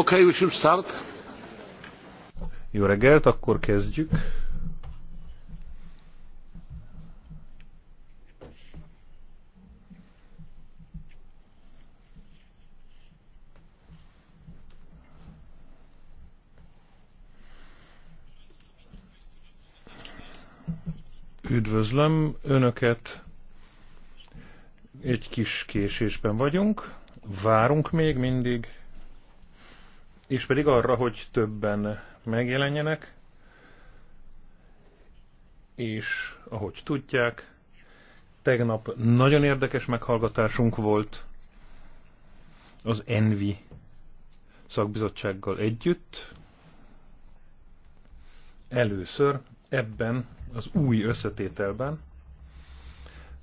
Okay, we should start. Jó reggelt, akkor kezdjük. Üdvözlöm Önöket! Egy kis késésben vagyunk, várunk még mindig és pedig arra, hogy többen megjelenjenek, és ahogy tudják, tegnap nagyon érdekes meghallgatásunk volt az Envi szakbizottsággal együtt. Először ebben az új összetételben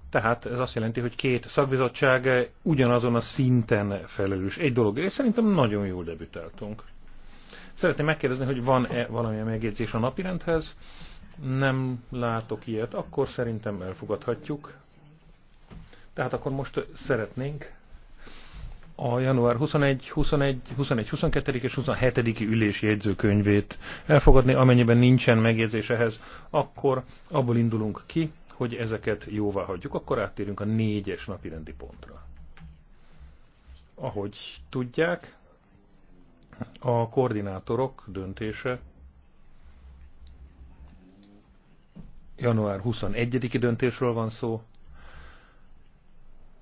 tehát ez azt jelenti, hogy két szakbizottság ugyanazon a szinten felelős. Egy dolog, és szerintem nagyon jól debütáltunk. Szeretném megkérdezni, hogy van-e valamilyen megjegyzés a napirendhez. Nem látok ilyet, akkor szerintem elfogadhatjuk. Tehát akkor most szeretnénk a január 21, 21, 21, 22 és 27 ülési jegyzőkönyvét elfogadni, amennyiben nincsen megjegyzés ehhez, akkor abból indulunk ki, hogy ezeket jóvá hagyjuk. Akkor áttérünk a négyes napi rendi pontra. Ahogy tudják, a koordinátorok döntése január 21-i döntésről van szó.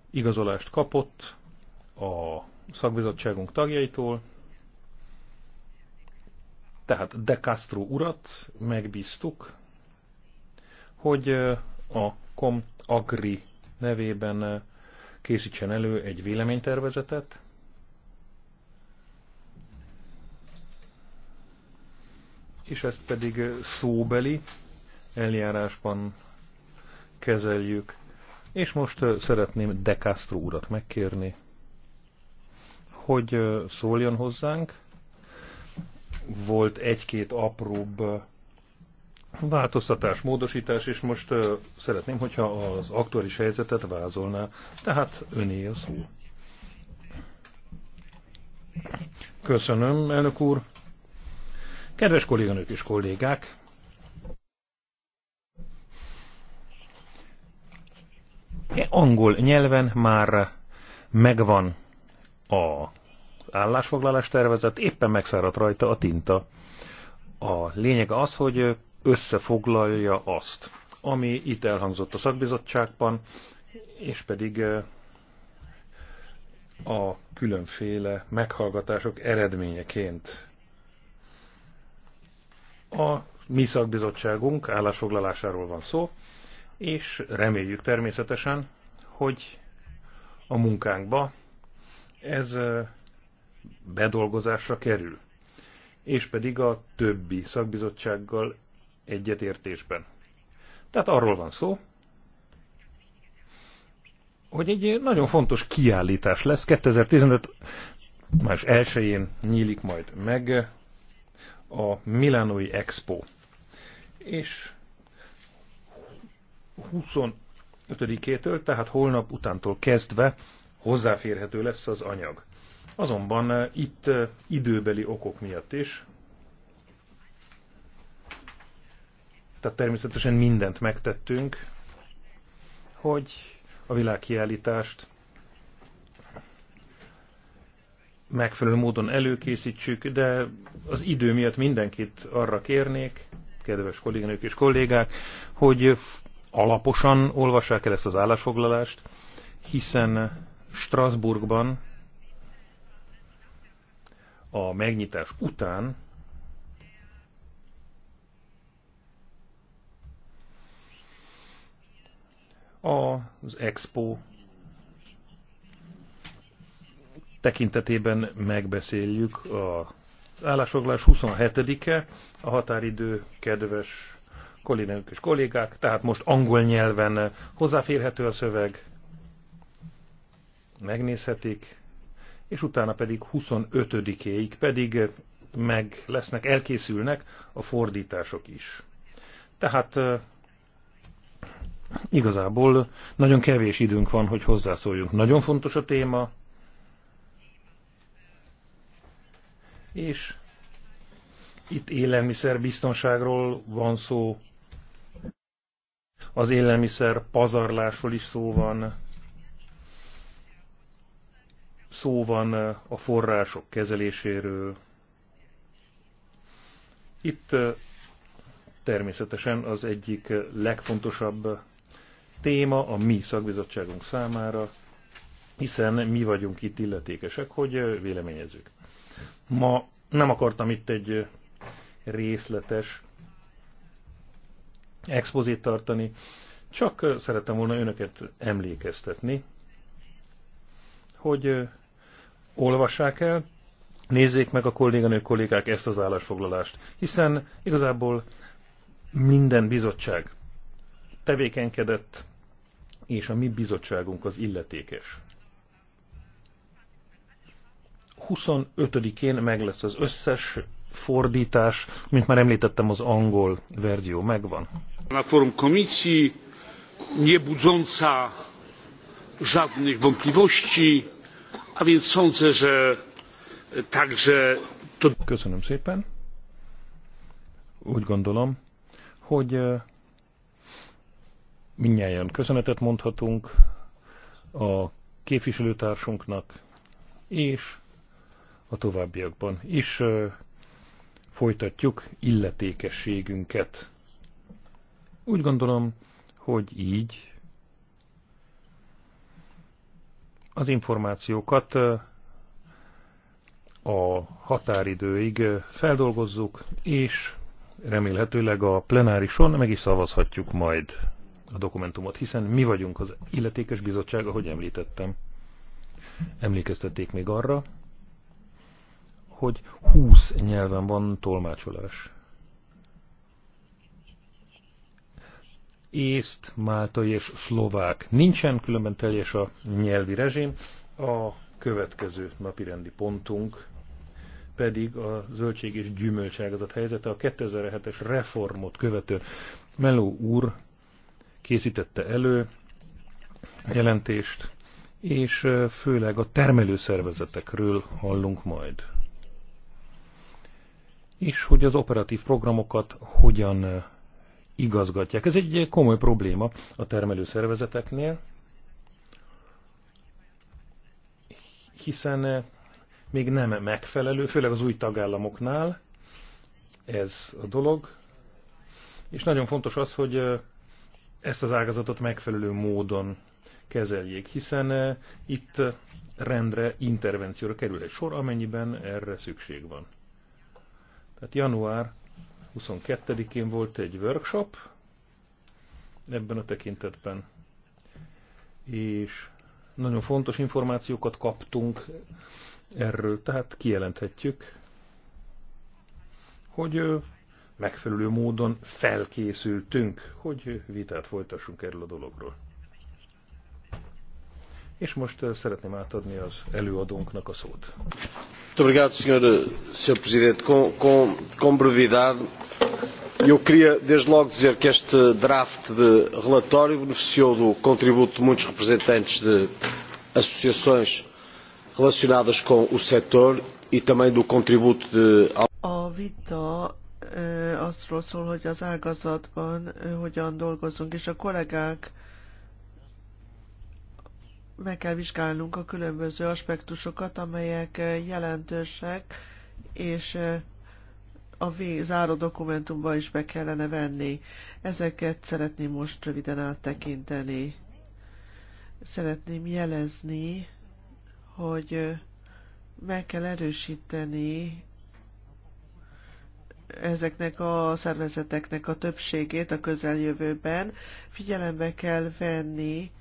Igazolást kapott a szakbizottságunk tagjaitól, tehát De Castro urat megbíztuk, hogy a Kom Agri nevében eh, készítsen elő egy véleménytervezetet. És ezt pedig eh, szóbeli eljárásban kezeljük. És most eh, szeretném De Castro urat megkérni, hogy szóljon hozzánk. Volt egy-két apróbb Változtatás, módosítás, és most uh, szeretném, hogyha az aktuális helyzetet vázolná, tehát öné a szó. Köszönöm, elnök úr. Kedves kolléganők és kollégák! Angol nyelven már megvan a állásfoglalás tervezet, éppen megszáradt rajta a tinta. A lényeg az, hogy összefoglalja azt, ami itt elhangzott a szakbizottságban, és pedig a különféle meghallgatások eredményeként. A mi szakbizottságunk állásfoglalásáról van szó, és reméljük természetesen, hogy a munkánkba ez bedolgozásra kerül, és pedig a többi szakbizottsággal egyetértésben. Tehát arról van szó, hogy egy nagyon fontos kiállítás lesz. 2015 május 1-én nyílik majd meg a Milánói Expo. És 25-től, tehát holnap utántól kezdve hozzáférhető lesz az anyag. Azonban itt időbeli okok miatt is Tehát természetesen mindent megtettünk, hogy a világkiállítást megfelelő módon előkészítsük, de az idő miatt mindenkit arra kérnék, kedves kolléganők és kollégák, hogy alaposan olvassák el ezt az állásfoglalást, hiszen Strasbourgban a megnyitás után az Expo tekintetében megbeszéljük az állásfoglalás 27-e, a határidő, kedves kollégák és kollégák, tehát most angol nyelven hozzáférhető a szöveg, megnézhetik, és utána pedig 25-éig pedig meg lesznek, elkészülnek a fordítások is. Tehát Igazából nagyon kevés időnk van, hogy hozzászóljunk. Nagyon fontos a téma, és itt élelmiszer biztonságról van szó, az élelmiszer pazarlásról is szó van, szó van a források kezeléséről. Itt természetesen az egyik legfontosabb téma a mi szakbizottságunk számára, hiszen mi vagyunk itt illetékesek, hogy véleményezzük. Ma nem akartam itt egy részletes expozét tartani, csak szerettem volna önöket emlékeztetni, hogy olvassák el, nézzék meg a kolléganők, kollégák ezt az állásfoglalást, hiszen igazából minden bizottság tevékenykedett és a mi bizottságunk az illetékes. 25-én meg lesz az összes fordítás, mint már említettem, az angol verzió megvan. Na forum komisji nie budząca żadnych wątpliwości, a więc sądzę, że także to... Köszönöm szépen. Úgy gondolom, hogy Mindnyáján köszönetet mondhatunk a képviselőtársunknak, és a továbbiakban is folytatjuk illetékességünket. Úgy gondolom, hogy így az információkat a határidőig feldolgozzuk, és remélhetőleg a plenárison meg is szavazhatjuk majd a dokumentumot, hiszen mi vagyunk az illetékes bizottság, ahogy említettem. Emlékeztették még arra, hogy 20 nyelven van tolmácsolás. Észt, máltai és szlovák. Nincsen különben teljes a nyelvi rezsim. A következő napirendi pontunk pedig a zöldség és gyümölcságazat helyzete a 2007-es reformot követő Meló úr készítette elő a jelentést, és főleg a termelőszervezetekről hallunk majd. És hogy az operatív programokat hogyan igazgatják. Ez egy komoly probléma a termelőszervezeteknél, hiszen még nem megfelelő, főleg az új tagállamoknál ez a dolog. És nagyon fontos az, hogy ezt az ágazatot megfelelő módon kezeljék, hiszen eh, itt rendre, intervencióra kerül egy sor, amennyiben erre szükség van. Tehát január 22-én volt egy workshop ebben a tekintetben, és nagyon fontos információkat kaptunk erről, tehát kijelenthetjük, hogy eh, megfelelő módon felkészültünk, hogy vitát folytassunk erről a dologról. És most szeretném átadni az előadónknak a szót. Obrigado, Sr. Eh, Sr. Presidente. Com, com, com brevidade, eu queria desde logo dizer que este draft de relatório beneficiou do contributo de muitos representantes de associações relacionadas com o setor e também do contributo de... A vita azról szól, hogy az ágazatban hogyan dolgozunk, és a kollégák meg kell vizsgálnunk a különböző aspektusokat, amelyek jelentősek, és a v záró dokumentumba is be kellene venni. Ezeket szeretném most röviden áttekinteni. Szeretném jelezni, hogy meg kell erősíteni ezeknek a szervezeteknek a többségét a közeljövőben figyelembe kell venni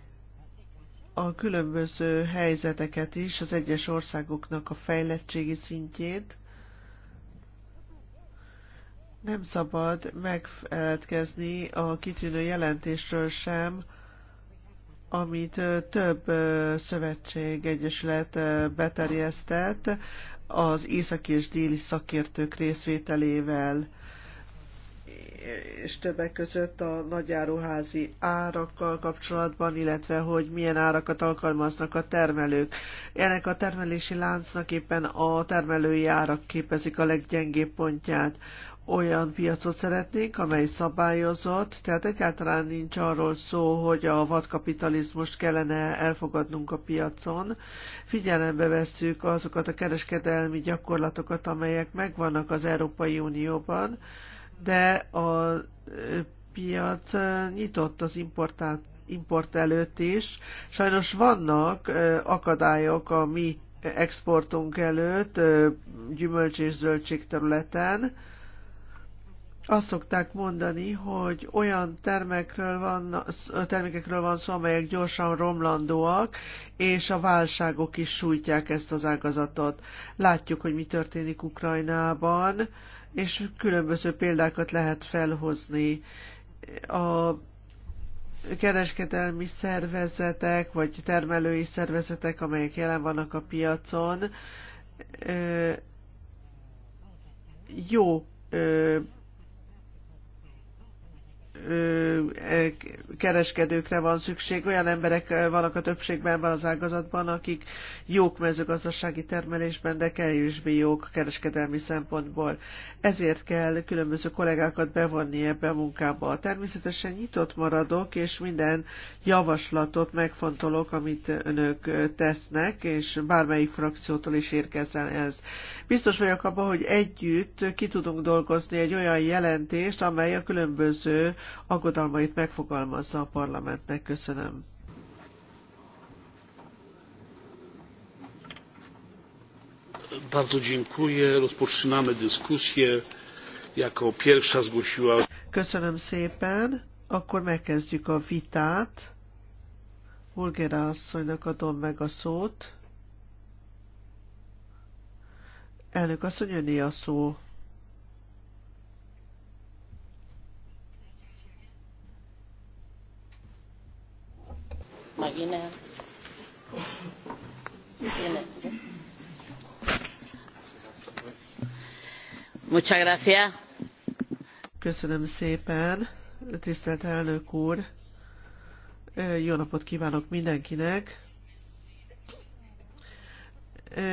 a különböző helyzeteket is, az egyes országoknak a fejlettségi szintjét. Nem szabad megfeledkezni a kitűnő jelentésről sem, amit több szövetség, egyesület beterjesztett az északi és déli szakértők részvételével és többek között a nagyáruházi árakkal kapcsolatban, illetve hogy milyen árakat alkalmaznak a termelők. Ennek a termelési láncnak éppen a termelői árak képezik a leggyengébb pontját olyan piacot szeretnénk, amely szabályozott, tehát egyáltalán nincs arról szó, hogy a vadkapitalizmust kellene elfogadnunk a piacon. Figyelembe vesszük azokat a kereskedelmi gyakorlatokat, amelyek megvannak az Európai Unióban, de a piac nyitott az importát, import előtt is. Sajnos vannak akadályok a mi exportunk előtt gyümölcs és zöldség területen, azt szokták mondani, hogy olyan termekről van, termékekről van szó, amelyek gyorsan romlandóak, és a válságok is sújtják ezt az ágazatot. Látjuk, hogy mi történik Ukrajnában, és különböző példákat lehet felhozni. A kereskedelmi szervezetek, vagy termelői szervezetek, amelyek jelen vannak a piacon, jó kereskedőkre van szükség. Olyan emberek vannak a többségben van az ágazatban, akik jók mezőgazdasági termelésben, de kevésbé jók kereskedelmi szempontból. Ezért kell különböző kollégákat bevonni ebbe a munkába. Természetesen nyitott maradok, és minden javaslatot megfontolok, amit önök tesznek, és bármelyik frakciótól is érkezzen ez. Biztos vagyok abban, hogy együtt ki tudunk dolgozni egy olyan jelentést, amely a különböző aggodalmait megfogalmazza a parlamentnek. Köszönöm. Bardzo dziękuję. Rozpoczynamy dyskusję. Jako pierwsza zgłosiła... Köszönöm szépen. Akkor megkezdjük a vitát. Bulgera asszonynak adom meg a szót. Elnök asszony, a szó. Marina. Muchas gracias. Köszönöm szépen, tisztelt elnök úr. Jó napot kívánok mindenkinek.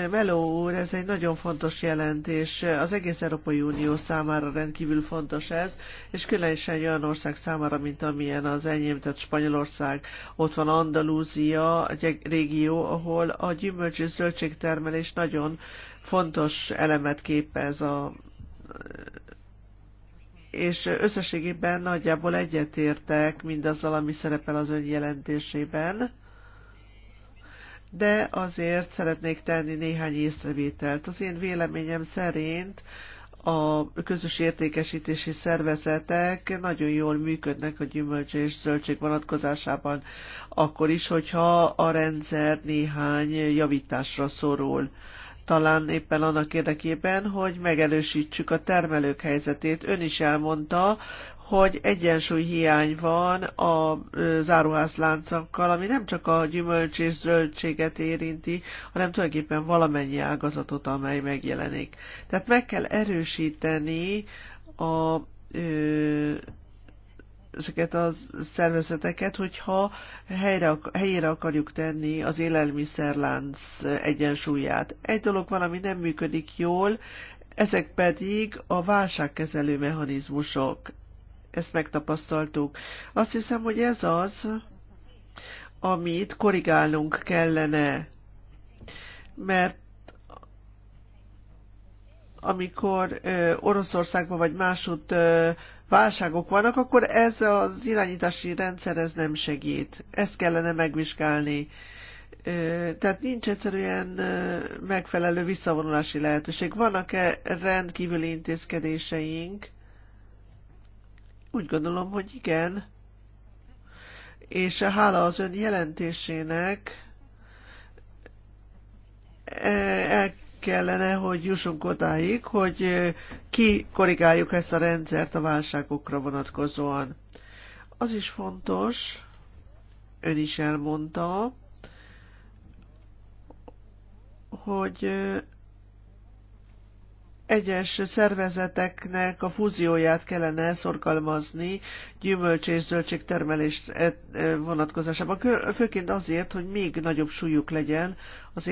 Meló úr, ez egy nagyon fontos jelentés. Az egész Európai Unió számára rendkívül fontos ez, és különösen olyan ország számára, mint amilyen az enyém, tehát Spanyolország. Ott van Andalúzia, egy régió, ahol a gyümölcs és zöldségtermelés nagyon fontos elemet képez a és összességében nagyjából egyetértek mindazzal, ami szerepel az ön jelentésében de azért szeretnék tenni néhány észrevételt. Az én véleményem szerint a közös értékesítési szervezetek nagyon jól működnek a gyümölcs és zöldség vonatkozásában, akkor is, hogyha a rendszer néhány javításra szorul. Talán éppen annak érdekében, hogy megerősítsük a termelők helyzetét. Ön is elmondta, hogy egyensúly hiány van a záruházláncokkal, ami nem csak a gyümölcs és zöldséget érinti, hanem tulajdonképpen valamennyi ágazatot, amely megjelenik. Tehát meg kell erősíteni a ö, ezeket a szervezeteket, hogyha helyre, helyére akarjuk tenni az élelmiszerlánc egyensúlyát. Egy dolog van, ami nem működik jól, ezek pedig a válságkezelő mechanizmusok ezt megtapasztaltuk. Azt hiszem, hogy ez az, amit korrigálnunk kellene, mert amikor ö, Oroszországban vagy másút ö, válságok vannak, akkor ez az irányítási rendszer ez nem segít. Ezt kellene megvizsgálni. Tehát nincs egyszerűen megfelelő visszavonulási lehetőség. Vannak-e rendkívüli intézkedéseink, úgy gondolom, hogy igen. És hála az ön jelentésének e, el kellene, hogy jussunk odáig, hogy e, ki korrigáljuk ezt a rendszert a válságokra vonatkozóan. Az is fontos, ön is elmondta, hogy e, egyes szervezeteknek a fúzióját kellene szorgalmazni gyümölcs és zöldségtermelés e, e, vonatkozásában, főként azért, hogy még nagyobb súlyuk legyen az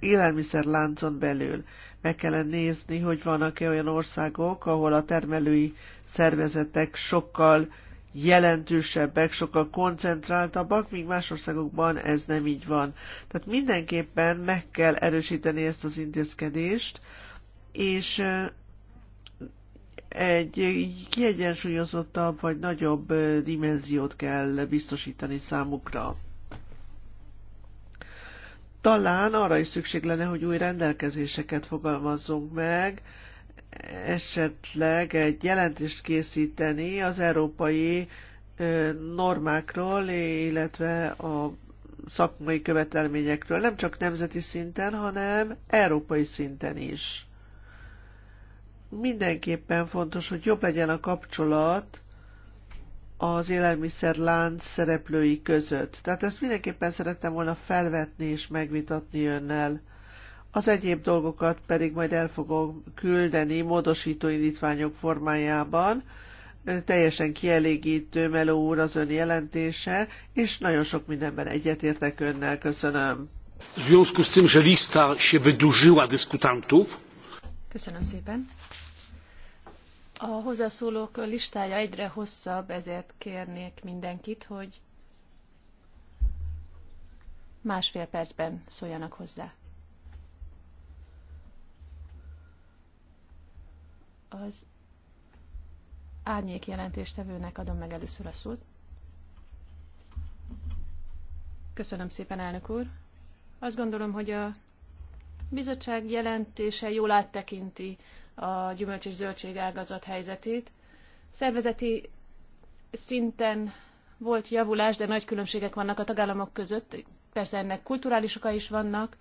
élelmiszerláncon belül. Meg kellene nézni, hogy vannak-e olyan országok, ahol a termelői szervezetek sokkal jelentősebbek, sokkal koncentráltabbak, míg más országokban ez nem így van. Tehát mindenképpen meg kell erősíteni ezt az intézkedést, és egy kiegyensúlyozottabb vagy nagyobb dimenziót kell biztosítani számukra. Talán arra is szükség lenne, hogy új rendelkezéseket fogalmazzunk meg, esetleg egy jelentést készíteni az európai normákról, illetve a szakmai követelményekről, nem csak nemzeti szinten, hanem európai szinten is mindenképpen fontos, hogy jobb legyen a kapcsolat az élelmiszerlánc szereplői között. Tehát ezt mindenképpen szerettem volna felvetni és megvitatni önnel. Az egyéb dolgokat pedig majd el fogom küldeni módosító indítványok formájában. Teljesen kielégítő Meló úr az ön jelentése, és nagyon sok mindenben egyetértek önnel. Köszönöm. W związku z tym, że lista się wydłużyła dyskutantów. Köszönöm szépen. A hozzászólók listája egyre hosszabb, ezért kérnék mindenkit, hogy másfél percben szóljanak hozzá. Az árnyék jelentéstevőnek adom meg először a szót. Köszönöm szépen, elnök úr. Azt gondolom, hogy a bizottság jelentése jól áttekinti a gyümölcs és zöldség ágazat helyzetét. Szervezeti szinten volt javulás, de nagy különbségek vannak a tagállamok között. Persze ennek kulturális oka is vannak,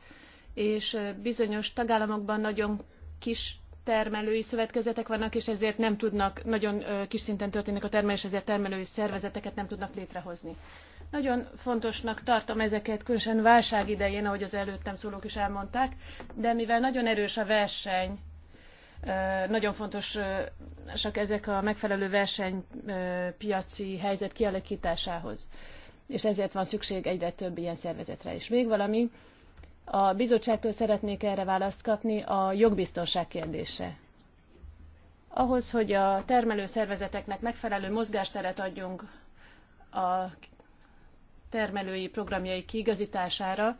és bizonyos tagállamokban nagyon kis termelői szövetkezetek vannak, és ezért nem tudnak, nagyon kis szinten történik a termelés, ezért termelői szervezeteket nem tudnak létrehozni. Nagyon fontosnak tartom ezeket, különösen válság idején, ahogy az előttem szólók is elmondták, de mivel nagyon erős a verseny nagyon fontos, csak ezek a megfelelő versenypiaci helyzet kialakításához, és ezért van szükség egyre több ilyen szervezetre is. Még valami, a bizottságtól szeretnék erre választ kapni a jogbiztonság kérdése. Ahhoz, hogy a termelő szervezeteknek megfelelő mozgásteret adjunk a termelői programjai kiigazítására,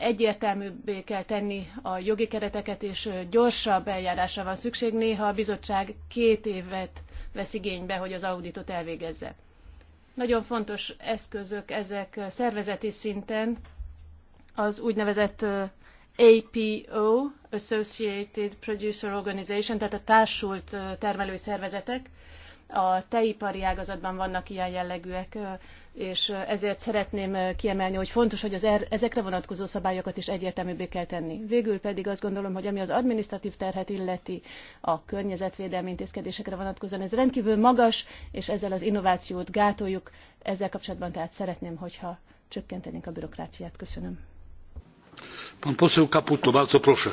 egyértelműbbé kell tenni a jogi kereteket, és gyorsabb eljárásra van szükség. Néha a bizottság két évet vesz igénybe, hogy az auditot elvégezze. Nagyon fontos eszközök ezek szervezeti szinten, az úgynevezett APO, Associated Producer Organization, tehát a társult termelői szervezetek, a teipari ágazatban vannak ilyen jellegűek, és ezért szeretném kiemelni, hogy fontos, hogy az er, ezekre vonatkozó szabályokat is egyértelműbbé kell tenni. Végül pedig azt gondolom, hogy ami az administratív terhet illeti a környezetvédelmi intézkedésekre vonatkozóan, ez rendkívül magas, és ezzel az innovációt gátoljuk. Ezzel kapcsolatban tehát szeretném, hogyha csökkentenénk a bürokráciát. Köszönöm. Pan poseł Caputo, bardzo proszę.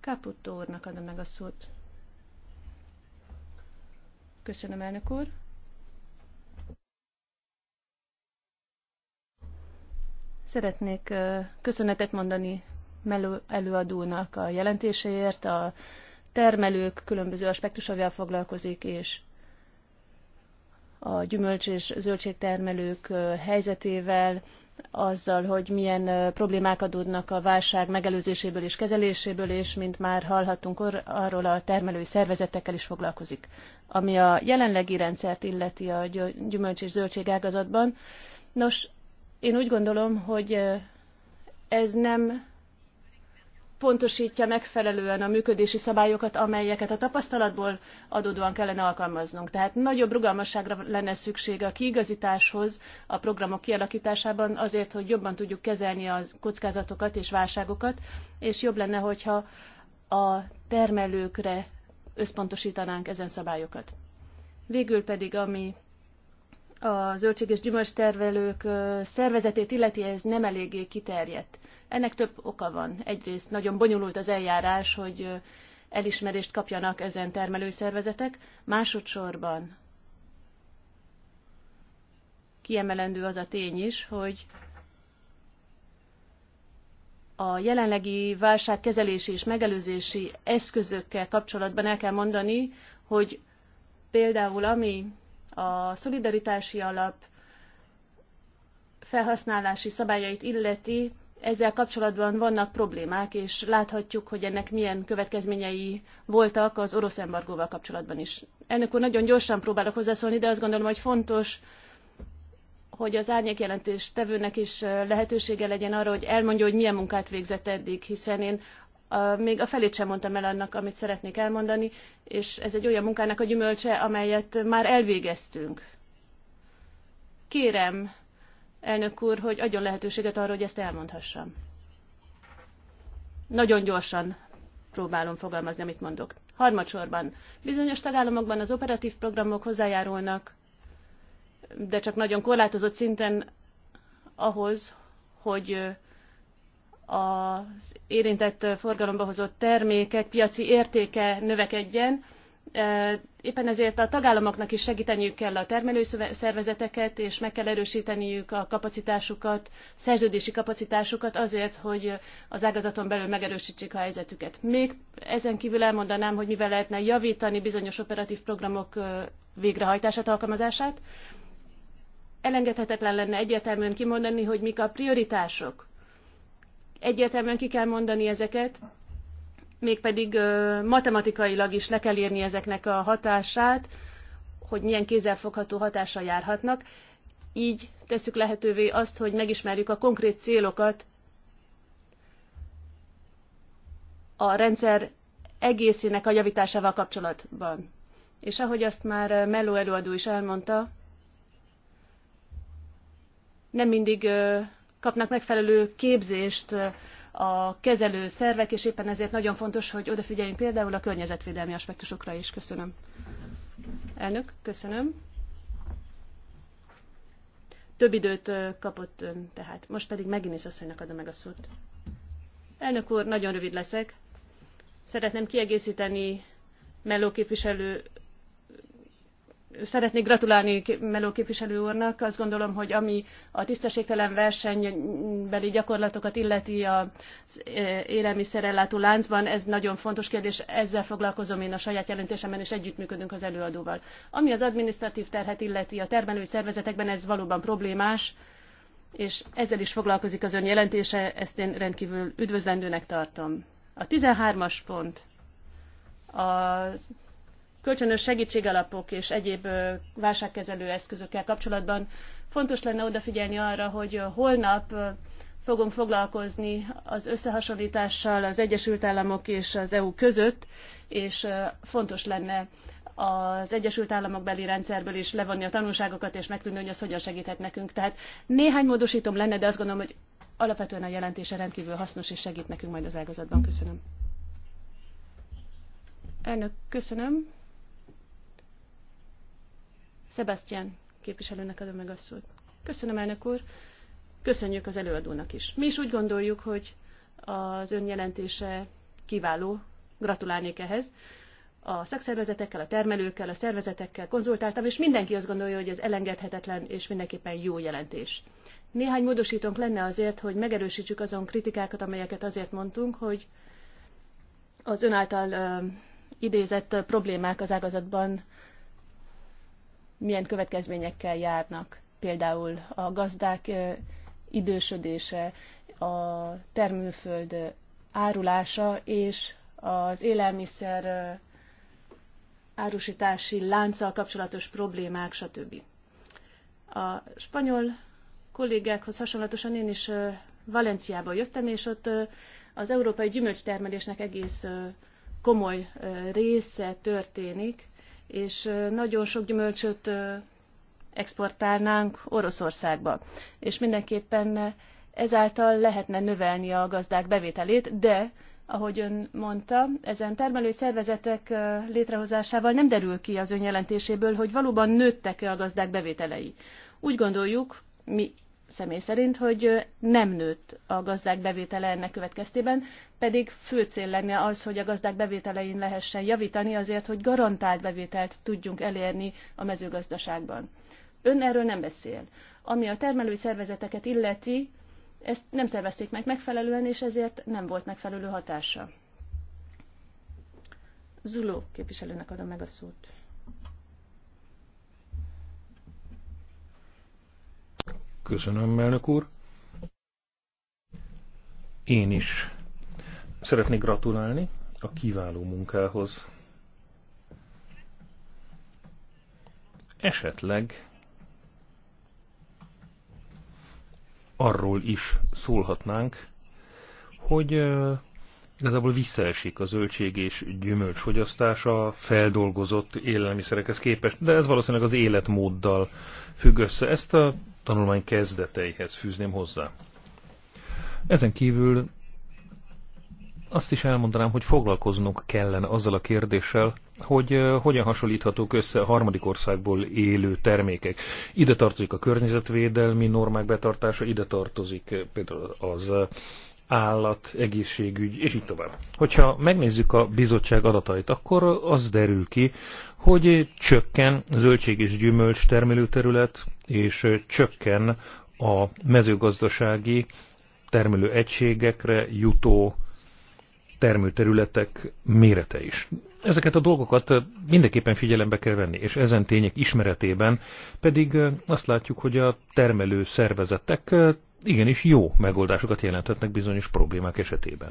Caputo úrnak adom meg a szót. Köszönöm, elnök úr. Szeretnék köszönetet mondani előadónak a jelentéséért, a termelők különböző aspektusával foglalkozik, és a gyümölcs és zöldségtermelők helyzetével, azzal, hogy milyen problémák adódnak a válság megelőzéséből és kezeléséből, és mint már hallhattunk, arról a termelői szervezetekkel is foglalkozik. Ami a jelenlegi rendszert illeti a gyümölcs és zöldség ágazatban, nos, én úgy gondolom, hogy ez nem pontosítja megfelelően a működési szabályokat, amelyeket a tapasztalatból adódóan kellene alkalmaznunk. Tehát nagyobb rugalmasságra lenne szükség a kiigazításhoz, a programok kialakításában azért, hogy jobban tudjuk kezelni a kockázatokat és válságokat, és jobb lenne, hogyha a termelőkre összpontosítanánk ezen szabályokat. Végül pedig, ami a zöldség és tervelők szervezetét illeti, ez nem eléggé kiterjedt. Ennek több oka van. Egyrészt nagyon bonyolult az eljárás, hogy elismerést kapjanak ezen termelőszervezetek, másodszorban kiemelendő az a tény is, hogy a jelenlegi válságkezelési és megelőzési eszközökkel kapcsolatban el kell mondani, hogy például ami a szolidaritási alap felhasználási szabályait illeti, ezzel kapcsolatban vannak problémák, és láthatjuk, hogy ennek milyen következményei voltak az orosz embargóval kapcsolatban is. Ennek úr, nagyon gyorsan próbálok hozzászólni, de azt gondolom, hogy fontos, hogy az árnyékjelentés tevőnek is lehetősége legyen arra, hogy elmondja, hogy milyen munkát végzett eddig, hiszen én a, még a felét sem mondtam el annak, amit szeretnék elmondani, és ez egy olyan munkának a gyümölcse, amelyet már elvégeztünk. Kérem, elnök úr, hogy adjon lehetőséget arra, hogy ezt elmondhassam. Nagyon gyorsan próbálom fogalmazni, amit mondok. Harmadsorban, bizonyos tagállamokban az operatív programok hozzájárulnak, de csak nagyon korlátozott szinten ahhoz, hogy az érintett forgalomba hozott termékek piaci értéke növekedjen. E, éppen ezért a tagállamoknak is segíteniük kell a termelőszervezeteket, és meg kell erősíteniük a kapacitásukat, szerződési kapacitásukat azért, hogy az ágazaton belül megerősítsék a helyzetüket. Még ezen kívül elmondanám, hogy mivel lehetne javítani bizonyos operatív programok e, végrehajtását, alkalmazását. Elengedhetetlen lenne egyértelműen kimondani, hogy mik a prioritások egyértelműen ki kell mondani ezeket, mégpedig ö, matematikailag is le kell írni ezeknek a hatását, hogy milyen kézzelfogható hatással járhatnak. Így tesszük lehetővé azt, hogy megismerjük a konkrét célokat a rendszer egészének a javításával kapcsolatban. És ahogy azt már Melo előadó is elmondta, nem mindig kapnak megfelelő képzést a kezelő szervek, és éppen ezért nagyon fontos, hogy odafigyeljünk például a környezetvédelmi aspektusokra is. Köszönöm. Elnök, köszönöm. Több időt kapott ön, tehát most pedig megint is asszonynak adom meg a szót. Elnök úr, nagyon rövid leszek. Szeretném kiegészíteni Melló képviselő szeretnék gratulálni Meló képviselő úrnak. Azt gondolom, hogy ami a tisztességtelen versenybeli gyakorlatokat illeti az e, élelmiszerellátó láncban, ez nagyon fontos kérdés, ezzel foglalkozom én a saját jelentésemben, és együttműködünk az előadóval. Ami az administratív terhet illeti a termelői szervezetekben, ez valóban problémás, és ezzel is foglalkozik az ön jelentése, ezt én rendkívül üdvözlendőnek tartom. A 13-as pont az kölcsönös segítségalapok és egyéb válságkezelő eszközökkel kapcsolatban fontos lenne odafigyelni arra, hogy holnap fogunk foglalkozni az összehasonlítással az Egyesült Államok és az EU között, és fontos lenne az Egyesült Államok beli rendszerből is levonni a tanulságokat, és megtudni, hogy az hogyan segíthet nekünk. Tehát néhány módosítom lenne, de azt gondolom, hogy alapvetően a jelentése rendkívül hasznos, és segít nekünk majd az ágazatban. Köszönöm. Elnök, köszönöm. Sebastian képviselőnek adom meg a szót. Köszönöm, elnök úr. Köszönjük az előadónak is. Mi is úgy gondoljuk, hogy az önjelentése kiváló. Gratulálnék ehhez. A szakszervezetekkel, a termelőkkel, a szervezetekkel konzultáltam, és mindenki azt gondolja, hogy ez elengedhetetlen és mindenképpen jó jelentés. Néhány módosítónk lenne azért, hogy megerősítsük azon kritikákat, amelyeket azért mondtunk, hogy az önáltal idézett problémák az ágazatban milyen következményekkel járnak. Például a gazdák idősödése, a termőföld árulása és az élelmiszer árusítási lánccal kapcsolatos problémák, stb. A spanyol kollégákhoz hasonlatosan én is Valenciába jöttem, és ott az európai gyümölcstermelésnek egész komoly része történik, és nagyon sok gyümölcsöt exportálnánk Oroszországba. És mindenképpen ezáltal lehetne növelni a gazdák bevételét, de ahogy ön mondta, ezen termelői szervezetek létrehozásával nem derül ki az önjelentéséből, hogy valóban nőttek-e a gazdák bevételei. Úgy gondoljuk, mi személy szerint, hogy nem nőtt a gazdák bevétele ennek következtében, pedig fő cél lenne az, hogy a gazdák bevételein lehessen javítani azért, hogy garantált bevételt tudjunk elérni a mezőgazdaságban. Ön erről nem beszél. Ami a termelői szervezeteket illeti, ezt nem szervezték meg megfelelően, és ezért nem volt megfelelő hatása. Zuló képviselőnek adom meg a szót. Köszönöm, elnök úr. Én is szeretnék gratulálni a kiváló munkához. Esetleg arról is szólhatnánk, hogy igazából visszaesik a zöldség és gyümölcs fogyasztása feldolgozott élelmiszerekhez képest, de ez valószínűleg az életmóddal függ össze. Ezt a tanulmány kezdeteihez fűzném hozzá. Ezen kívül azt is elmondanám, hogy foglalkoznunk kellene azzal a kérdéssel, hogy hogyan hasonlíthatók össze a harmadik országból élő termékek. Ide tartozik a környezetvédelmi normák betartása, ide tartozik például az állat, egészségügy, és így tovább. Hogyha megnézzük a bizottság adatait, akkor az derül ki, hogy csökken zöldség és gyümölcs termelőterület, és csökken a mezőgazdasági termelő egységekre jutó termőterületek mérete is. Ezeket a dolgokat mindenképpen figyelembe kell venni, és ezen tények ismeretében pedig azt látjuk, hogy a termelő szervezetek igenis jó megoldásokat jelenthetnek bizonyos problémák esetében.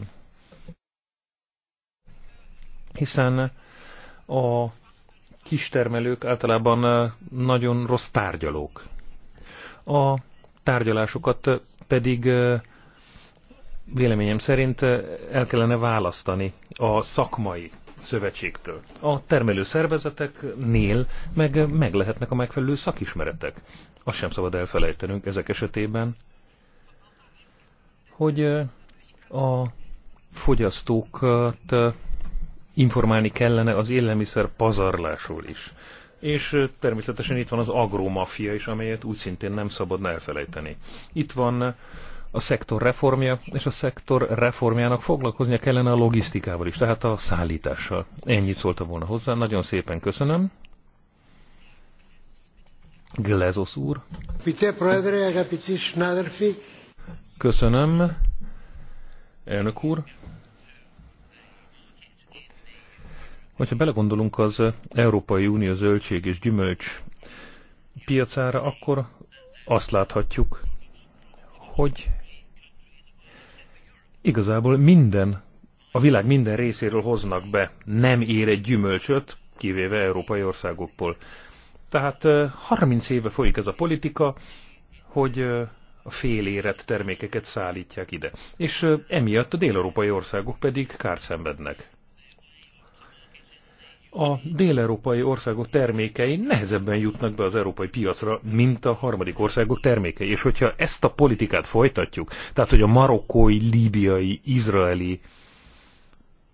Hiszen a kistermelők általában eh, nagyon rossz tárgyalók. A tárgyalásokat eh, pedig eh, véleményem szerint el kellene választani a szakmai szövetségtől. A termelő szervezeteknél meg, meg lehetnek a megfelelő szakismeretek. Azt sem szabad elfelejtenünk ezek esetében, hogy a fogyasztókat informálni kellene az élelmiszer pazarlásról is. És természetesen itt van az agromafia is, amelyet úgy szintén nem szabad elfelejteni. Itt van a szektor reformja, és a szektor reformjának foglalkoznia kellene a logisztikával is, tehát a szállítással. Ennyit szólta volna hozzá, nagyon szépen köszönöm. Glezos úr. Pite, agapicis, Naderfi. Köszönöm, elnök úr. Hogyha belegondolunk az Európai Unió zöldség és gyümölcs piacára, akkor azt láthatjuk, hogy igazából minden, a világ minden részéről hoznak be nem ér egy gyümölcsöt, kivéve európai országokból. Tehát 30 eh, éve folyik ez a politika, hogy eh, a félérett termékeket szállítják ide. És emiatt a dél-európai országok pedig kárt szenvednek. A dél-európai országok termékei nehezebben jutnak be az európai piacra, mint a harmadik országok termékei. És hogyha ezt a politikát folytatjuk, tehát hogy a marokkói, líbiai, izraeli,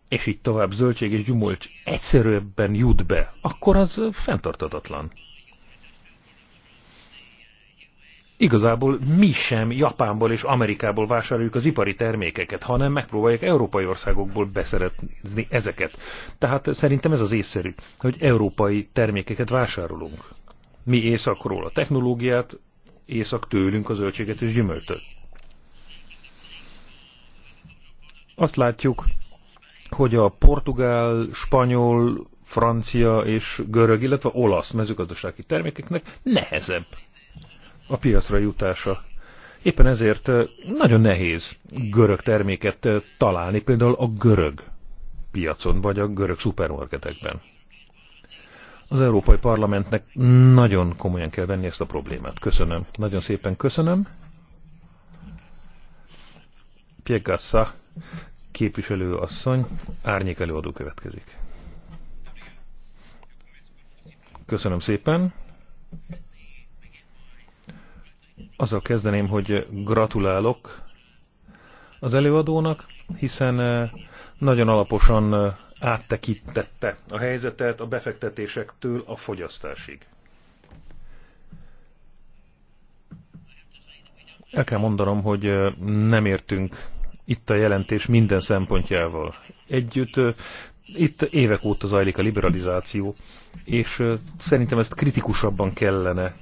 és így tovább zöldség és gyümölcs egyszerűbben jut be, akkor az fenntartatatlan igazából mi sem Japánból és Amerikából vásároljuk az ipari termékeket, hanem megpróbáljuk európai országokból beszerezni ezeket. Tehát szerintem ez az észszerű, hogy európai termékeket vásárolunk. Mi északról a technológiát, észak tőlünk a zöldséget és gyümöltöt. Azt látjuk, hogy a portugál, spanyol, francia és görög, illetve olasz mezőgazdasági termékeknek nehezebb a piacra jutása. Éppen ezért nagyon nehéz görög terméket találni, például a görög piacon, vagy a görög szupermarketekben. Az Európai Parlamentnek nagyon komolyan kell venni ezt a problémát. Köszönöm. Nagyon szépen köszönöm. Piegassa, képviselő asszony, árnyék előadó következik. Köszönöm szépen. Azzal kezdeném, hogy gratulálok az előadónak, hiszen eh, nagyon alaposan eh, áttekintette a helyzetet a befektetésektől a fogyasztásig. El kell mondanom, hogy eh, nem értünk itt a jelentés minden szempontjával együtt. Itt évek óta zajlik a liberalizáció, és szerintem ezt kritikusabban kellene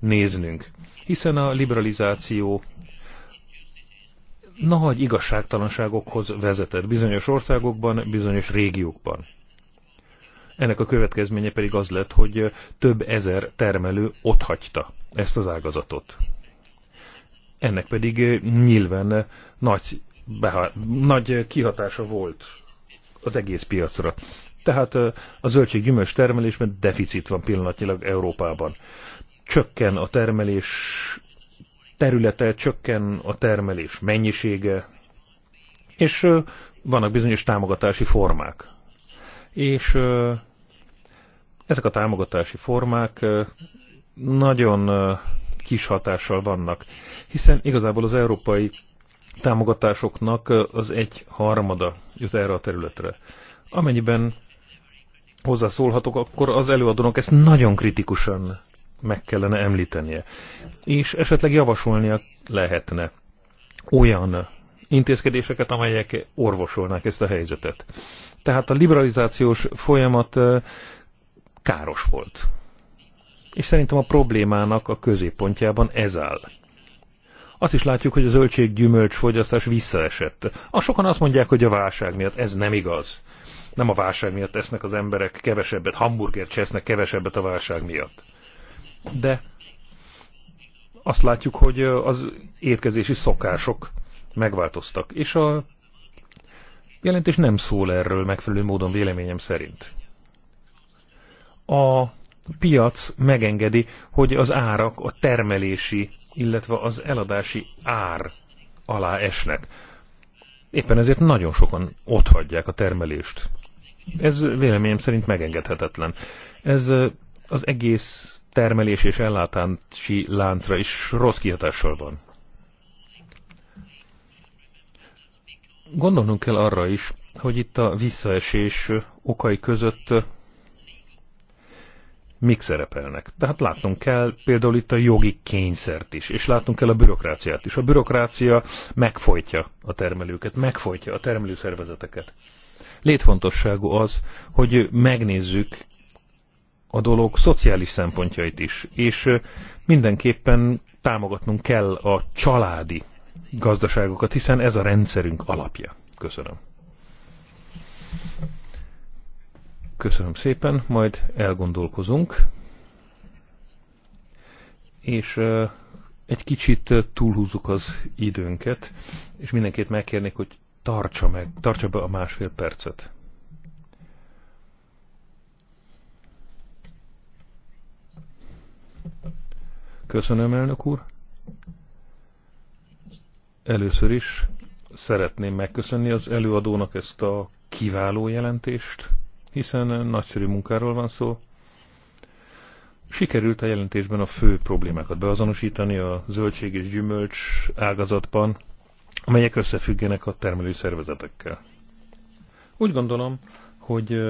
néznünk, hiszen a liberalizáció nagy igazságtalanságokhoz vezetett bizonyos országokban, bizonyos régiókban. Ennek a következménye pedig az lett, hogy több ezer termelő otthagyta ezt az ágazatot. Ennek pedig nyilván nagy, nagy kihatása volt az egész piacra. Tehát a zöldség-gyümölcs termelésben deficit van pillanatnyilag Európában csökken a termelés területe, csökken a termelés mennyisége, és vannak bizonyos támogatási formák. És ezek a támogatási formák nagyon kis hatással vannak, hiszen igazából az európai támogatásoknak az egy harmada jut erre a területre. Amennyiben hozzászólhatok, akkor az előadónak ezt nagyon kritikusan meg kellene említenie. És esetleg javasolnia lehetne olyan intézkedéseket, amelyek orvosolnák ezt a helyzetet. Tehát a liberalizációs folyamat káros volt. És szerintem a problémának a középpontjában ez áll. Azt is látjuk, hogy a zöldséggyümölcs fogyasztás visszaesett. A sokan azt mondják, hogy a válság miatt ez nem igaz. Nem a válság miatt esznek az emberek kevesebbet, hamburgert csesznek kevesebbet a válság miatt de azt látjuk, hogy az étkezési szokások megváltoztak, és a jelentés nem szól erről megfelelő módon véleményem szerint. A piac megengedi, hogy az árak a termelési, illetve az eladási ár alá esnek. Éppen ezért nagyon sokan otthagyják a termelést. Ez véleményem szerint megengedhetetlen. Ez az egész termelés és ellátási láncra is rossz kihatással van. Gondolnunk kell arra is, hogy itt a visszaesés okai között mik szerepelnek. Tehát látnunk kell például itt a jogi kényszert is, és látnunk kell a bürokráciát is. A bürokrácia megfojtja a termelőket, megfojtja a termelőszervezeteket. Létfontosságú az, hogy megnézzük a dolog szociális szempontjait is, és mindenképpen támogatnunk kell a családi gazdaságokat, hiszen ez a rendszerünk alapja. Köszönöm. Köszönöm szépen, majd elgondolkozunk. És egy kicsit túlhúzzuk az időnket, és mindenkit megkérnék, hogy tartsa meg, tartsa be a másfél percet. Köszönöm, elnök úr. Először is szeretném megköszönni az előadónak ezt a kiváló jelentést, hiszen nagyszerű munkáról van szó. Sikerült a jelentésben a fő problémákat beazonosítani a zöldség és gyümölcs ágazatban, amelyek összefüggenek a termelő szervezetekkel. Úgy gondolom, hogy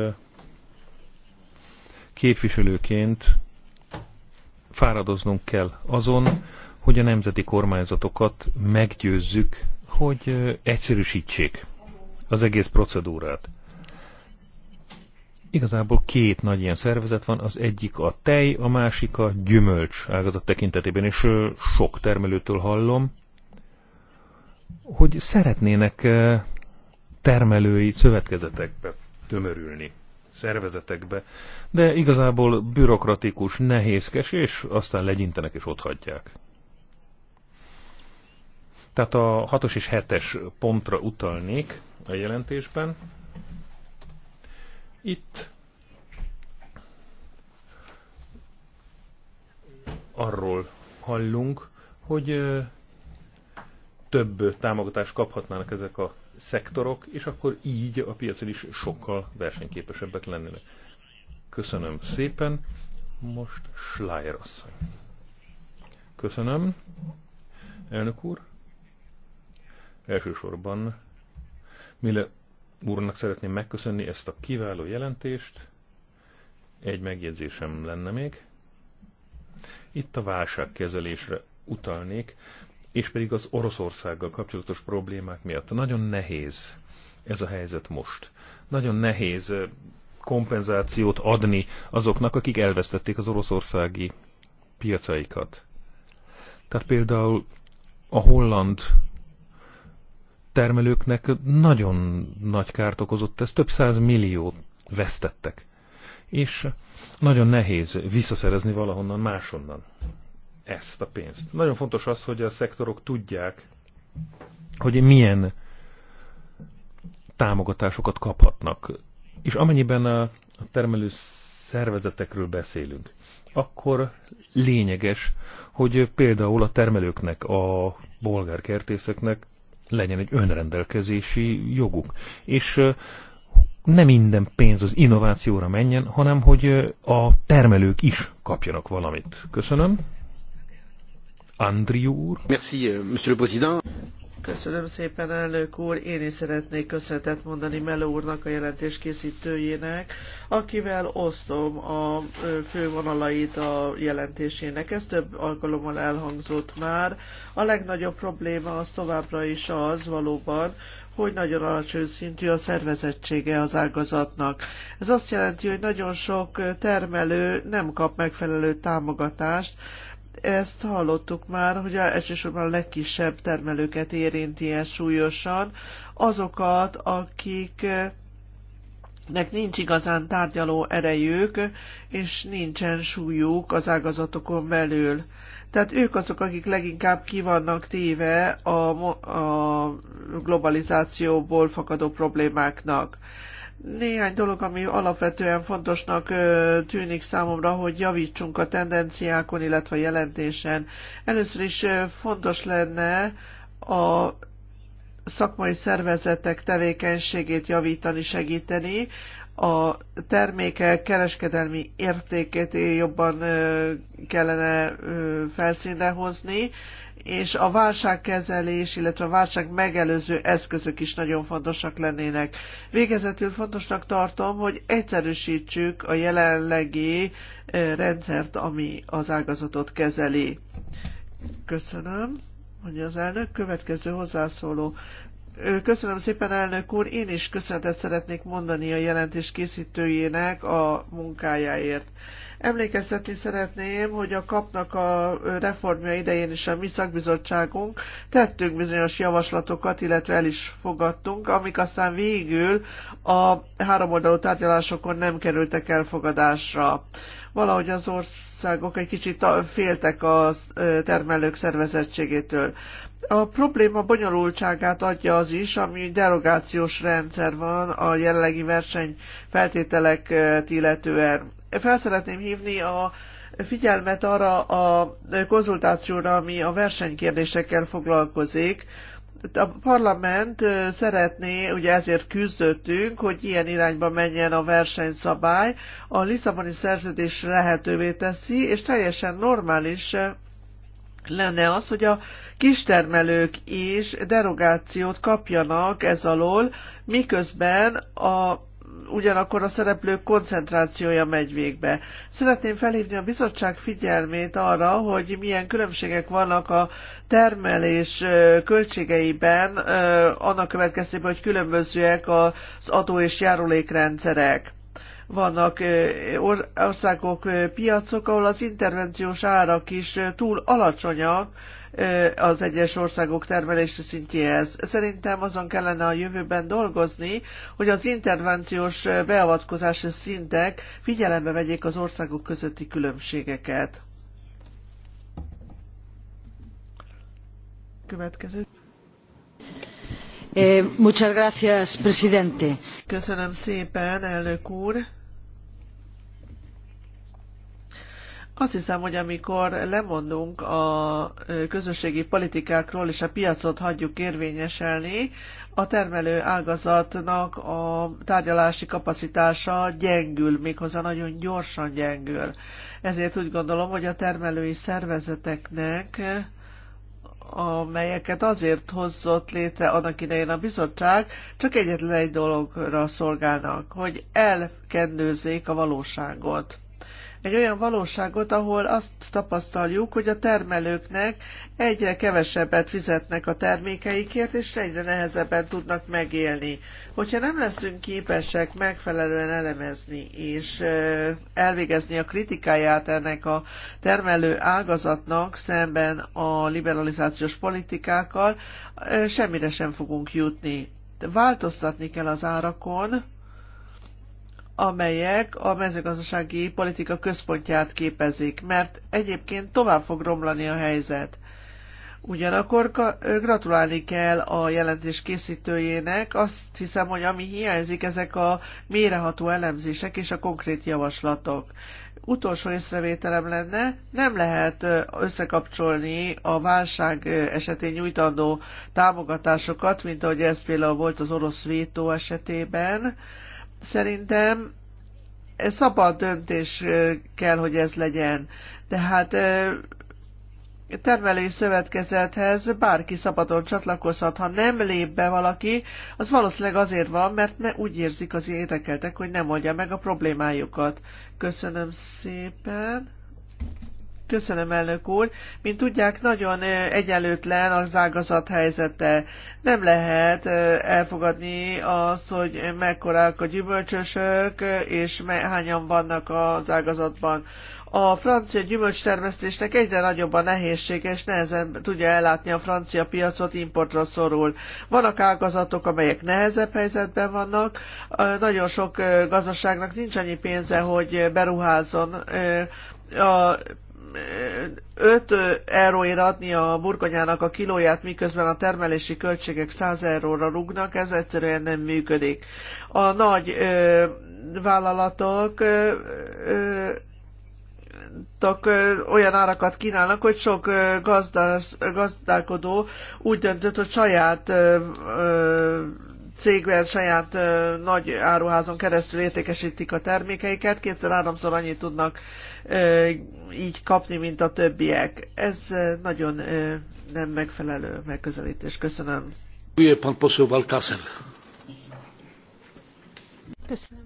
képviselőként fáradoznunk kell azon, hogy a nemzeti kormányzatokat meggyőzzük, hogy egyszerűsítsék az egész procedúrát. Igazából két nagy ilyen szervezet van, az egyik a tej, a másik a gyümölcs ágazat tekintetében, és sok termelőtől hallom, hogy szeretnének termelői szövetkezetekbe tömörülni szervezetekbe, de igazából bürokratikus, nehézkes, és aztán legyintenek és ott hagyják. Tehát a 6-os és 7-es pontra utalnék a jelentésben. Itt arról hallunk, hogy több támogatást kaphatnának ezek a szektorok, és akkor így a piacon is sokkal versenyképesebbek lennének. Köszönöm szépen. Most Schleier asszony. Köszönöm. Elnök úr. Elsősorban Mille úrnak szeretném megköszönni ezt a kiváló jelentést. Egy megjegyzésem lenne még. Itt a válságkezelésre utalnék, és pedig az Oroszországgal kapcsolatos problémák miatt. Nagyon nehéz ez a helyzet most. Nagyon nehéz kompenzációt adni azoknak, akik elvesztették az oroszországi piacaikat. Tehát például a holland termelőknek nagyon nagy kárt okozott ez, több száz millió vesztettek. És nagyon nehéz visszaszerezni valahonnan máshonnan ezt a pénzt. Nagyon fontos az, hogy a szektorok tudják, hogy milyen támogatásokat kaphatnak. És amennyiben a termelő szervezetekről beszélünk, akkor lényeges, hogy például a termelőknek, a bolgárkertészeknek legyen egy önrendelkezési joguk. És nem minden pénz az innovációra menjen, hanem hogy a termelők is kapjanak valamit. Köszönöm. Euh, Köszönöm szépen, elnök úr. Én is szeretnék köszönetet mondani melo úrnak, a jelentés készítőjének, akivel osztom a fővonalait a jelentésének. Ez több alkalommal elhangzott már. A legnagyobb probléma az továbbra is az valóban, hogy nagyon alacsony szintű a szervezettsége az ágazatnak. Ez azt jelenti, hogy nagyon sok termelő nem kap megfelelő támogatást, ezt hallottuk már, hogy elsősorban a legkisebb termelőket érinti ilyen súlyosan, azokat, akik nek nincs igazán tárgyaló erejük, és nincsen súlyuk az ágazatokon belül. Tehát ők azok, akik leginkább kivannak téve a, a globalizációból fakadó problémáknak néhány dolog, ami alapvetően fontosnak tűnik számomra, hogy javítsunk a tendenciákon, illetve a jelentésen. Először is fontos lenne a szakmai szervezetek tevékenységét javítani, segíteni, a termékek kereskedelmi értékét jobban kellene felszínre hozni, és a válságkezelés, illetve a válság megelőző eszközök is nagyon fontosak lennének. Végezetül fontosnak tartom, hogy egyszerűsítsük a jelenlegi eh, rendszert, ami az ágazatot kezeli. Köszönöm, mondja az elnök. Következő hozzászóló. Köszönöm szépen, elnök úr. Én is köszönetet szeretnék mondani a jelentés készítőjének a munkájáért. Emlékeztetni szeretném, hogy a kapnak a reformja idején is a mi szakbizottságunk tettünk bizonyos javaslatokat, illetve el is fogadtunk, amik aztán végül a háromoldalú tárgyalásokon nem kerültek elfogadásra valahogy az országok egy kicsit féltek a termelők szervezettségétől. A probléma bonyolultságát adja az is, ami derogációs rendszer van a jelenlegi verseny feltételek illetően fel szeretném hívni a figyelmet arra a konzultációra, ami a versenykérdésekkel foglalkozik. A parlament szeretné, ugye ezért küzdöttünk, hogy ilyen irányba menjen a versenyszabály, a Lisszaboni szerződés lehetővé teszi, és teljesen normális lenne az, hogy a kistermelők is derogációt kapjanak ez alól, miközben a ugyanakkor a szereplők koncentrációja megy végbe. Szeretném felhívni a bizottság figyelmét arra, hogy milyen különbségek vannak a termelés költségeiben, annak következtében, hogy különbözőek az adó és járulékrendszerek vannak országok, piacok, ahol az intervenciós árak is túl alacsonyak az egyes országok termelési szintjéhez. Szerintem azon kellene a jövőben dolgozni, hogy az intervenciós beavatkozási szintek figyelembe vegyék az országok közötti különbségeket. Következő. Eh, muchas gracias, presidente. Köszönöm szépen, elnök úr. Azt hiszem, hogy amikor lemondunk a közösségi politikákról és a piacot hagyjuk érvényeselni, a termelő ágazatnak a tárgyalási kapacitása gyengül, méghozzá nagyon gyorsan gyengül. Ezért úgy gondolom, hogy a termelői szervezeteknek amelyeket azért hozott létre annak idején a bizottság, csak egyetlen egy dologra szolgálnak, hogy elkendőzzék a valóságot egy olyan valóságot, ahol azt tapasztaljuk, hogy a termelőknek egyre kevesebbet fizetnek a termékeikért, és egyre nehezebben tudnak megélni. Hogyha nem leszünk képesek megfelelően elemezni és elvégezni a kritikáját ennek a termelő ágazatnak szemben a liberalizációs politikákkal, semmire sem fogunk jutni. Változtatni kell az árakon, amelyek a mezőgazdasági politika központját képezik, mert egyébként tovább fog romlani a helyzet. Ugyanakkor gratulálni kell a jelentés készítőjének, azt hiszem, hogy ami hiányzik, ezek a méreható elemzések és a konkrét javaslatok. Utolsó észrevételem lenne, nem lehet összekapcsolni a válság esetén nyújtandó támogatásokat, mint ahogy ez például volt az orosz vétó esetében, Szerintem szabad döntés kell, hogy ez legyen. Tehát termelői szövetkezethez bárki szabadon csatlakozhat. Ha nem lép be valaki, az valószínűleg azért van, mert ne úgy érzik az érdekeltek, hogy nem oldja meg a problémájukat. Köszönöm szépen. Köszönöm, elnök úr. Mint tudják, nagyon eh, egyenlőtlen az ágazat helyzete. Nem lehet eh, elfogadni azt, hogy mekkorák a gyümölcsösök, és hányan vannak az ágazatban. A francia gyümölcstermesztésnek egyre nagyobb a nehézség, és nehezen tudja ellátni a francia piacot, importra szorul. Vannak ágazatok, amelyek nehezebb helyzetben vannak, nagyon sok eh, gazdaságnak nincs annyi pénze, hogy beruházzon. A 5 euróért adni a burgonyának a kilóját, miközben a termelési költségek 100 euróra rúgnak, ez egyszerűen nem működik. A nagy ö, vállalatok ö, ö, olyan árakat kínálnak, hogy sok gazdás, gazdálkodó úgy döntött, hogy saját ö, ö, cégben saját ö, nagy áruházon keresztül értékesítik a termékeiket, kétszer-háromszor annyit tudnak így kapni, mint a többiek. Ez nagyon nem megfelelő megközelítés. Köszönöm. Köszönöm.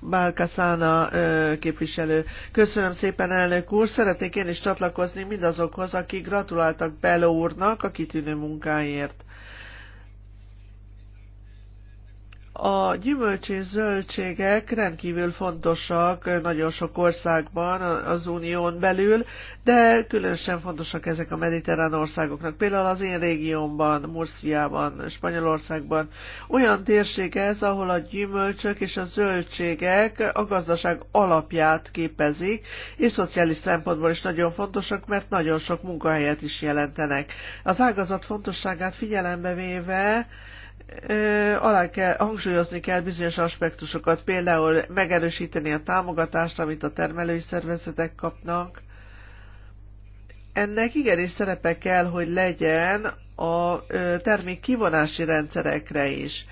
Bálkaszána képviselő. Köszönöm szépen, elnök úr. Szeretnék én is csatlakozni mindazokhoz, akik gratuláltak Belo úrnak a kitűnő munkáért. A gyümölcs és zöldségek rendkívül fontosak nagyon sok országban az unión belül, de különösen fontosak ezek a mediterrán országoknak. Például az én régiómban, Murciában, Spanyolországban olyan térség ez, ahol a gyümölcsök és a zöldségek a gazdaság alapját képezik, és szociális szempontból is nagyon fontosak, mert nagyon sok munkahelyet is jelentenek. Az ágazat fontosságát figyelembe véve, alá kell, hangsúlyozni kell bizonyos aspektusokat, például megerősíteni a támogatást, amit a termelői szervezetek kapnak. Ennek igenis szerepe kell, hogy legyen a termék kivonási rendszerekre is,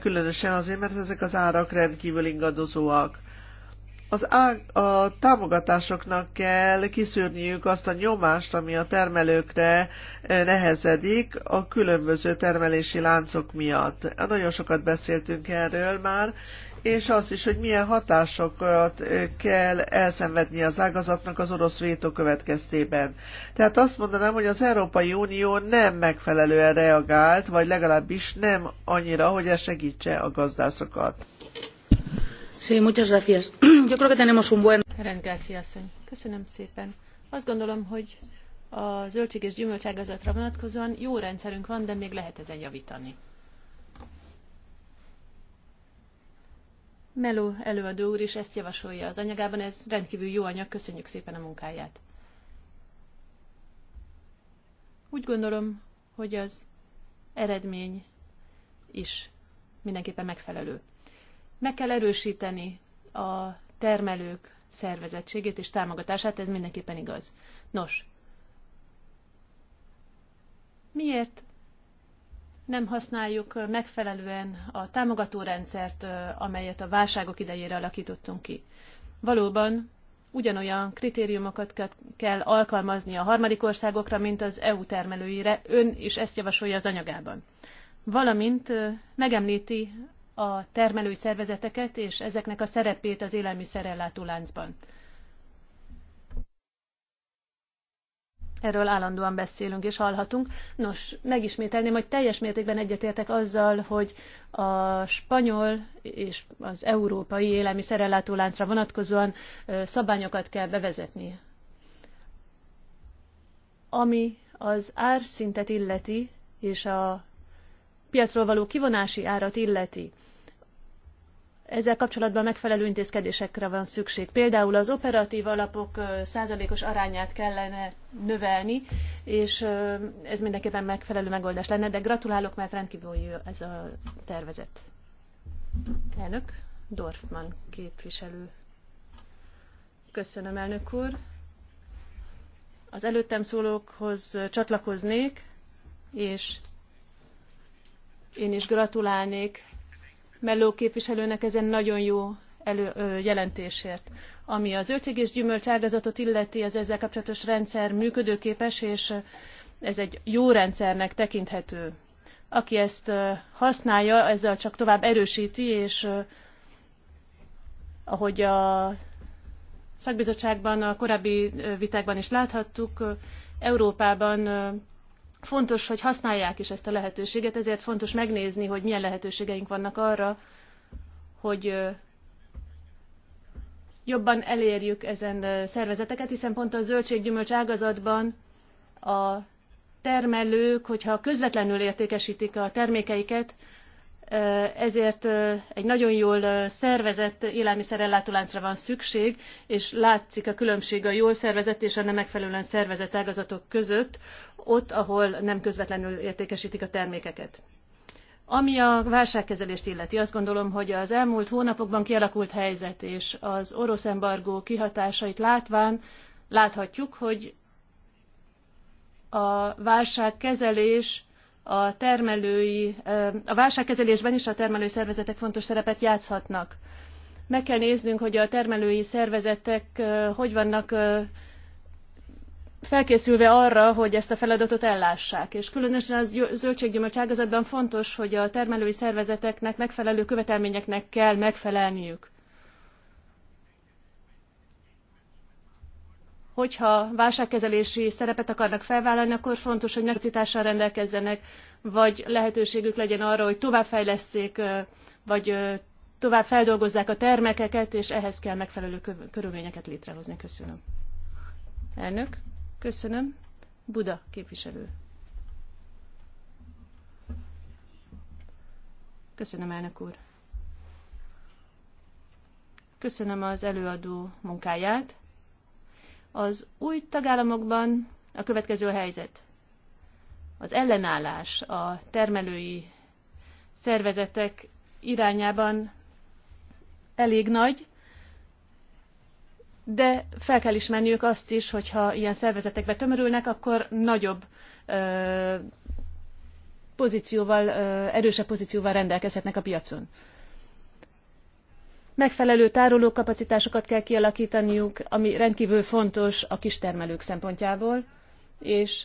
különösen azért, mert ezek az árak rendkívül ingadozóak. Az ág, a támogatásoknak kell kiszűrniük azt a nyomást, ami a termelőkre eh, nehezedik a különböző termelési láncok miatt. Nagyon sokat beszéltünk erről már, és azt is, hogy milyen hatásokat eh, kell elszenvedni az ágazatnak az orosz vétó következtében. Tehát azt mondanám, hogy az Európai Unió nem megfelelően reagált, vagy legalábbis nem annyira, hogy ez segítse a gazdászokat. Köszönöm szépen. Azt gondolom, hogy a zöldség és gyümölcságazatra vonatkozóan jó rendszerünk van, de még lehet ezen javítani. melo előadó úr is ezt javasolja az anyagában, ez rendkívül jó anyag, köszönjük szépen a munkáját. Úgy gondolom, hogy az eredmény is mindenképpen megfelelő. Meg kell erősíteni a termelők szervezettségét és támogatását, ez mindenképpen igaz. Nos, miért nem használjuk megfelelően a támogatórendszert, amelyet a válságok idejére alakítottunk ki? Valóban ugyanolyan kritériumokat kell alkalmazni a harmadik országokra, mint az EU termelőire, ön is ezt javasolja az anyagában. Valamint megemlíti a termelői szervezeteket és ezeknek a szerepét az élelmiszerellátó láncban. Erről állandóan beszélünk és hallhatunk. Nos, megismételném, hogy teljes mértékben egyetértek azzal, hogy a spanyol és az európai élelmiszerellátó láncra vonatkozóan szabályokat kell bevezetni. Ami az árszintet illeti, és a piacról való kivonási árat illeti, ezzel kapcsolatban megfelelő intézkedésekre van szükség. Például az operatív alapok százalékos arányát kellene növelni, és ez mindenképpen megfelelő megoldás lenne, de gratulálok, mert rendkívül jó ez a tervezet. Elnök, Dorfman képviselő. Köszönöm, elnök úr. Az előttem szólókhoz csatlakoznék, és én is gratulálnék Melló képviselőnek ezen nagyon jó elő, ö, jelentésért. Ami a zöldség és gyümölcs ágazatot illeti, az ezzel kapcsolatos rendszer működőképes, és ez egy jó rendszernek tekinthető. Aki ezt használja, ezzel csak tovább erősíti, és ahogy a szakbizottságban, a korábbi vitákban is láthattuk, Európában Fontos, hogy használják is ezt a lehetőséget, ezért fontos megnézni, hogy milyen lehetőségeink vannak arra, hogy jobban elérjük ezen szervezeteket, hiszen pont a zöldséggyümölcs ágazatban a termelők, hogyha közvetlenül értékesítik a termékeiket, ezért egy nagyon jól szervezett élelmiszerellátóláncra van szükség, és látszik a különbség a jól szervezett és a nem megfelelően szervezett ágazatok között, ott, ahol nem közvetlenül értékesítik a termékeket. Ami a válságkezelést illeti, azt gondolom, hogy az elmúlt hónapokban kialakult helyzet és az orosz embargó kihatásait látván láthatjuk, hogy a válságkezelés a termelői, a válságkezelésben is a termelői szervezetek fontos szerepet játszhatnak. Meg kell néznünk, hogy a termelői szervezetek hogy vannak felkészülve arra, hogy ezt a feladatot ellássák. És különösen a zöldséggyümölcs ágazatban fontos, hogy a termelői szervezeteknek megfelelő követelményeknek kell megfelelniük. hogyha válságkezelési szerepet akarnak felvállalni, akkor fontos, hogy kapacitással rendelkezzenek, vagy lehetőségük legyen arra, hogy továbbfejlesszék, vagy tovább feldolgozzák a termékeket, és ehhez kell megfelelő körülményeket létrehozni. Köszönöm. Elnök, köszönöm. Buda képviselő. Köszönöm, elnök úr. Köszönöm az előadó munkáját az új tagállamokban a következő a helyzet. Az ellenállás a termelői szervezetek irányában elég nagy, de fel kell ismerniük azt is, hogyha ilyen szervezetekbe tömörülnek, akkor nagyobb ö, pozícióval, ö, erősebb pozícióval rendelkezhetnek a piacon megfelelő tárolókapacitásokat kell kialakítaniuk, ami rendkívül fontos a kistermelők szempontjából, és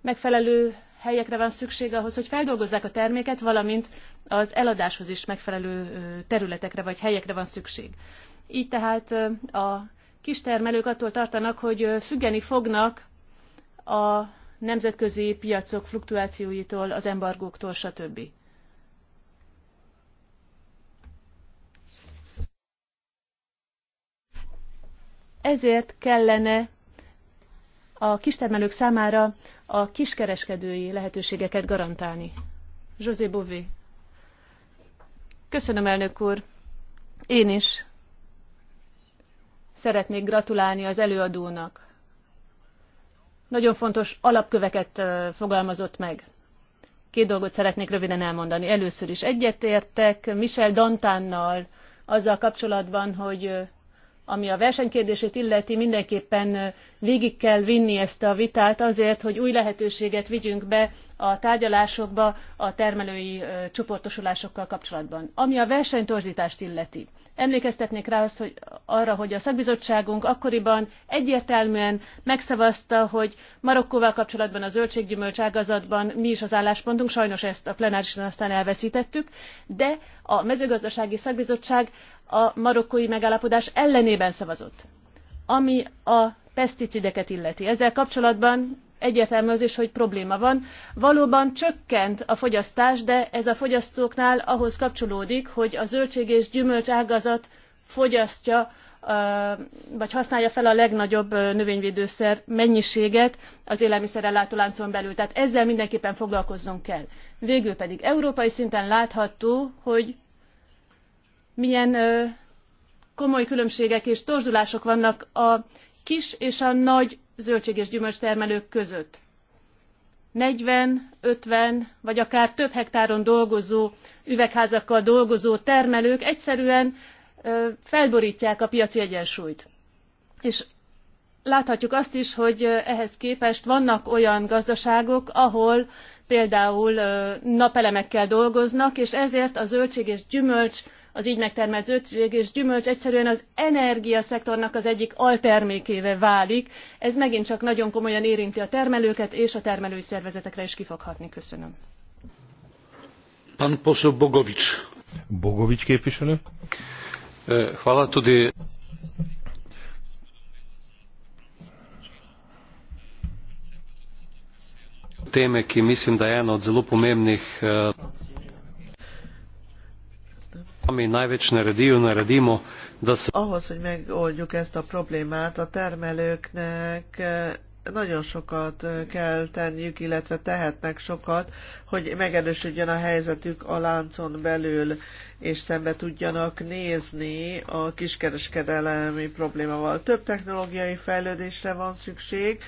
megfelelő helyekre van szükség ahhoz, hogy feldolgozzák a terméket, valamint az eladáshoz is megfelelő területekre vagy helyekre van szükség. Így tehát a kistermelők attól tartanak, hogy függeni fognak a nemzetközi piacok fluktuációitól, az embargóktól, stb. ezért kellene a kistermelők számára a kiskereskedői lehetőségeket garantálni. José Bové. Köszönöm, elnök úr. Én is szeretnék gratulálni az előadónak. Nagyon fontos alapköveket fogalmazott meg. Két dolgot szeretnék röviden elmondani. Először is egyetértek Michel Dantánnal azzal kapcsolatban, hogy ami a versenykérdését illeti, mindenképpen végig kell vinni ezt a vitát azért, hogy új lehetőséget vigyünk be a tárgyalásokba a termelői csoportosulásokkal kapcsolatban. Ami a versenytorzítást illeti, emlékeztetnék rá az, hogy arra, hogy a szakbizottságunk akkoriban egyértelműen megszavazta, hogy Marokkóval kapcsolatban a zöldséggyümölcs ágazatban mi is az álláspontunk, sajnos ezt a plenárison aztán elveszítettük, de a mezőgazdasági szakbizottság a marokkói megállapodás ellenében szavazott. Ami a peszticideket illeti. Ezzel kapcsolatban egyértelmű az is, hogy probléma van. Valóban csökkent a fogyasztás, de ez a fogyasztóknál ahhoz kapcsolódik, hogy a zöldség és gyümölcs ágazat fogyasztja vagy használja fel a legnagyobb növényvédőszer mennyiséget az élelmiszerellátó láncon belül. Tehát ezzel mindenképpen foglalkoznunk kell. Végül pedig európai szinten látható, hogy milyen komoly különbségek és torzulások vannak a kis és a nagy zöldség és gyümölcstermelők között. 40, 50 vagy akár több hektáron dolgozó üvegházakkal dolgozó termelők egyszerűen felborítják a piaci egyensúlyt. És láthatjuk azt is, hogy ehhez képest vannak olyan gazdaságok, ahol például napelemekkel dolgoznak, és ezért a zöldség és gyümölcs az így megtermelt zöldség és gyümölcs egyszerűen az energiaszektornak az egyik altermékévé válik. Ez megint csak nagyon komolyan érinti a termelőket, és a termelői szervezetekre is kifoghatni. Köszönöm. Pan poseł Bogovics. Bogovics képviselő. E, hvala tudi. Teme, ki mislim, da je ena od zelo pomembnih e, ami največ naredijo, naredimo, Ahhoz, hogy megoldjuk ezt a problémát, a termelőknek eh, nagyon sokat eh, kell tenniük, illetve tehetnek sokat, hogy megerősödjön a helyzetük a láncon belül, és szembe tudjanak nézni a kiskereskedelmi problémával. Több technológiai fejlődésre van szükség,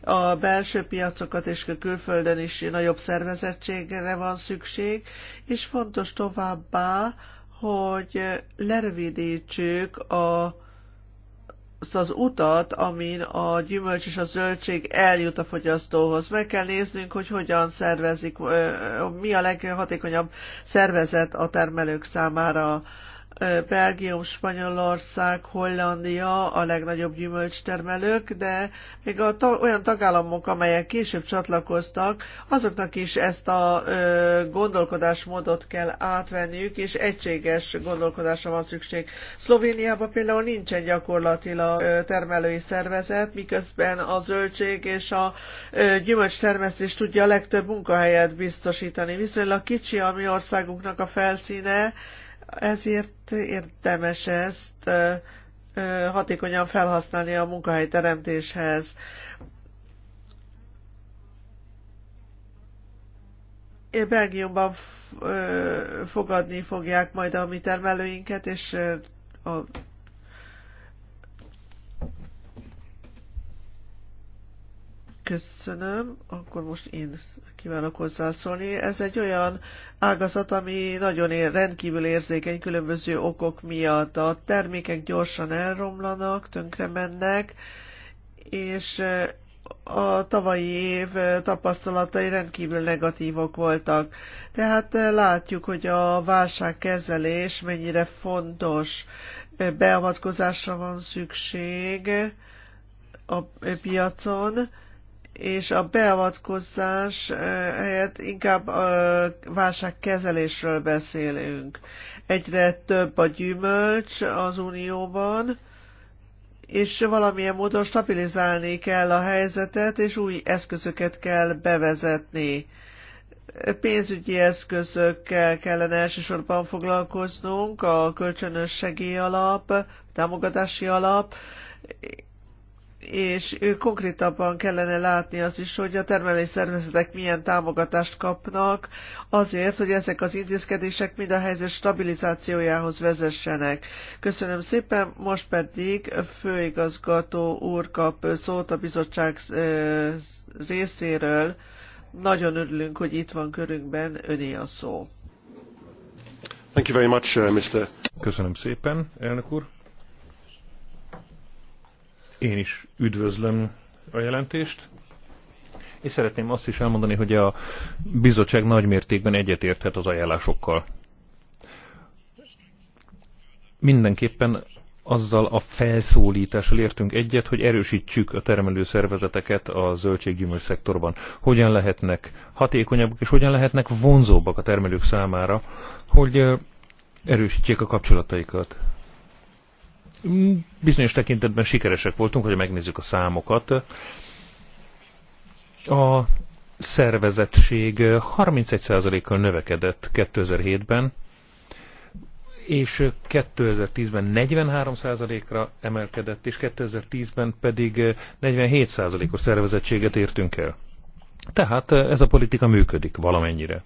a belső piacokat és a külföldön is nagyobb szervezettségre van szükség, és fontos továbbá, hogy lerövidítsük a az, az utat, amin a gyümölcs és a zöldség eljut a fogyasztóhoz. Meg kell néznünk, hogy hogyan szervezik, mi a leghatékonyabb szervezet a termelők számára. Belgium, Spanyolország, Hollandia a legnagyobb gyümölcstermelők, de még a ta- olyan tagállamok, amelyek később csatlakoztak, azoknak is ezt a ö, gondolkodásmódot kell átvenniük, és egységes gondolkodásra van szükség. Szlovéniában például nincsen gyakorlatilag ö, termelői szervezet, miközben a zöldség és a ö, gyümölcstermesztés tudja a legtöbb munkahelyet biztosítani. Viszonylag kicsi a mi országunknak a felszíne, ezért érdemes ezt hatékonyan felhasználni a munkahelyteremtéshez. Belgiumban fogadni fogják majd a mi termelőinket, és a Köszönöm, akkor most én kívánok hozzászólni. Ez egy olyan ágazat, ami nagyon ér, rendkívül érzékeny különböző okok miatt. A termékek gyorsan elromlanak, tönkre mennek, és eh, a tavalyi év eh, tapasztalatai rendkívül negatívok voltak. Tehát eh, látjuk, hogy a válságkezelés mennyire fontos beavatkozásra van szükség a piacon, és a beavatkozás eh, helyett inkább a eh, válságkezelésről beszélünk. Egyre több a gyümölcs az Unióban, és valamilyen módon stabilizálni kell a helyzetet, és új eszközöket kell bevezetni. Pénzügyi eszközökkel kellene elsősorban foglalkoznunk, a kölcsönös segélyalap, támogatási alap, és konkrétabban kellene látni az is, hogy a termelés szervezetek milyen támogatást kapnak azért, hogy ezek az intézkedések mind a helyzet stabilizációjához vezessenek. Köszönöm szépen, most pedig főigazgató úr kap szót a bizottság részéről. Nagyon örülünk, hogy itt van körünkben, öné a szó. Thank you very much, uh, Mr. Köszönöm szépen, elnök úr. Én is üdvözlöm a jelentést, és szeretném azt is elmondani, hogy a bizottság nagymértékben egyetérthet az ajánlásokkal. Mindenképpen azzal a felszólítással értünk egyet, hogy erősítsük a termelő szervezeteket a zöldséggyümölcs szektorban. Hogyan lehetnek hatékonyabbak, és hogyan lehetnek vonzóbbak a termelők számára, hogy erősítsék a kapcsolataikat bizonyos tekintetben sikeresek voltunk, hogy megnézzük a számokat. A szervezettség 31%-kal növekedett 2007-ben, és 2010-ben 43%-ra emelkedett, és 2010-ben pedig 47%-os szervezettséget értünk el. Tehát ez a politika működik valamennyire.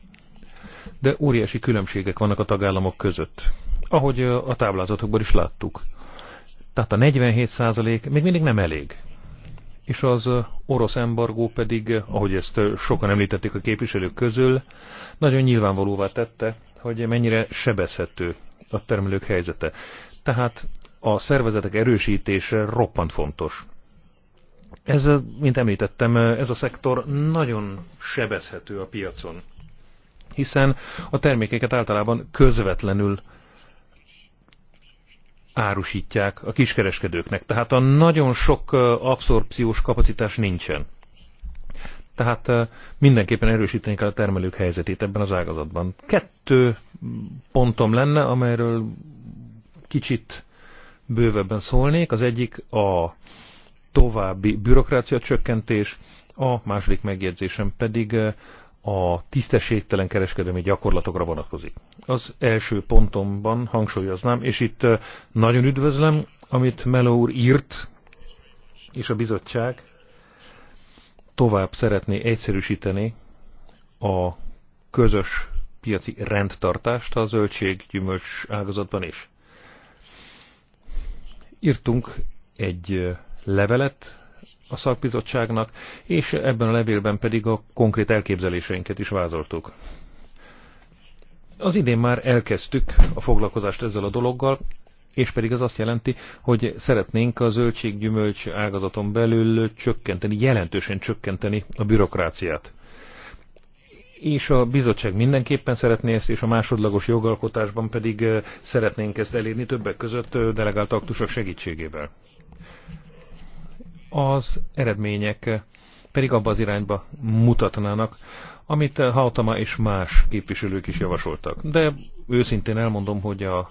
De óriási különbségek vannak a tagállamok között, ahogy a táblázatokban is láttuk. Tehát a 47 százalék még mindig nem elég. És az orosz embargó pedig, ahogy ezt sokan említették a képviselők közül, nagyon nyilvánvalóvá tette, hogy mennyire sebezhető a termelők helyzete. Tehát a szervezetek erősítése roppant fontos. Ez, mint említettem, ez a szektor nagyon sebezhető a piacon, hiszen a termékeket általában közvetlenül árusítják a kiskereskedőknek. Tehát a nagyon sok abszorpciós kapacitás nincsen. Tehát mindenképpen erősíteni kell a termelők helyzetét ebben az ágazatban. Kettő pontom lenne, amelyről kicsit bővebben szólnék. Az egyik a további bürokrácia csökkentés, a második megjegyzésem pedig a tisztességtelen kereskedelmi gyakorlatokra vonatkozik. Az első pontomban hangsúlyoznám, és itt nagyon üdvözlöm, amit Melo úr írt, és a bizottság tovább szeretné egyszerűsíteni a közös piaci rendtartást a zöldséggyümölcs ágazatban is. Írtunk egy levelet a szakbizottságnak, és ebben a levélben pedig a konkrét elképzeléseinket is vázoltuk. Az idén már elkezdtük a foglalkozást ezzel a dologgal, és pedig az azt jelenti, hogy szeretnénk a zöldséggyümölcs ágazaton belül csökkenteni, jelentősen csökkenteni a bürokráciát. És a bizottság mindenképpen szeretné ezt, és a másodlagos jogalkotásban pedig eh, szeretnénk ezt elérni többek között eh, delegált aktusok segítségével az eredmények pedig abba az irányba mutatnának, amit Hautama és más képviselők is javasoltak. De őszintén elmondom, hogy a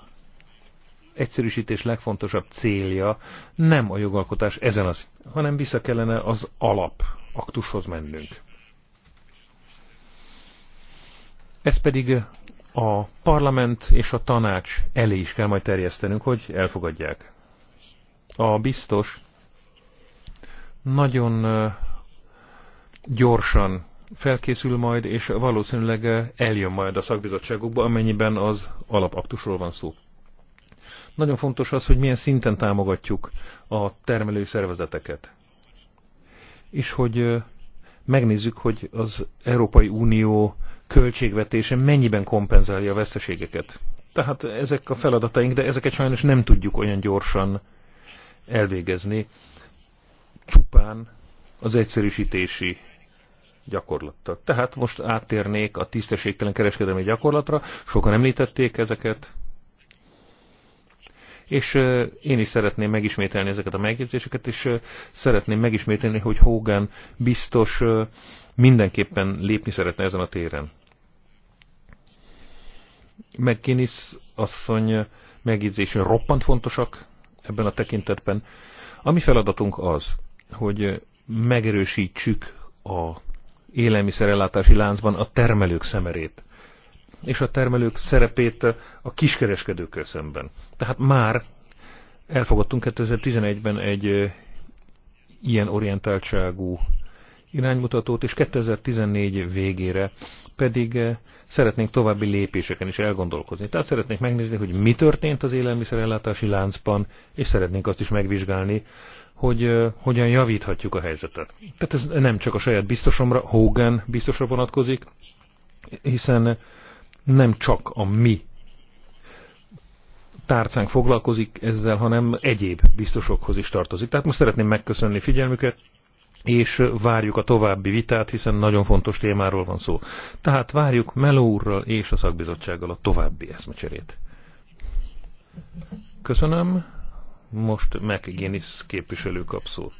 egyszerűsítés legfontosabb célja nem a jogalkotás ezen az, hanem vissza kellene az alap aktushoz mennünk. Ez pedig a parlament és a tanács elé is kell majd terjesztenünk, hogy elfogadják. A biztos nagyon gyorsan felkészül majd, és valószínűleg eljön majd a szakbizottságokba, amennyiben az alapaktusról van szó. Nagyon fontos az, hogy milyen szinten támogatjuk a termelői szervezeteket. És hogy megnézzük, hogy az Európai Unió költségvetése mennyiben kompenzálja a veszteségeket. Tehát ezek a feladataink, de ezeket sajnos nem tudjuk olyan gyorsan elvégezni, csupán az egyszerűsítési gyakorlattal. Tehát most áttérnék a tisztességtelen kereskedelmi gyakorlatra, sokan említették ezeket, és én is szeretném megismételni ezeket a megjegyzéseket, és szeretném megismételni, hogy Hogan biztos mindenképpen lépni szeretne ezen a téren. McGinnis asszony megjegyzése roppant fontosak ebben a tekintetben. A mi feladatunk az, hogy megerősítsük a élelmiszerellátási láncban a termelők szemerét és a termelők szerepét a kiskereskedőkkel szemben. Tehát már elfogadtunk 2011-ben egy ilyen orientáltságú iránymutatót, és 2014 végére pedig szeretnénk további lépéseken is elgondolkozni. Tehát szeretnénk megnézni, hogy mi történt az élelmiszerellátási láncban, és szeretnénk azt is megvizsgálni, hogy hogyan javíthatjuk a helyzetet. Tehát ez nem csak a saját biztosomra, Hogan biztosra vonatkozik, hiszen nem csak a mi tárcánk foglalkozik ezzel, hanem egyéb biztosokhoz is tartozik. Tehát most szeretném megköszönni figyelmüket, és várjuk a további vitát, hiszen nagyon fontos témáról van szó. Tehát várjuk Meló úrral és a szakbizottsággal a további eszmecserét. Köszönöm. Most McGuinness képviselő kap szót.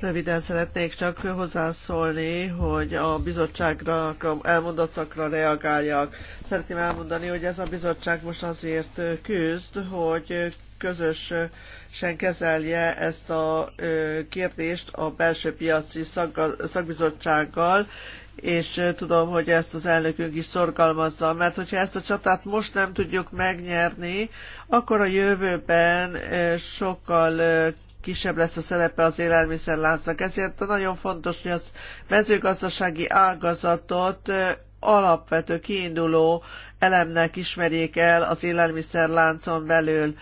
Röviden szeretnék csak hozzászólni, hogy a bizottságra elmondottakra reagáljak. Szeretném elmondani, hogy ez a bizottság most azért küzd, hogy közösen kezelje ezt a kérdést a belső piaci szakbizottsággal, és tudom, hogy ezt az elnökünk is szorgalmazza, mert hogyha ezt a csatát most nem tudjuk megnyerni, akkor a jövőben sokkal kisebb lesz a szerepe az élelmiszerláncnak. Ezért nagyon fontos, hogy az mezőgazdasági ágazatot alapvető kiinduló elemnek ismerjék el az élelmiszerláncon belül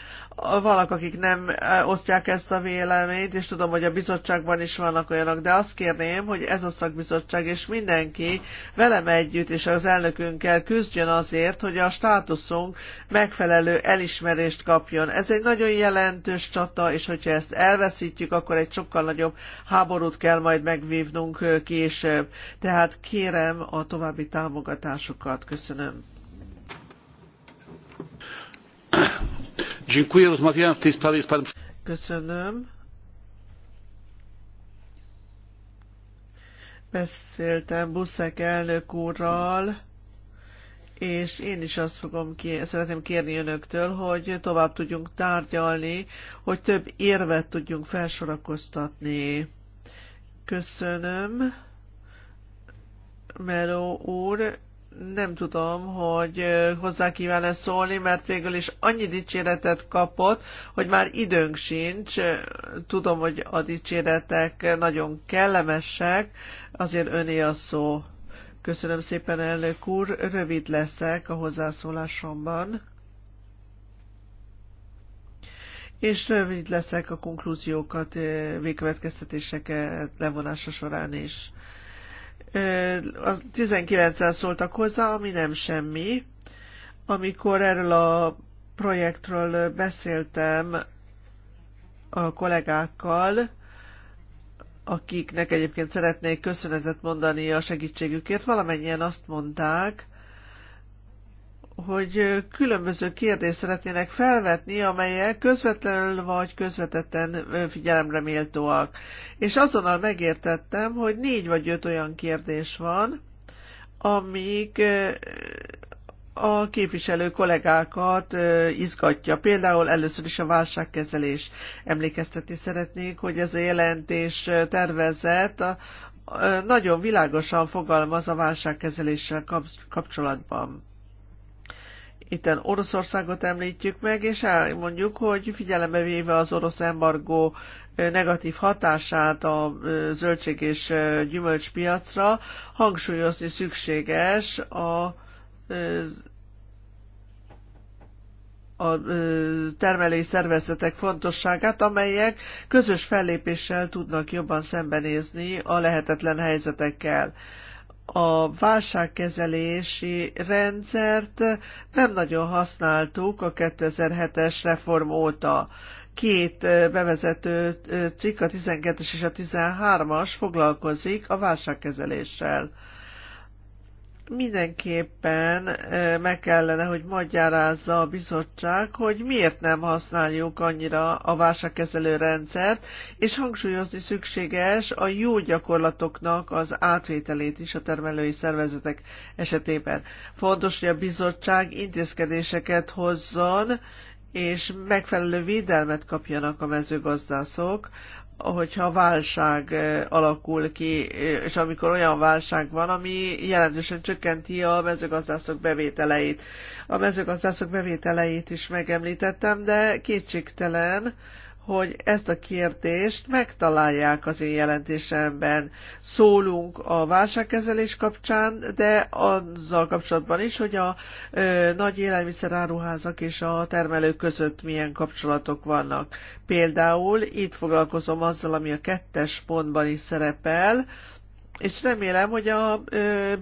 vannak, akik nem e, osztják ezt a véleményt, és tudom, hogy a bizottságban is vannak olyanok, de azt kérném, hogy ez a szakbizottság és mindenki velem együtt és az elnökünkkel küzdjön azért, hogy a státuszunk megfelelő elismerést kapjon. Ez egy nagyon jelentős csata, és hogyha ezt elveszítjük, akkor egy sokkal nagyobb háborút kell majd megvívnunk később. Tehát kérem a további támogatásokat Köszönöm. Dziękuję. Rozmawiałem w tej sprawie z panem... Köszönöm. Beszéltem Buszek elnök úrral, és én is azt fogom ki, szeretném kérni önöktől, hogy tovább tudjunk tárgyalni, hogy több érvet tudjunk felsorakoztatni. Köszönöm. Meló úr, nem tudom, hogy hozzá kíván-e szólni, mert végül is annyi dicséretet kapott, hogy már időnk sincs. Tudom, hogy a dicséretek nagyon kellemesek, azért öné a szó. Köszönöm szépen, elnök úr, rövid leszek a hozzászólásomban. És rövid leszek a konklúziókat, végkövetkeztetéseket levonása során is az 19-en szóltak hozzá, ami nem semmi. Amikor erről a projektről beszéltem a kollégákkal, akiknek egyébként szeretnék köszönetet mondani a segítségükért, valamennyien azt mondták, hogy különböző kérdést szeretnének felvetni, amelyek közvetlenül vagy közvetetten figyelemre méltóak. És azonnal megértettem, hogy négy vagy öt olyan kérdés van, amik a képviselő kollégákat izgatja. Például először is a válságkezelés. Emlékeztetni szeretnék, hogy ez a jelentés tervezett nagyon világosan fogalmaz a válságkezeléssel kapcsolatban Itten Oroszországot említjük meg, és elmondjuk, hogy figyelembe véve az orosz embargó negatív hatását a zöldség és gyümölcspiacra, hangsúlyozni szükséges a a termelői szervezetek fontosságát, amelyek közös fellépéssel tudnak jobban szembenézni a lehetetlen helyzetekkel a válságkezelési rendszert nem nagyon használtuk a 2007-es reform óta. Két bevezető cikk, a 12-es és a 13-as foglalkozik a válságkezeléssel mindenképpen meg kellene, hogy magyarázza a bizottság, hogy miért nem használjuk annyira a válságkezelő rendszert, és hangsúlyozni szükséges a jó gyakorlatoknak az átvételét is a termelői szervezetek esetében. Fontos, hogy a bizottság intézkedéseket hozzon, és megfelelő védelmet kapjanak a mezőgazdászok, hogyha válság eh, alakul ki, eh, és amikor olyan válság van, ami jelentősen csökkenti a mezőgazdászok bevételeit. A mezőgazdászok bevételeit is megemlítettem, de kétségtelen, hogy ezt a kérdést megtalálják az én jelentésemben. Szólunk a válságkezelés kapcsán, de azzal kapcsolatban is, hogy a ö, nagy élelmiszeráruházak és a termelők között milyen kapcsolatok vannak. Például itt foglalkozom azzal, ami a kettes pontban is szerepel, és remélem, hogy a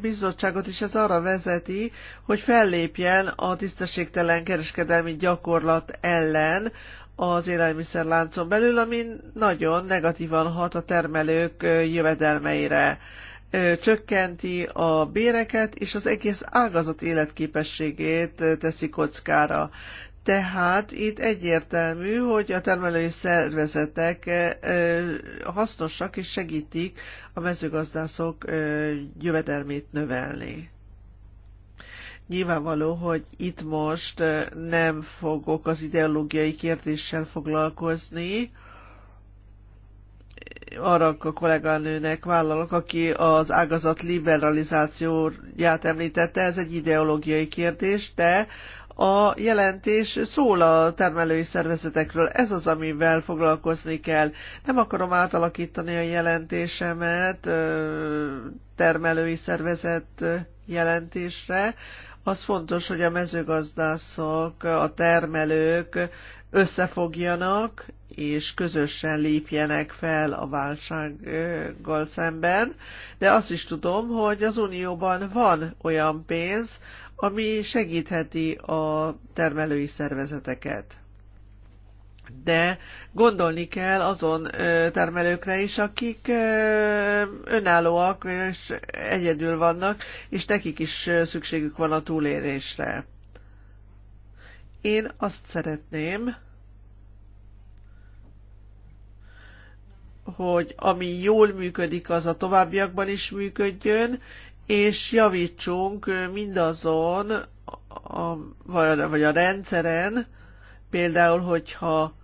bizottságot is ez arra vezeti, hogy fellépjen a tisztességtelen kereskedelmi gyakorlat ellen, az élelmiszerláncon belül, ami nagyon negatívan hat a termelők jövedelmeire. Csökkenti a béreket, és az egész ágazat életképességét teszi kockára. Tehát itt egyértelmű, hogy a termelői szervezetek hasznosak és segítik a mezőgazdászok jövedelmét növelni. Nyilvánvaló, hogy itt most eh, nem fogok az ideológiai kérdéssel foglalkozni, arra a kolléganőnek vállalok, aki az ágazat liberalizációját említette, ez egy ideológiai kérdés, de a jelentés szól a termelői szervezetekről, ez az, amivel foglalkozni kell. Nem akarom átalakítani a jelentésemet eh, termelői szervezet eh, jelentésre, az fontos, hogy a mezőgazdászok, a termelők összefogjanak, és közösen lépjenek fel a válsággal szemben, de azt is tudom, hogy az Unióban van olyan pénz, ami segítheti a termelői szervezeteket de gondolni kell azon termelőkre is, akik önállóak és egyedül vannak, és nekik is szükségük van a túlélésre. Én azt szeretném, hogy ami jól működik, az a továbbiakban is működjön, és javítsunk mindazon, a, vagy a rendszeren, Például, hogyha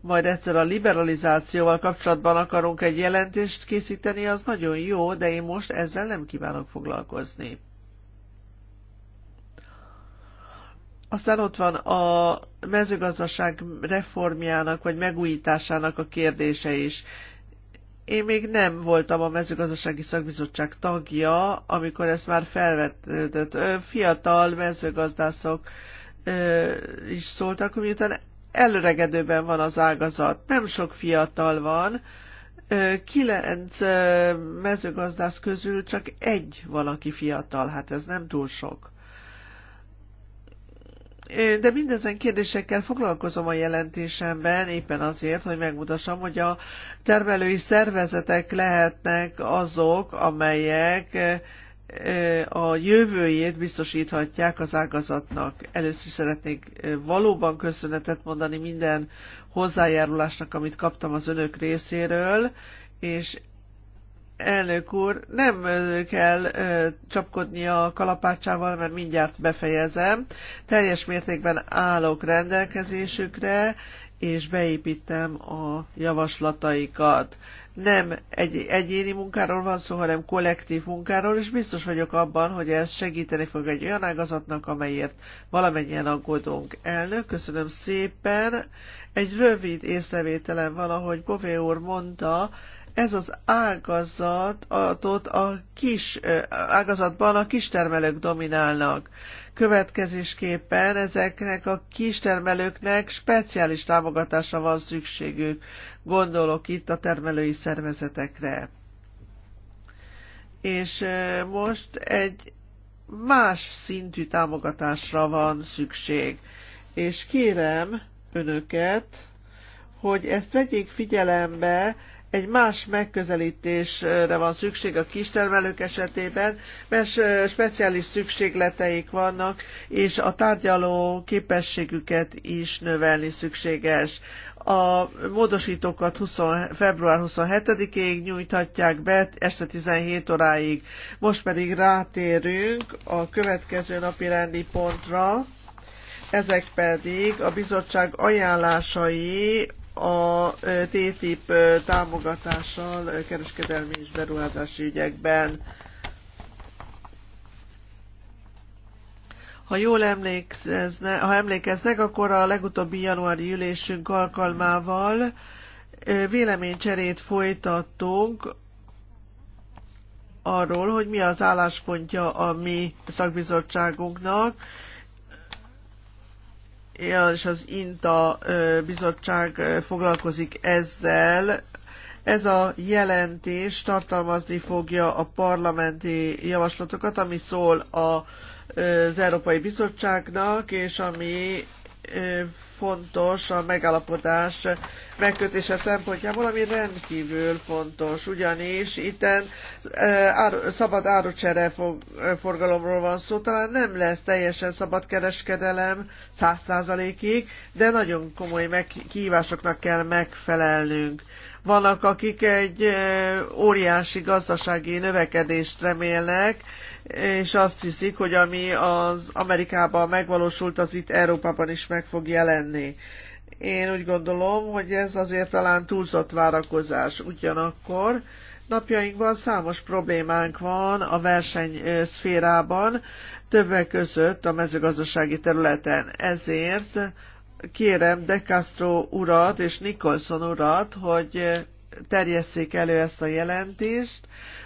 majd egyszer a liberalizációval kapcsolatban akarunk egy jelentést készíteni, az nagyon jó, de én most ezzel nem kívánok foglalkozni. Aztán ott van a mezőgazdaság reformjának vagy megújításának a kérdése is. Én még nem voltam a mezőgazdasági szakbizottság tagja, amikor ezt már felvetődött. Fiatal mezőgazdászok is szóltak, miután előregedőben van az ágazat, nem sok fiatal van, kilenc mezőgazdász közül csak egy valaki fiatal, hát ez nem túl sok. De mindezen kérdésekkel foglalkozom a jelentésemben, éppen azért, hogy megmutassam, hogy a termelői szervezetek lehetnek azok, amelyek a jövőjét biztosíthatják az ágazatnak. Először szeretnék valóban köszönetet mondani minden hozzájárulásnak, amit kaptam az önök részéről, és elnök úr, nem kell ö, csapkodni a kalapácsával, mert mindjárt befejezem. Teljes mértékben állok rendelkezésükre, és beépítem a javaslataikat nem egy egyéni munkáról van szó, hanem kollektív munkáról, és biztos vagyok abban, hogy ez segíteni fog egy olyan ágazatnak, amelyért valamennyien aggódunk. Elnök, köszönöm szépen. Egy rövid észrevételem van, ahogy Bové úr mondta, ez az ágazatot a kis ágazatban a kistermelők dominálnak. Következésképpen ezeknek a kistermelőknek speciális támogatásra van szükségük gondolok itt a termelői szervezetekre. És most egy más szintű támogatásra van szükség. És kérem önöket, hogy ezt vegyék figyelembe, egy más megközelítésre van szükség a kistermelők esetében, mert speciális szükségleteik vannak, és a tárgyaló képességüket is növelni szükséges. A módosítókat 20, február 27-ig nyújthatják be este 17 óráig. Most pedig rátérünk a következő napi rendi pontra. Ezek pedig a bizottság ajánlásai a TTIP támogatással kereskedelmi és beruházási ügyekben. Ha jól emlékezne, ha emlékeznek, akkor a legutóbbi januári ülésünk alkalmával véleménycserét folytattunk arról, hogy mi az álláspontja a mi szakbizottságunknak, és az INTA bizottság foglalkozik ezzel. Ez a jelentés tartalmazni fogja a parlamenti javaslatokat, ami szól a az Európai Bizottságnak, és ami fontos a megállapodás megkötése szempontjából, ami rendkívül fontos, ugyanis itten szabad árucsere forgalomról van szó, talán nem lesz teljesen szabad kereskedelem száz százalékig, de nagyon komoly kihívásoknak kell megfelelnünk. Vannak, akik egy óriási gazdasági növekedést remélnek, és azt hiszik, hogy ami az Amerikában megvalósult, az itt Európában is meg fog jelenni. Én úgy gondolom, hogy ez azért talán túlzott várakozás. Ugyanakkor napjainkban számos problémánk van a verseny szférában, többek között a mezőgazdasági területen. Ezért kérem De Castro urat és Nicholson urat, hogy terjesszék elő ezt a jelentést,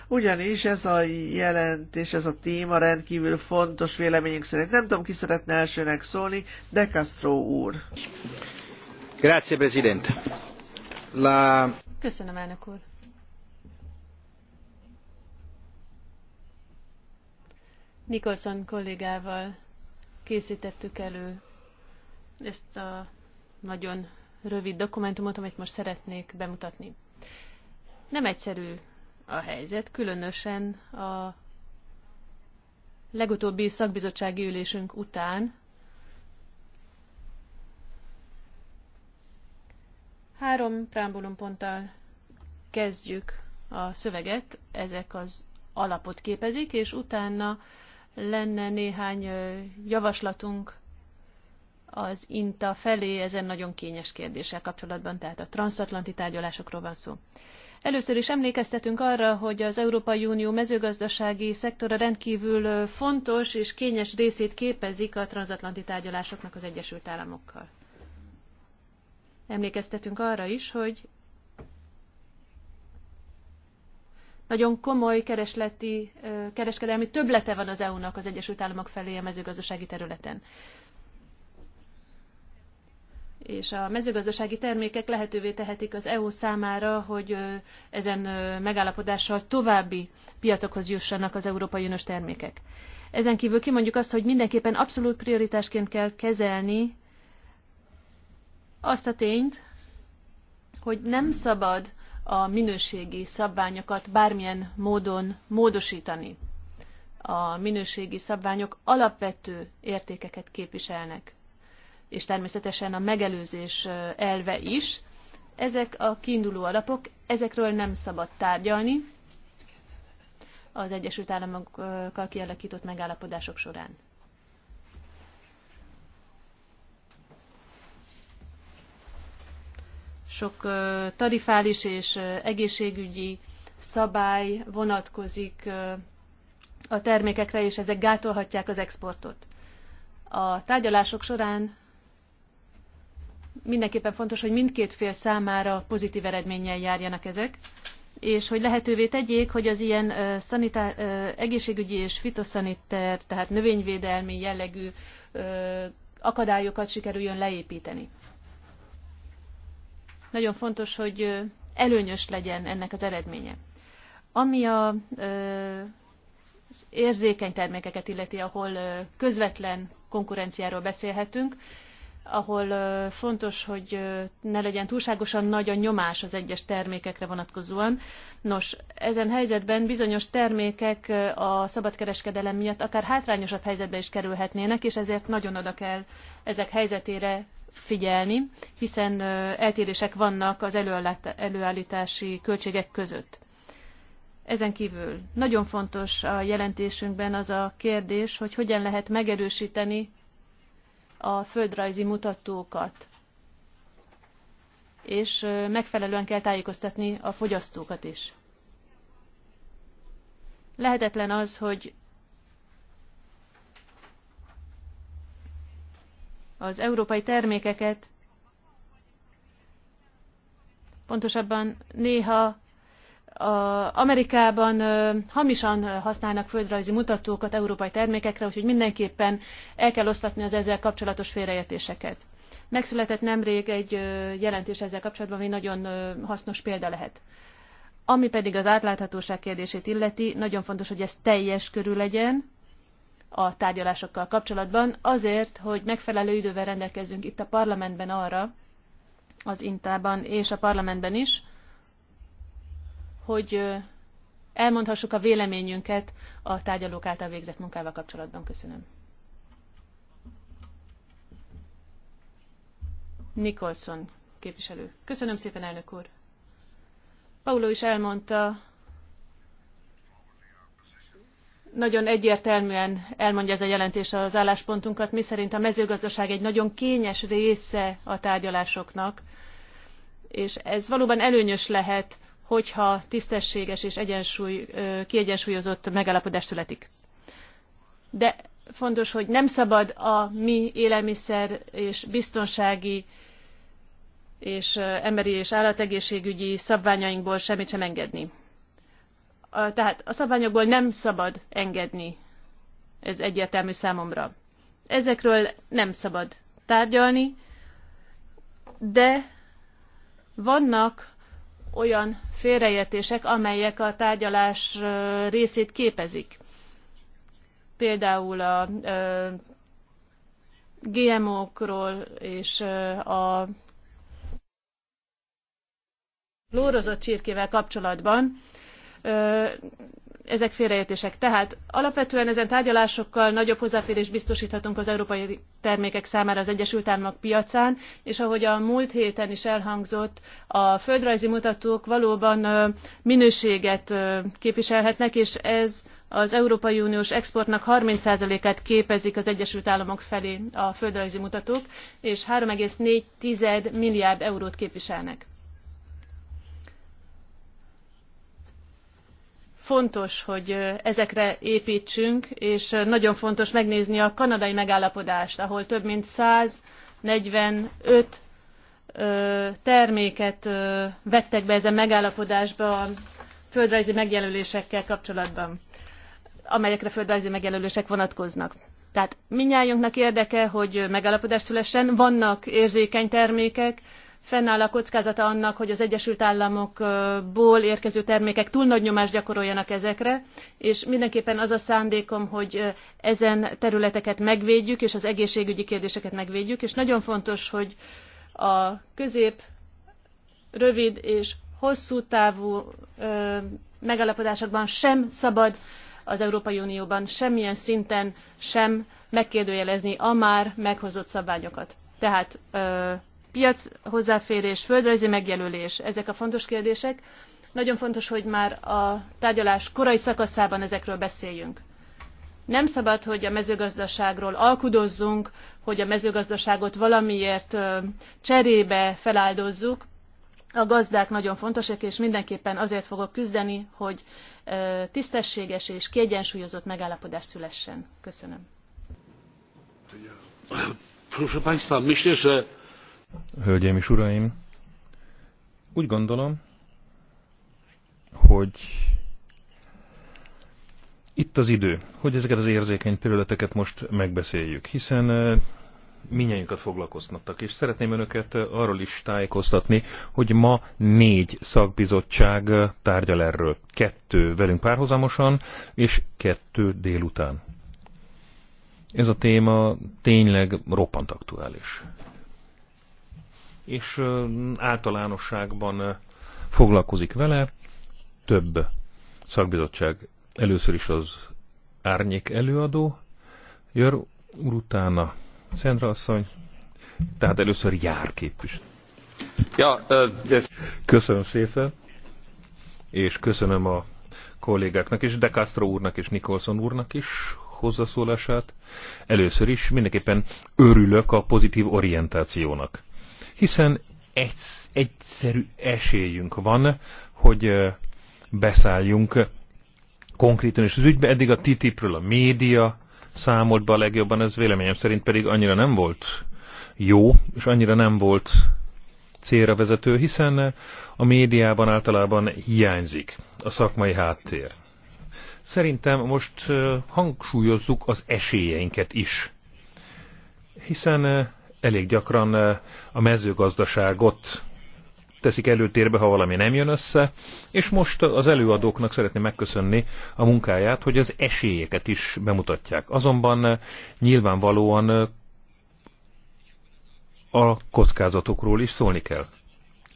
ugyanis ez a jelentés, ez a téma rendkívül fontos véleményünk szerint. Nem tudom, ki szeretne elsőnek szólni, de Castro úr. Grazie, Presidente. La... Köszönöm, elnök úr. Nikolson kollégával készítettük elő ezt a nagyon rövid dokumentumot, amit most szeretnék bemutatni. Nem egyszerű a helyzet, különösen a legutóbbi szakbizottsági ülésünk után. Három ponttal kezdjük a szöveget, ezek az alapot képezik, és utána lenne néhány javaslatunk az INTA felé ezen nagyon kényes kérdéssel kapcsolatban, tehát a transatlanti tárgyalásokról van szó. Először is emlékeztetünk arra, hogy az Európai Unió mezőgazdasági szektora rendkívül fontos és kényes részét képezik a transatlanti tárgyalásoknak az Egyesült Államokkal. Emlékeztetünk arra is, hogy nagyon komoly keresleti, kereskedelmi töblete van az EU-nak az Egyesült Államok felé a mezőgazdasági területen és a mezőgazdasági termékek lehetővé tehetik az EU számára, hogy ezen megállapodással további piacokhoz jussanak az Európai Uniós termékek. Ezen kívül kimondjuk azt, hogy mindenképpen abszolút prioritásként kell kezelni azt a tényt, hogy nem szabad a minőségi szabványokat bármilyen módon módosítani. A minőségi szabványok alapvető értékeket képviselnek és természetesen a megelőzés elve is. Ezek a kiinduló alapok, ezekről nem szabad tárgyalni az Egyesült Államokkal kialakított megállapodások során. Sok tarifális és egészségügyi szabály vonatkozik a termékekre, és ezek gátolhatják az exportot. A tárgyalások során mindenképpen fontos, hogy mindkét fél számára pozitív eredménnyel járjanak ezek, és hogy lehetővé tegyék, hogy az ilyen szanitár, egészségügyi és fitoszaniter, tehát növényvédelmi jellegű akadályokat sikerüljön leépíteni. Nagyon fontos, hogy előnyös legyen ennek az eredménye. Ami a az érzékeny termékeket illeti, ahol közvetlen konkurenciáról beszélhetünk ahol fontos, hogy ne legyen túlságosan nagy a nyomás az egyes termékekre vonatkozóan. Nos, ezen helyzetben bizonyos termékek a szabadkereskedelem miatt akár hátrányosabb helyzetbe is kerülhetnének, és ezért nagyon oda kell ezek helyzetére figyelni, hiszen eltérések vannak az előállítási költségek között. Ezen kívül nagyon fontos a jelentésünkben az a kérdés, hogy hogyan lehet megerősíteni a földrajzi mutatókat, és megfelelően kell tájékoztatni a fogyasztókat is. Lehetetlen az, hogy az európai termékeket pontosabban néha a Amerikában hamisan használnak földrajzi mutatókat európai termékekre, úgyhogy mindenképpen el kell osztatni az ezzel kapcsolatos félreértéseket. Megszületett nemrég egy jelentés ezzel kapcsolatban, ami nagyon hasznos példa lehet. Ami pedig az átláthatóság kérdését illeti, nagyon fontos, hogy ez teljes körül legyen a tárgyalásokkal kapcsolatban, azért, hogy megfelelő idővel rendelkezzünk itt a parlamentben arra, az Intában és a parlamentben is, hogy elmondhassuk a véleményünket a tárgyalók által végzett munkával kapcsolatban. Köszönöm. Nicholson képviselő. Köszönöm szépen, elnök úr. Paulo is elmondta, nagyon egyértelműen elmondja ez a jelentés az álláspontunkat, miszerint a mezőgazdaság egy nagyon kényes része a tárgyalásoknak, és ez valóban előnyös lehet hogyha tisztességes és egyensúly, kiegyensúlyozott megállapodás születik. De fontos, hogy nem szabad a mi élelmiszer és biztonsági és emberi és állategészségügyi szabványainkból semmit sem engedni. A, tehát a szabványokból nem szabad engedni. Ez egyértelmű számomra. Ezekről nem szabad tárgyalni, de vannak olyan félreértések, amelyek a tárgyalás részét képezik. Például a GMO-król és a lórozott csirkével kapcsolatban ezek félreértések. Tehát alapvetően ezen tárgyalásokkal nagyobb hozzáférést biztosíthatunk az európai termékek számára az Egyesült Államok piacán, és ahogy a múlt héten is elhangzott, a földrajzi mutatók valóban minőséget képviselhetnek, és ez az Európai Uniós exportnak 30%-át képezik az Egyesült Államok felé a földrajzi mutatók, és 3,4 milliárd eurót képviselnek. Fontos, hogy ezekre építsünk, és nagyon fontos megnézni a kanadai megállapodást, ahol több mint 145 terméket vettek be ezen megállapodásba a földrajzi megjelölésekkel kapcsolatban, amelyekre földrajzi megjelölések vonatkoznak. Tehát minnyájunknak érdeke, hogy megállapodás szülessen, vannak érzékeny termékek, fennáll a kockázata annak, hogy az Egyesült Államokból érkező termékek túl nagy nyomást gyakoroljanak ezekre, és mindenképpen az a szándékom, hogy ezen területeket megvédjük, és az egészségügyi kérdéseket megvédjük, és nagyon fontos, hogy a közép, rövid és hosszú távú ö, megállapodásokban sem szabad az Európai Unióban semmilyen szinten sem megkérdőjelezni a már meghozott szabványokat. Tehát ö, piac hozzáférés, földrajzi megjelölés, ezek a fontos kérdések. Nagyon fontos, hogy már a tárgyalás korai szakaszában ezekről beszéljünk. Nem szabad, hogy a mezőgazdaságról alkudozzunk, hogy a mezőgazdaságot valamiért cserébe feláldozzuk. A gazdák nagyon fontosak, és mindenképpen azért fogok küzdeni, hogy tisztességes és kiegyensúlyozott megállapodás szülessen. Köszönöm. Proszę Państwa, myślę, że Hölgyeim és uraim, úgy gondolom, hogy itt az idő, hogy ezeket az érzékeny területeket most megbeszéljük, hiszen minnyájunkat foglalkoztattak, és szeretném önöket arról is tájékoztatni, hogy ma négy szakbizottság tárgyal erről. Kettő velünk párhuzamosan, és kettő délután. Ez a téma tényleg roppant aktuális és általánosságban foglalkozik vele több szakbizottság. Először is az árnyék előadó, Jör úr utána Szentra asszony, tehát először jár képvis. Ja, yes. Köszönöm szépen, és köszönöm a kollégáknak is, De Castro úrnak és Nikolson úrnak is hozzászólását. Először is mindenképpen örülök a pozitív orientációnak hiszen egy, egyszerű esélyünk van, hogy beszálljunk konkrétan és az ügybe. Eddig a TTIP-ről a média számolt be a legjobban, ez véleményem szerint pedig annyira nem volt jó, és annyira nem volt célra vezető, hiszen a médiában általában hiányzik a szakmai háttér. Szerintem most hangsúlyozzuk az esélyeinket is, hiszen elég gyakran eh, a mezőgazdaságot teszik előtérbe, ha valami nem jön össze, és most az előadóknak szeretném megköszönni a munkáját, hogy az esélyeket is bemutatják. Azonban eh, nyilvánvalóan eh, a kockázatokról is szólni kell.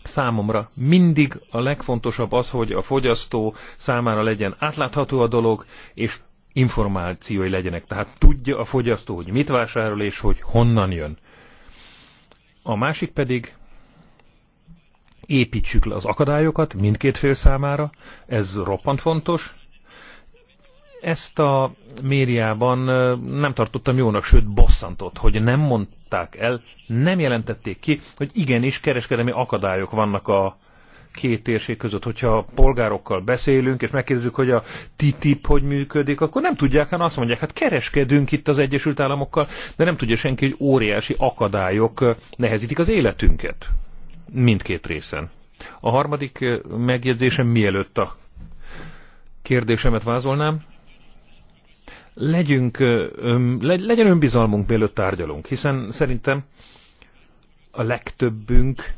Számomra mindig a legfontosabb az, hogy a fogyasztó számára legyen átlátható a dolog, és információi legyenek. Tehát tudja a fogyasztó, hogy mit vásárol és hogy honnan jön a másik pedig építsük le az akadályokat mindkét fél számára, ez roppant fontos. Ezt a médiában nem tartottam jónak, sőt bosszantott, hogy nem mondták el, nem jelentették ki, hogy igenis kereskedelmi akadályok vannak a két térség között, hogyha a polgárokkal beszélünk, és megkérdezzük, hogy a TTIP hogy működik, akkor nem tudják, hanem azt mondják, hát kereskedünk itt az Egyesült Államokkal, de nem tudja senki, hogy óriási akadályok nehezítik az életünket. Mindkét részen. A harmadik eh, megjegyzésem mielőtt a kérdésemet vázolnám, legyünk, eh, legyen önbizalmunk, mielőtt tárgyalunk, hiszen szerintem a legtöbbünk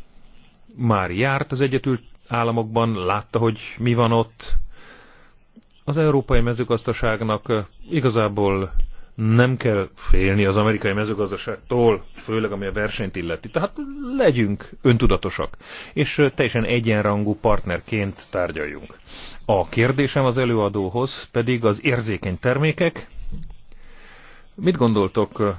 már járt az Egyetült államokban, látta, hogy mi van ott. Az európai mezőgazdaságnak igazából nem kell félni az amerikai mezőgazdaságtól, főleg ami a versenyt illeti. Tehát legyünk öntudatosak, és teljesen egyenrangú partnerként tárgyaljunk. A kérdésem az előadóhoz pedig az érzékeny termékek. Mit gondoltok,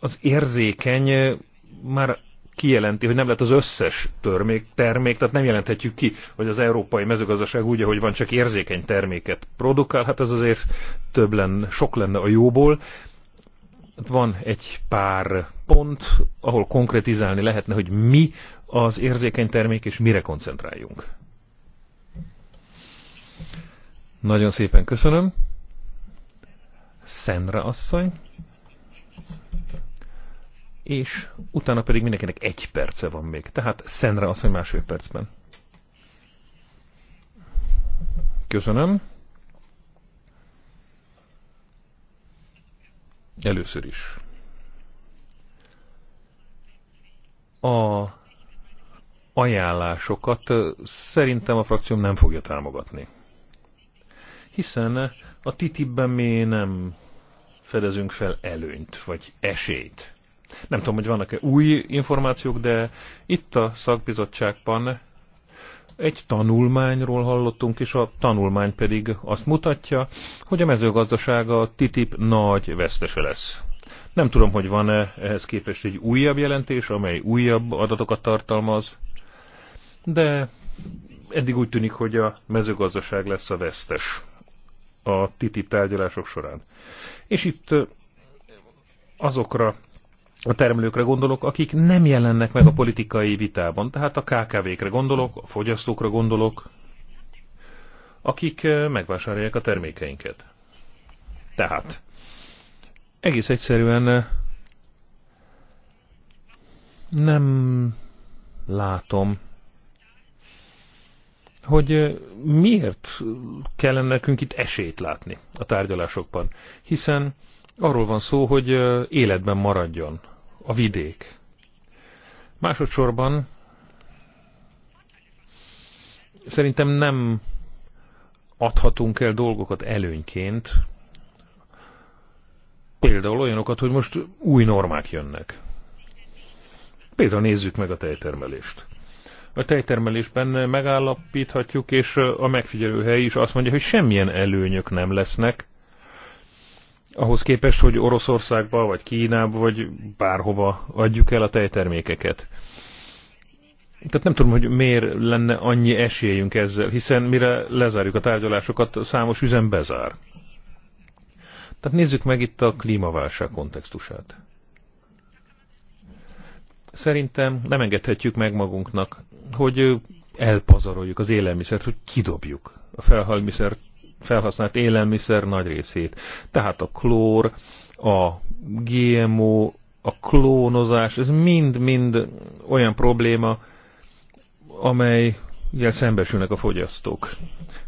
az érzékeny már kijelenti, hogy nem lett az összes törmék, termék, tehát nem jelenthetjük ki, hogy az európai mezőgazdaság úgy, ahogy van, csak érzékeny terméket produkál, hát ez azért több lenne, sok lenne a jóból. Hát van egy pár pont, ahol konkretizálni lehetne, hogy mi az érzékeny termék, és mire koncentráljunk. Nagyon szépen köszönöm. Szenra asszony és utána pedig mindenkinek egy perce van még. Tehát Szenre hogy másfél percben. Köszönöm. Először is. A ajánlásokat szerintem a frakcióm nem fogja támogatni. Hiszen a TTIP-ben mi nem fedezünk fel előnyt, vagy esélyt. Nem tudom, hogy vannak-e új információk, de itt a szakbizottságban egy tanulmányról hallottunk, és a tanulmány pedig azt mutatja, hogy a mezőgazdasága TTIP nagy vesztese lesz. Nem tudom, hogy van-e ehhez képest egy újabb jelentés, amely újabb adatokat tartalmaz, de eddig úgy tűnik, hogy a mezőgazdaság lesz a vesztes a TTIP tárgyalások során. És itt azokra a termelőkre gondolok, akik nem jelennek meg a politikai vitában, tehát a KKV-kre gondolok, a fogyasztókra gondolok, akik eh, megvásárolják a termékeinket. Tehát, egész egyszerűen eh, nem látom, hogy eh, miért kellene nekünk itt esélyt látni a tárgyalásokban, hiszen arról van szó, hogy életben maradjon a vidék. Másodszorban szerintem nem adhatunk el dolgokat előnyként, például olyanokat, hogy most új normák jönnek. Például nézzük meg a tejtermelést. A tejtermelésben megállapíthatjuk, és a megfigyelőhely is azt mondja, hogy semmilyen előnyök nem lesznek, ahhoz képest, hogy Oroszországba, vagy Kínába, vagy bárhova adjuk el a tejtermékeket. Tehát nem tudom, hogy miért lenne annyi esélyünk ezzel, hiszen mire lezárjuk a tárgyalásokat, számos üzem bezár. Tehát nézzük meg itt a klímaválság kontextusát. Szerintem nem engedhetjük meg magunknak, hogy elpazaroljuk az élelmiszert, hogy kidobjuk a felhalmiszer felhasznált élelmiszer nagy részét. Tehát a klór, a GMO, a klónozás, ez mind-mind olyan probléma, amely ilyen szembesülnek a fogyasztók.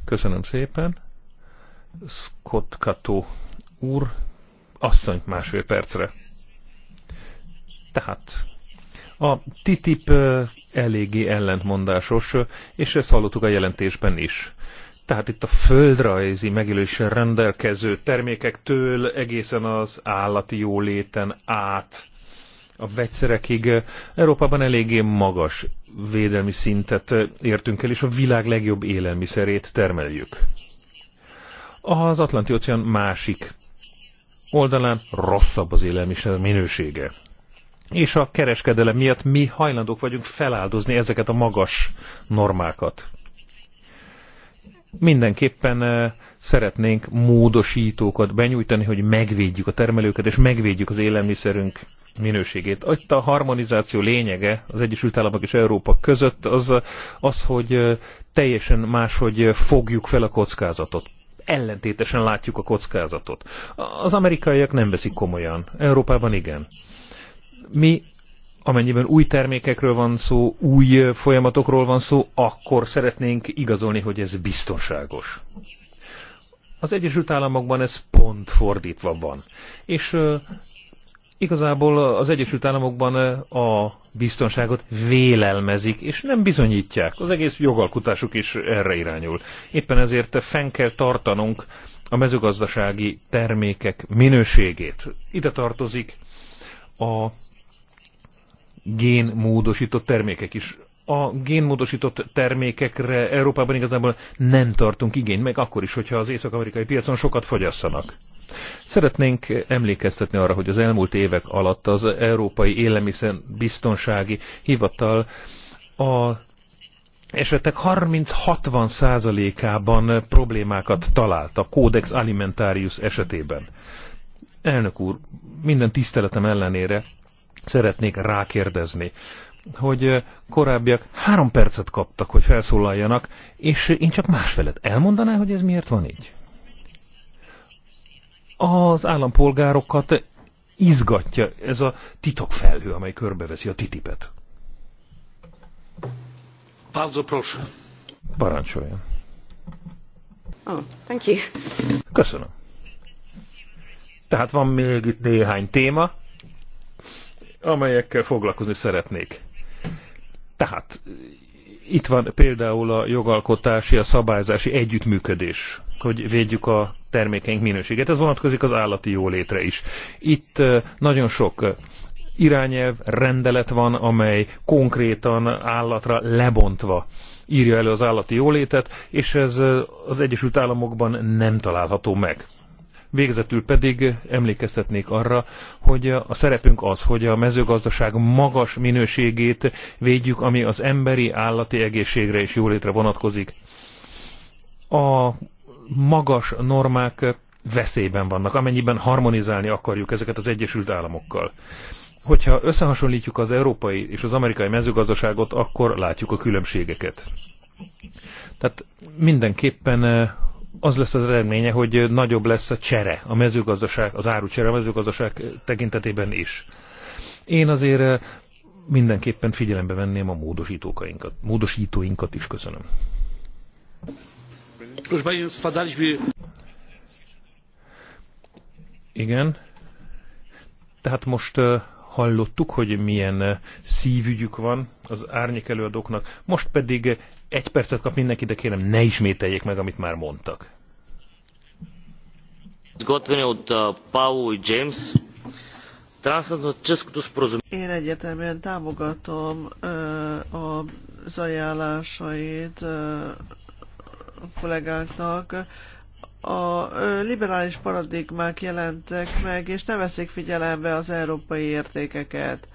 Köszönöm szépen. Scott Kato úr, asszony másfél percre. Tehát a TTIP eléggé ellentmondásos, és ezt hallottuk a jelentésben is. Tehát itt a földrajzi megéléssel rendelkező termékektől egészen az állati jóléten át a vegyszerekig Európában eléggé magas védelmi szintet értünk el, és a világ legjobb élelmiszerét termeljük. Az Atlanti-óceán másik oldalán rosszabb az élelmiszer minősége. És a kereskedelem miatt mi hajlandók vagyunk feláldozni ezeket a magas normákat. Mindenképpen szeretnénk módosítókat benyújtani, hogy megvédjük a termelőket, és megvédjük az élelmiszerünk minőségét. Itt a harmonizáció lényege az Egyesült Államok és Európa között az, az hogy teljesen máshogy fogjuk fel a kockázatot. Ellentétesen látjuk a kockázatot. Az amerikaiak nem veszik komolyan, Európában igen. Mi amennyiben új termékekről van szó, új folyamatokról van szó, akkor szeretnénk igazolni, hogy ez biztonságos. Az Egyesült Államokban ez pont fordítva van. És uh, igazából az Egyesült Államokban a biztonságot vélelmezik, és nem bizonyítják. Az egész jogalkotásuk is erre irányul. Éppen ezért fenn kell tartanunk a mezőgazdasági termékek minőségét. Ide tartozik a génmódosított termékek is. A génmódosított termékekre Európában igazából nem tartunk igény, meg akkor is, hogyha az észak-amerikai piacon sokat fogyasszanak. Szeretnénk emlékeztetni arra, hogy az elmúlt évek alatt az Európai Élelmiszer Biztonsági Hivatal a esetek 30-60 százalékában problémákat talált a Codex Alimentarius esetében. Elnök úr, minden tiszteletem ellenére szeretnék rákérdezni hogy korábbiak három percet kaptak, hogy felszólaljanak, és én csak másfelet. Elmondaná, hogy ez miért van így? Az állampolgárokat izgatja ez a titokfelhő, amely körbeveszi a titipet. Bardzo proszę. Parancsoljon. Oh, thank you. Köszönöm. Tehát van még itt néhány téma, amelyekkel foglalkozni szeretnék. Tehát itt van például a jogalkotási, a szabályzási együttműködés, hogy védjük a termékeink minőséget. Ez vonatkozik az állati jólétre is. Itt nagyon sok irányelv, rendelet van, amely konkrétan állatra lebontva írja elő az állati jólétet, és ez az Egyesült Államokban nem található meg. Végezetül pedig emlékeztetnék arra, hogy a szerepünk az, hogy a mezőgazdaság magas minőségét védjük, ami az emberi állati egészségre és jólétre vonatkozik. A magas normák veszélyben vannak, amennyiben harmonizálni akarjuk ezeket az Egyesült Államokkal. Hogyha összehasonlítjuk az európai és az amerikai mezőgazdaságot, akkor látjuk a különbségeket. Tehát mindenképpen az lesz az eredménye, hogy nagyobb lesz a csere, a mezőgazdaság, az árucsere a mezőgazdaság tekintetében is. Én azért eh, mindenképpen figyelembe venném a módosítókainkat, módosítóinkat is köszönöm. Igen. Tehát most eh, hallottuk, hogy milyen eh, szívügyük van az árnyék előadóknak, most pedig egy percet kap mindenki, de kérem ne ismételjék meg, amit már mondtak. Изготвяне Én egyetemben támogatom uh, az ajánlásait uh, a kollégáknak. A uh, liberális paradigmák jelentek meg, és nem veszik figyelembe az európai értékeket. Uh,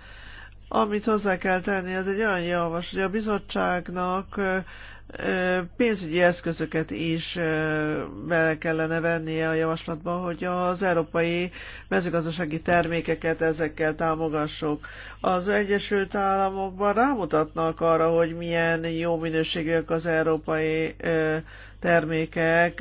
amit hozzá kell tenni, ez egy olyan javaslat, hogy a bizottságnak pénzügyi eszközöket is bele kellene vennie a javaslatba, hogy az európai mezőgazdasági termékeket ezekkel támogassuk. Az Egyesült Államokban rámutatnak arra, hogy milyen jó minőségűek az európai termékek,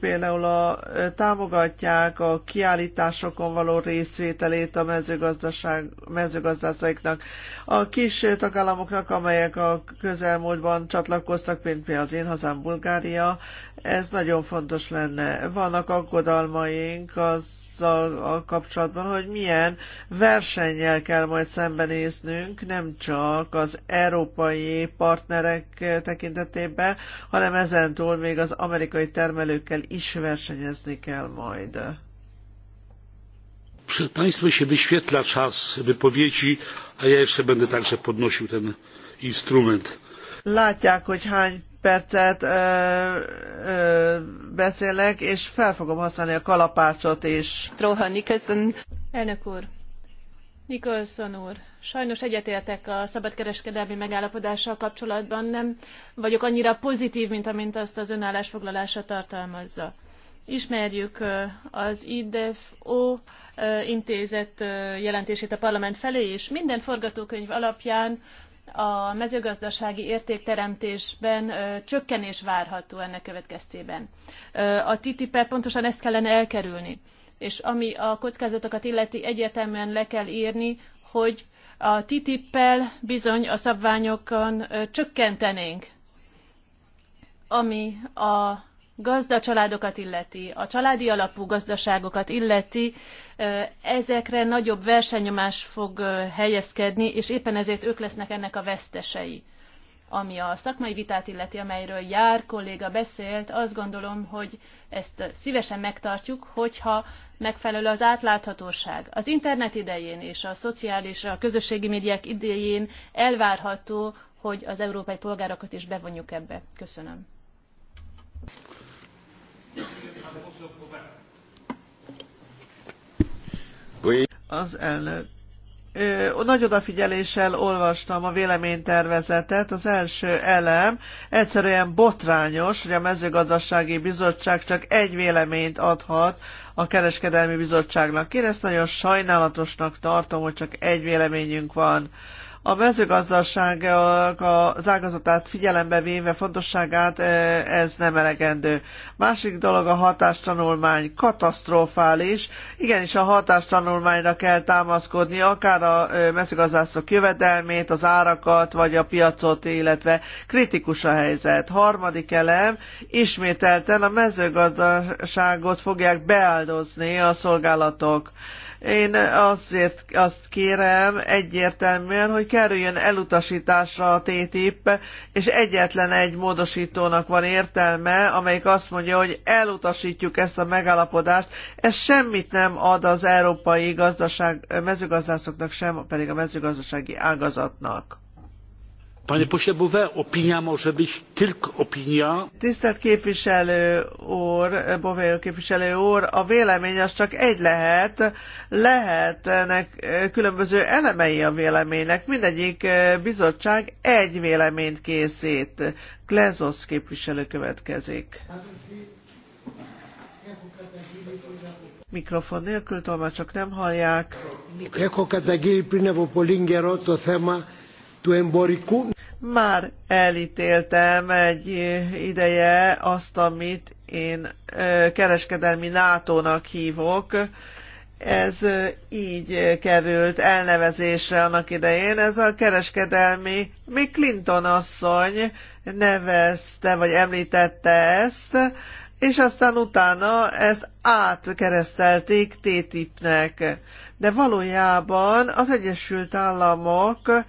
például a, támogatják a kiállításokon való részvételét a mezőgazdaság, mezőgazdászaiknak. A kis tagállamoknak, amelyek a közelmúltban csatlakoztak vannak, mint például az én hazám Bulgária, ez nagyon fontos lenne. Vannak aggodalmaink azzal a kapcsolatban, hogy milyen versennyel kell majd szembenéznünk, nem csak az európai partnerek tekintetében, hanem ezentúl még az amerikai termelőkkel is versenyezni kell majd. Przed Państwem się wyświetla czas wypowiedzi, a ja jeszcze będę także podnosił ten instrument látják, hogy hány percet ö, ö, beszélek, és fel fogom használni a kalapácsot is. Tróha Nicholson. Elnök úr, Nicholson úr, sajnos egyetértek a szabadkereskedelmi megállapodással kapcsolatban, nem vagyok annyira pozitív, mint amint azt az önállásfoglalása tartalmazza. Ismerjük az IDFO intézet jelentését a parlament felé, és minden forgatókönyv alapján a mezőgazdasági értékteremtésben csökkenés várható ennek következtében. A ttip pontosan ezt kellene elkerülni. És ami a kockázatokat illeti, egyértelműen le kell írni, hogy a TTIP-pel bizony a szabványokon csökkentenénk, ami a gazda családokat illeti, a családi alapú gazdaságokat illeti, ezekre nagyobb versenyomás fog helyezkedni, és éppen ezért ők lesznek ennek a vesztesei. Ami a szakmai vitát illeti, amelyről jár kolléga beszélt, azt gondolom, hogy ezt szívesen megtartjuk, hogyha megfelelő az átláthatóság. Az internet idején és a szociális, a közösségi médiák idején elvárható, hogy az európai polgárokat is bevonjuk ebbe. Köszönöm. Az elnök. Ö, nagy odafigyeléssel olvastam a véleménytervezetet. Az első elem egyszerűen botrányos, hogy a mezőgazdasági bizottság csak egy véleményt adhat a kereskedelmi bizottságnak. Én ezt nagyon sajnálatosnak tartom, hogy csak egy véleményünk van. Ö, a mezőgazdaság az ágazatát figyelembe véve fontosságát ez nem elegendő. Másik dolog a hatástanulmány katasztrofális. Igenis a hatástanulmányra kell támaszkodni, akár a mezőgazdászok jövedelmét, az árakat, vagy a piacot, illetve kritikus a helyzet. Harmadik elem, ismételten a mezőgazdaságot fogják beáldozni a szolgálatok. Én azért azt kérem egyértelműen, hogy kerüljön elutasításra a TTIP, és egyetlen egy módosítónak van értelme, amelyik azt mondja, hogy elutasítjuk ezt a megállapodást. Ez semmit nem ad az európai gazdaság, mezőgazdászoknak sem, pedig a mezőgazdasági ágazatnak. Panie pośle Bové, opinia może być tylko opinia. Tisztelt képviselő úr, Bové képviselő úr, a vélemény az csak egy lehet. Lehetnek különböző elemei a véleménynek. Mindegyik bizottság egy véleményt készít. Glezos képviselő következik. Mikrofon nélkül, tolmácsok nem hallják. Έχω már elítéltem egy ideje azt, amit én kereskedelmi NATO-nak hívok, ez így került elnevezésre annak idején. Ez a kereskedelmi, még Clinton asszony nevezte, vagy említette ezt, és aztán utána ezt átkeresztelték TTIP-nek. De valójában az Egyesült Államok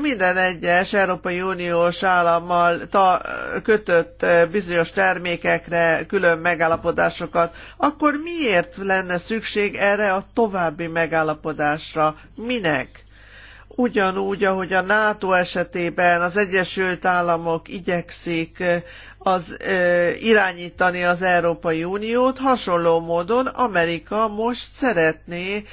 minden egyes Európai Uniós állammal ta, kötött bizonyos termékekre külön megállapodásokat, akkor miért lenne szükség erre a további megállapodásra? Minek? Ugyanúgy, ahogy a NATO esetében az Egyesült Államok igyekszik eh, az e, irányítani az Európai Uniót, hasonló módon Amerika most szeretné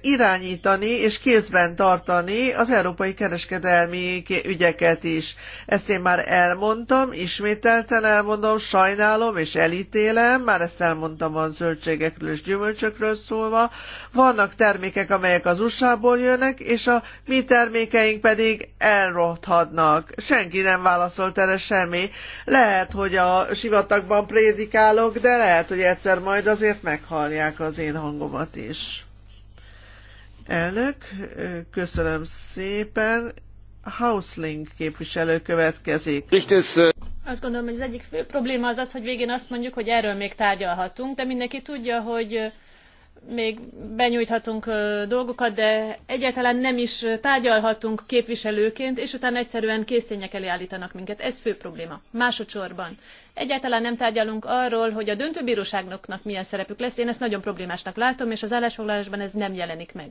irányítani és kézben tartani az európai kereskedelmi ügyeket is. Ezt én már elmondtam, ismételten elmondom, sajnálom és elítélem, már ezt elmondtam a zöldségekről és gyümölcsökről szólva. Vannak termékek, amelyek az USA-ból jönnek, és a mi termékeink pedig elrothadnak. Senki nem válaszolt erre semmi. Lehet, hogy a sivatagban prédikálok, de lehet, hogy egyszer majd azért meghallják az én hangomat is. Elnök, köszönöm szépen. Hausling képviselő következik. Äh, azt gondolom, hogy az egyik fő probléma az az, hogy végén azt mondjuk, hogy erről még tárgyalhatunk, de mindenki tudja, hogy még benyújthatunk dolgokat, de egyáltalán nem is tárgyalhatunk képviselőként, és utána egyszerűen késztények elé állítanak minket. Ez fő probléma. Másodszorban. Egyáltalán nem tárgyalunk arról, hogy a döntőbíróságnak milyen szerepük lesz. Én ezt nagyon problémásnak látom, és az állásfoglalásban ez nem jelenik meg.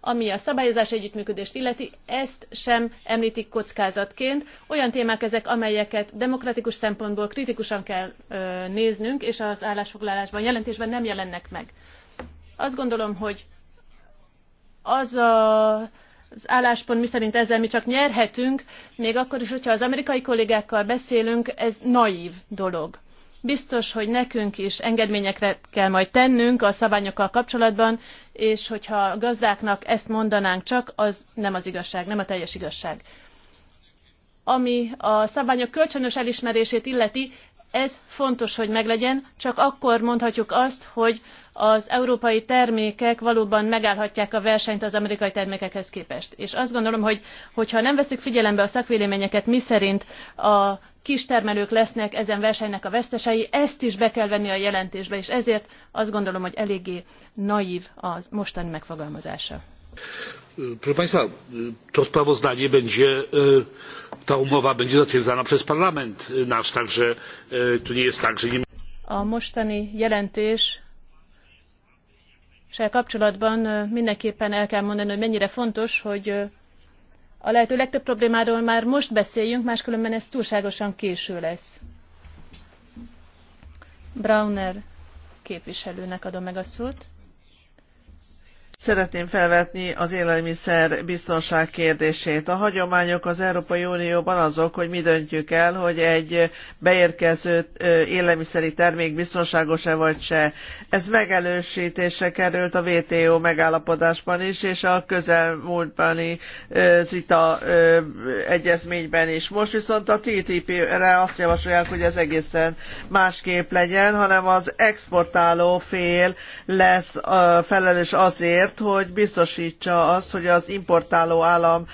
Ami a szabályozás együttműködést illeti, ezt sem említik kockázatként. Olyan témák ezek, amelyeket demokratikus szempontból kritikusan kell ö, néznünk, és az állásfoglalásban, jelentésben nem jelennek meg. Azt gondolom, hogy az a az álláspont, miszerint ezzel mi csak nyerhetünk, még akkor is, hogyha az amerikai kollégákkal beszélünk, ez naív dolog. Biztos, hogy nekünk is engedményekre kell majd tennünk a szabályokkal kapcsolatban, és hogyha a gazdáknak ezt mondanánk csak, az nem az igazság, nem a teljes igazság. Ami a szabványok kölcsönös elismerését illeti, ez fontos, hogy meglegyen, csak akkor mondhatjuk azt, hogy az európai termékek valóban megállhatják a versenyt az amerikai termékekhez képest. És azt gondolom, hogy hogyha nem veszük figyelembe a szakvéleményeket, miszerint a kistermelők lesznek ezen versenynek a vesztesei, ezt is be kell venni a jelentésbe, és ezért azt gondolom, hogy eléggé naív a mostani megfogalmazása. Proszę Państwa, to sprawozdanie będzie, e, ta umowa będzie zatwierdzana przez parlament nasz, także e, to nie jest tak, że nie... A mostani jelentés sel kapcsolatban mindenképpen el kell mondani, hogy mennyire fontos, hogy a lehető legtöbb problémáról már most beszéljünk, máskülönben ez túlságosan késő lesz. Browner képviselőnek adom meg a szót. Szeretném felvetni az élelmiszer biztonság kérdését. A hagyományok az Európai Unióban azok, hogy mi döntjük el, hogy egy beérkező élelmiszeri termék biztonságos-e vagy se. Ez megelősítése került a WTO megállapodásban is, és a közelmúltbani ZITA egyezményben is. Most viszont a TTIP-re azt javasolják, hogy ez egészen másképp legyen, hanem az exportáló fél lesz felelős azért, azért, hogy biztosítsa azt, hogy az importáló állam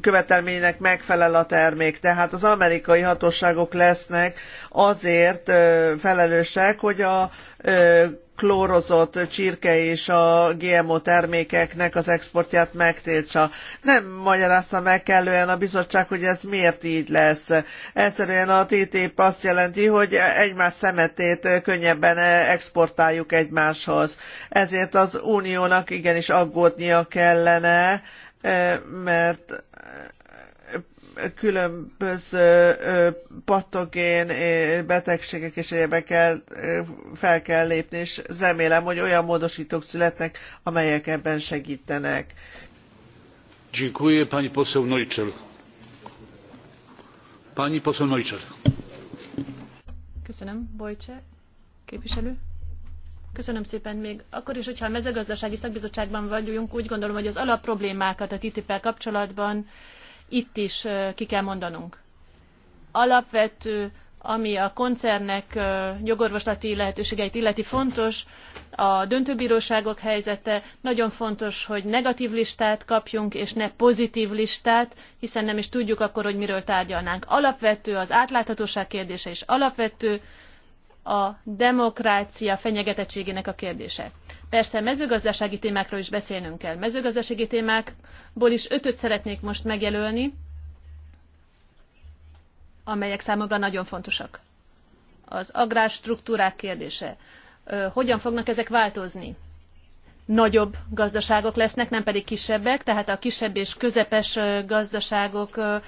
követelménynek megfelel a termék. Tehát az amerikai hatóságok lesznek azért felelősek, hogy a klórozott csirke és a GMO termékeknek az exportját megtiltsa. Nem magyarázta meg kellően a bizottság, hogy ez miért így lesz. Egyszerűen a TTIP azt jelenti, hogy egymás szemetét könnyebben exportáljuk egymáshoz. Ezért az uniónak igenis aggódnia kellene, mert különböző patogén betegségek és kell fel kell lépni, és remélem, hogy olyan módosítók születnek, amelyek ebben segítenek. Dziękuję pani poseł Neuchel. Pani poseł Neuchel. Köszönöm, Bojcse. Képviselő. Köszönöm szépen még. Akkor is, hogyha a mezőgazdasági szakbizottságban vagyunk, úgy gondolom, hogy az alapproblémákat a ttip kapcsolatban itt is ki kell mondanunk. Alapvető, ami a koncernek jogorvoslati lehetőségeit illeti fontos, a döntőbíróságok helyzete, nagyon fontos, hogy negatív listát kapjunk, és ne pozitív listát, hiszen nem is tudjuk akkor, hogy miről tárgyalnánk. Alapvető az átláthatóság kérdése, és alapvető a demokrácia fenyegetettségének a kérdése. Persze mezőgazdasági témákról is beszélnünk kell. Mezőgazdasági témákból is ötöt szeretnék most megjelölni, amelyek számomra nagyon fontosak. Az agrárstruktúrák kérdése. Hogyan fognak ezek változni? Nagyobb gazdaságok lesznek, nem pedig kisebbek, tehát a kisebb és közepes gazdaságokra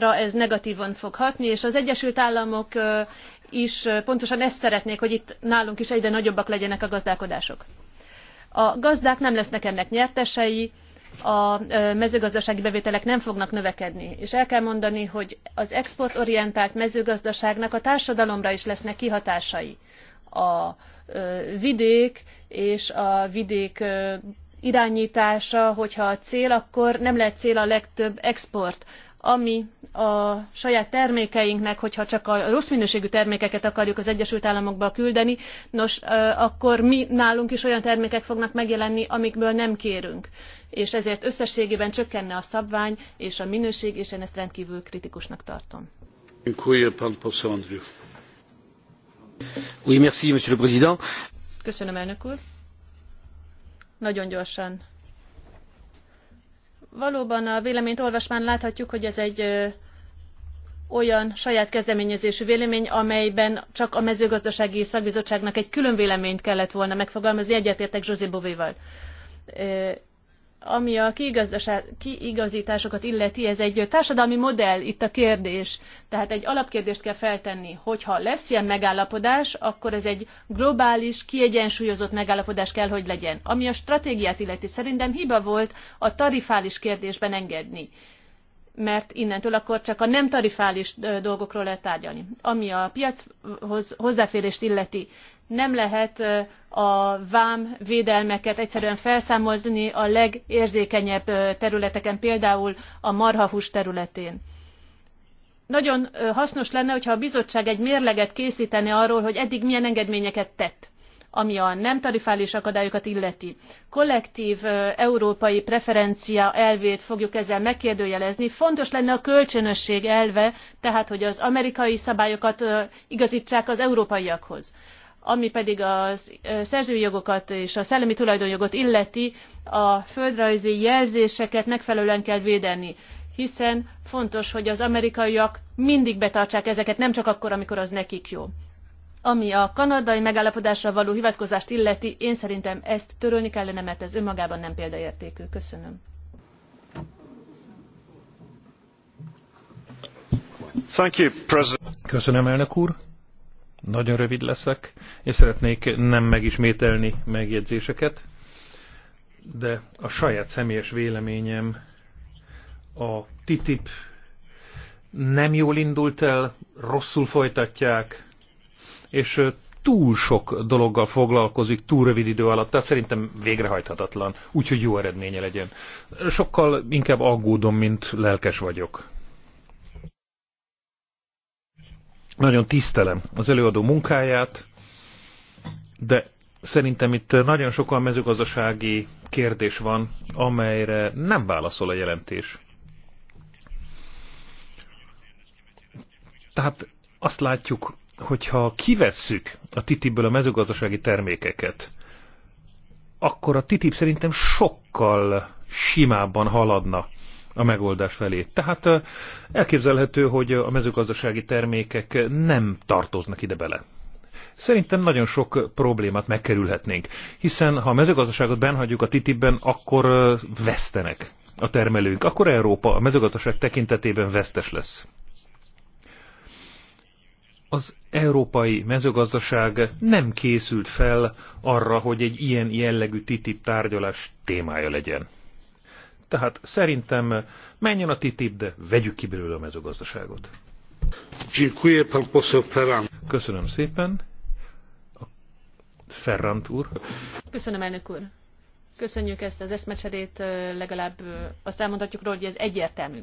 ez negatívan fog hatni, és az Egyesült Államok is pontosan ezt szeretnék, hogy itt nálunk is egyre nagyobbak legyenek a gazdálkodások. A gazdák nem lesznek ennek nyertesei, a mezőgazdasági bevételek nem fognak növekedni. És el kell mondani, hogy az exportorientált mezőgazdaságnak a társadalomra is lesznek kihatásai. A vidék és a vidék irányítása, hogyha a cél, akkor nem lehet cél a legtöbb export ami a saját termékeinknek, hogyha csak a rossz minőségű termékeket akarjuk az Egyesült Államokba küldeni, nos, akkor mi nálunk is olyan termékek fognak megjelenni, amikből nem kérünk. És ezért összességében csökkenne a szabvány és a minőség, és én ezt rendkívül kritikusnak tartom. Köszönöm, elnök úr. Nagyon gyorsan Valóban a véleményt olvasván láthatjuk, hogy ez egy olyan saját kezdeményezésű vélemény, amelyben csak a mezőgazdasági szakbizottságnak egy külön véleményt kellett volna megfogalmazni, egyetértek José Bovéval ami a kiigazításokat illeti, ez egy társadalmi modell itt a kérdés. Tehát egy alapkérdést kell feltenni, hogyha lesz ilyen megállapodás, akkor ez egy globális, kiegyensúlyozott megállapodás kell, hogy legyen. Ami a stratégiát illeti, szerintem hiba volt a tarifális kérdésben engedni mert innentől akkor csak a nem tarifális dolgokról lehet tárgyalni. Ami a piachoz hozzáférést illeti, nem lehet a vám védelmeket egyszerűen felszámolni a legérzékenyebb területeken, például a marhahús területén. Nagyon hasznos lenne, hogyha a bizottság egy mérleget készítene arról, hogy eddig milyen engedményeket tett ami a nem tarifális akadályokat illeti. Kollektív európai preferencia elvét fogjuk ezzel megkérdőjelezni. Fontos lenne a kölcsönösség elve, tehát hogy az amerikai szabályokat igazítsák az európaiakhoz ami pedig a szerzői jogokat és a szellemi tulajdonjogot illeti, a földrajzi jelzéseket megfelelően kell védeni, hiszen fontos, hogy az amerikaiak mindig betartsák ezeket, nem csak akkor, amikor az nekik jó. Ami a kanadai megállapodásra való hivatkozást illeti, én szerintem ezt törölni kellene, mert ez önmagában nem példaértékű. Köszönöm. Thank you, President. Köszönöm, elnök úr. Nagyon rövid leszek, és szeretnék nem megismételni megjegyzéseket, de a saját személyes véleményem a TTIP nem jól indult el, rosszul folytatják, és túl sok dologgal foglalkozik túl rövid idő alatt, tehát szerintem végrehajthatatlan, úgyhogy jó eredménye legyen. Sokkal inkább aggódom, mint lelkes vagyok. Nagyon tisztelem az előadó munkáját, de szerintem itt nagyon sokan mezőgazdasági kérdés van, amelyre nem válaszol a jelentés. Tehát azt látjuk, hogyha kivesszük a TTIP-ből a mezőgazdasági termékeket, akkor a TTIP szerintem sokkal simábban haladna, a megoldás felé. Tehát elképzelhető, hogy a mezőgazdasági termékek nem tartoznak ide bele. Szerintem nagyon sok problémát megkerülhetnénk, hiszen ha a mezőgazdaságot benhagyjuk a TTIP-ben, akkor vesztenek a termelőink, akkor Európa a mezőgazdaság tekintetében vesztes lesz. Az európai mezőgazdaság nem készült fel arra, hogy egy ilyen jellegű TTIP tárgyalás témája legyen. Tehát szerintem menjen a TTIP, de vegyük ki belőle a mezőgazdaságot. Köszönöm szépen. Ferrant úr. Köszönöm, elnök úr. Köszönjük ezt az eszmecserét, legalább azt elmondhatjuk róla, hogy ez egyértelmű.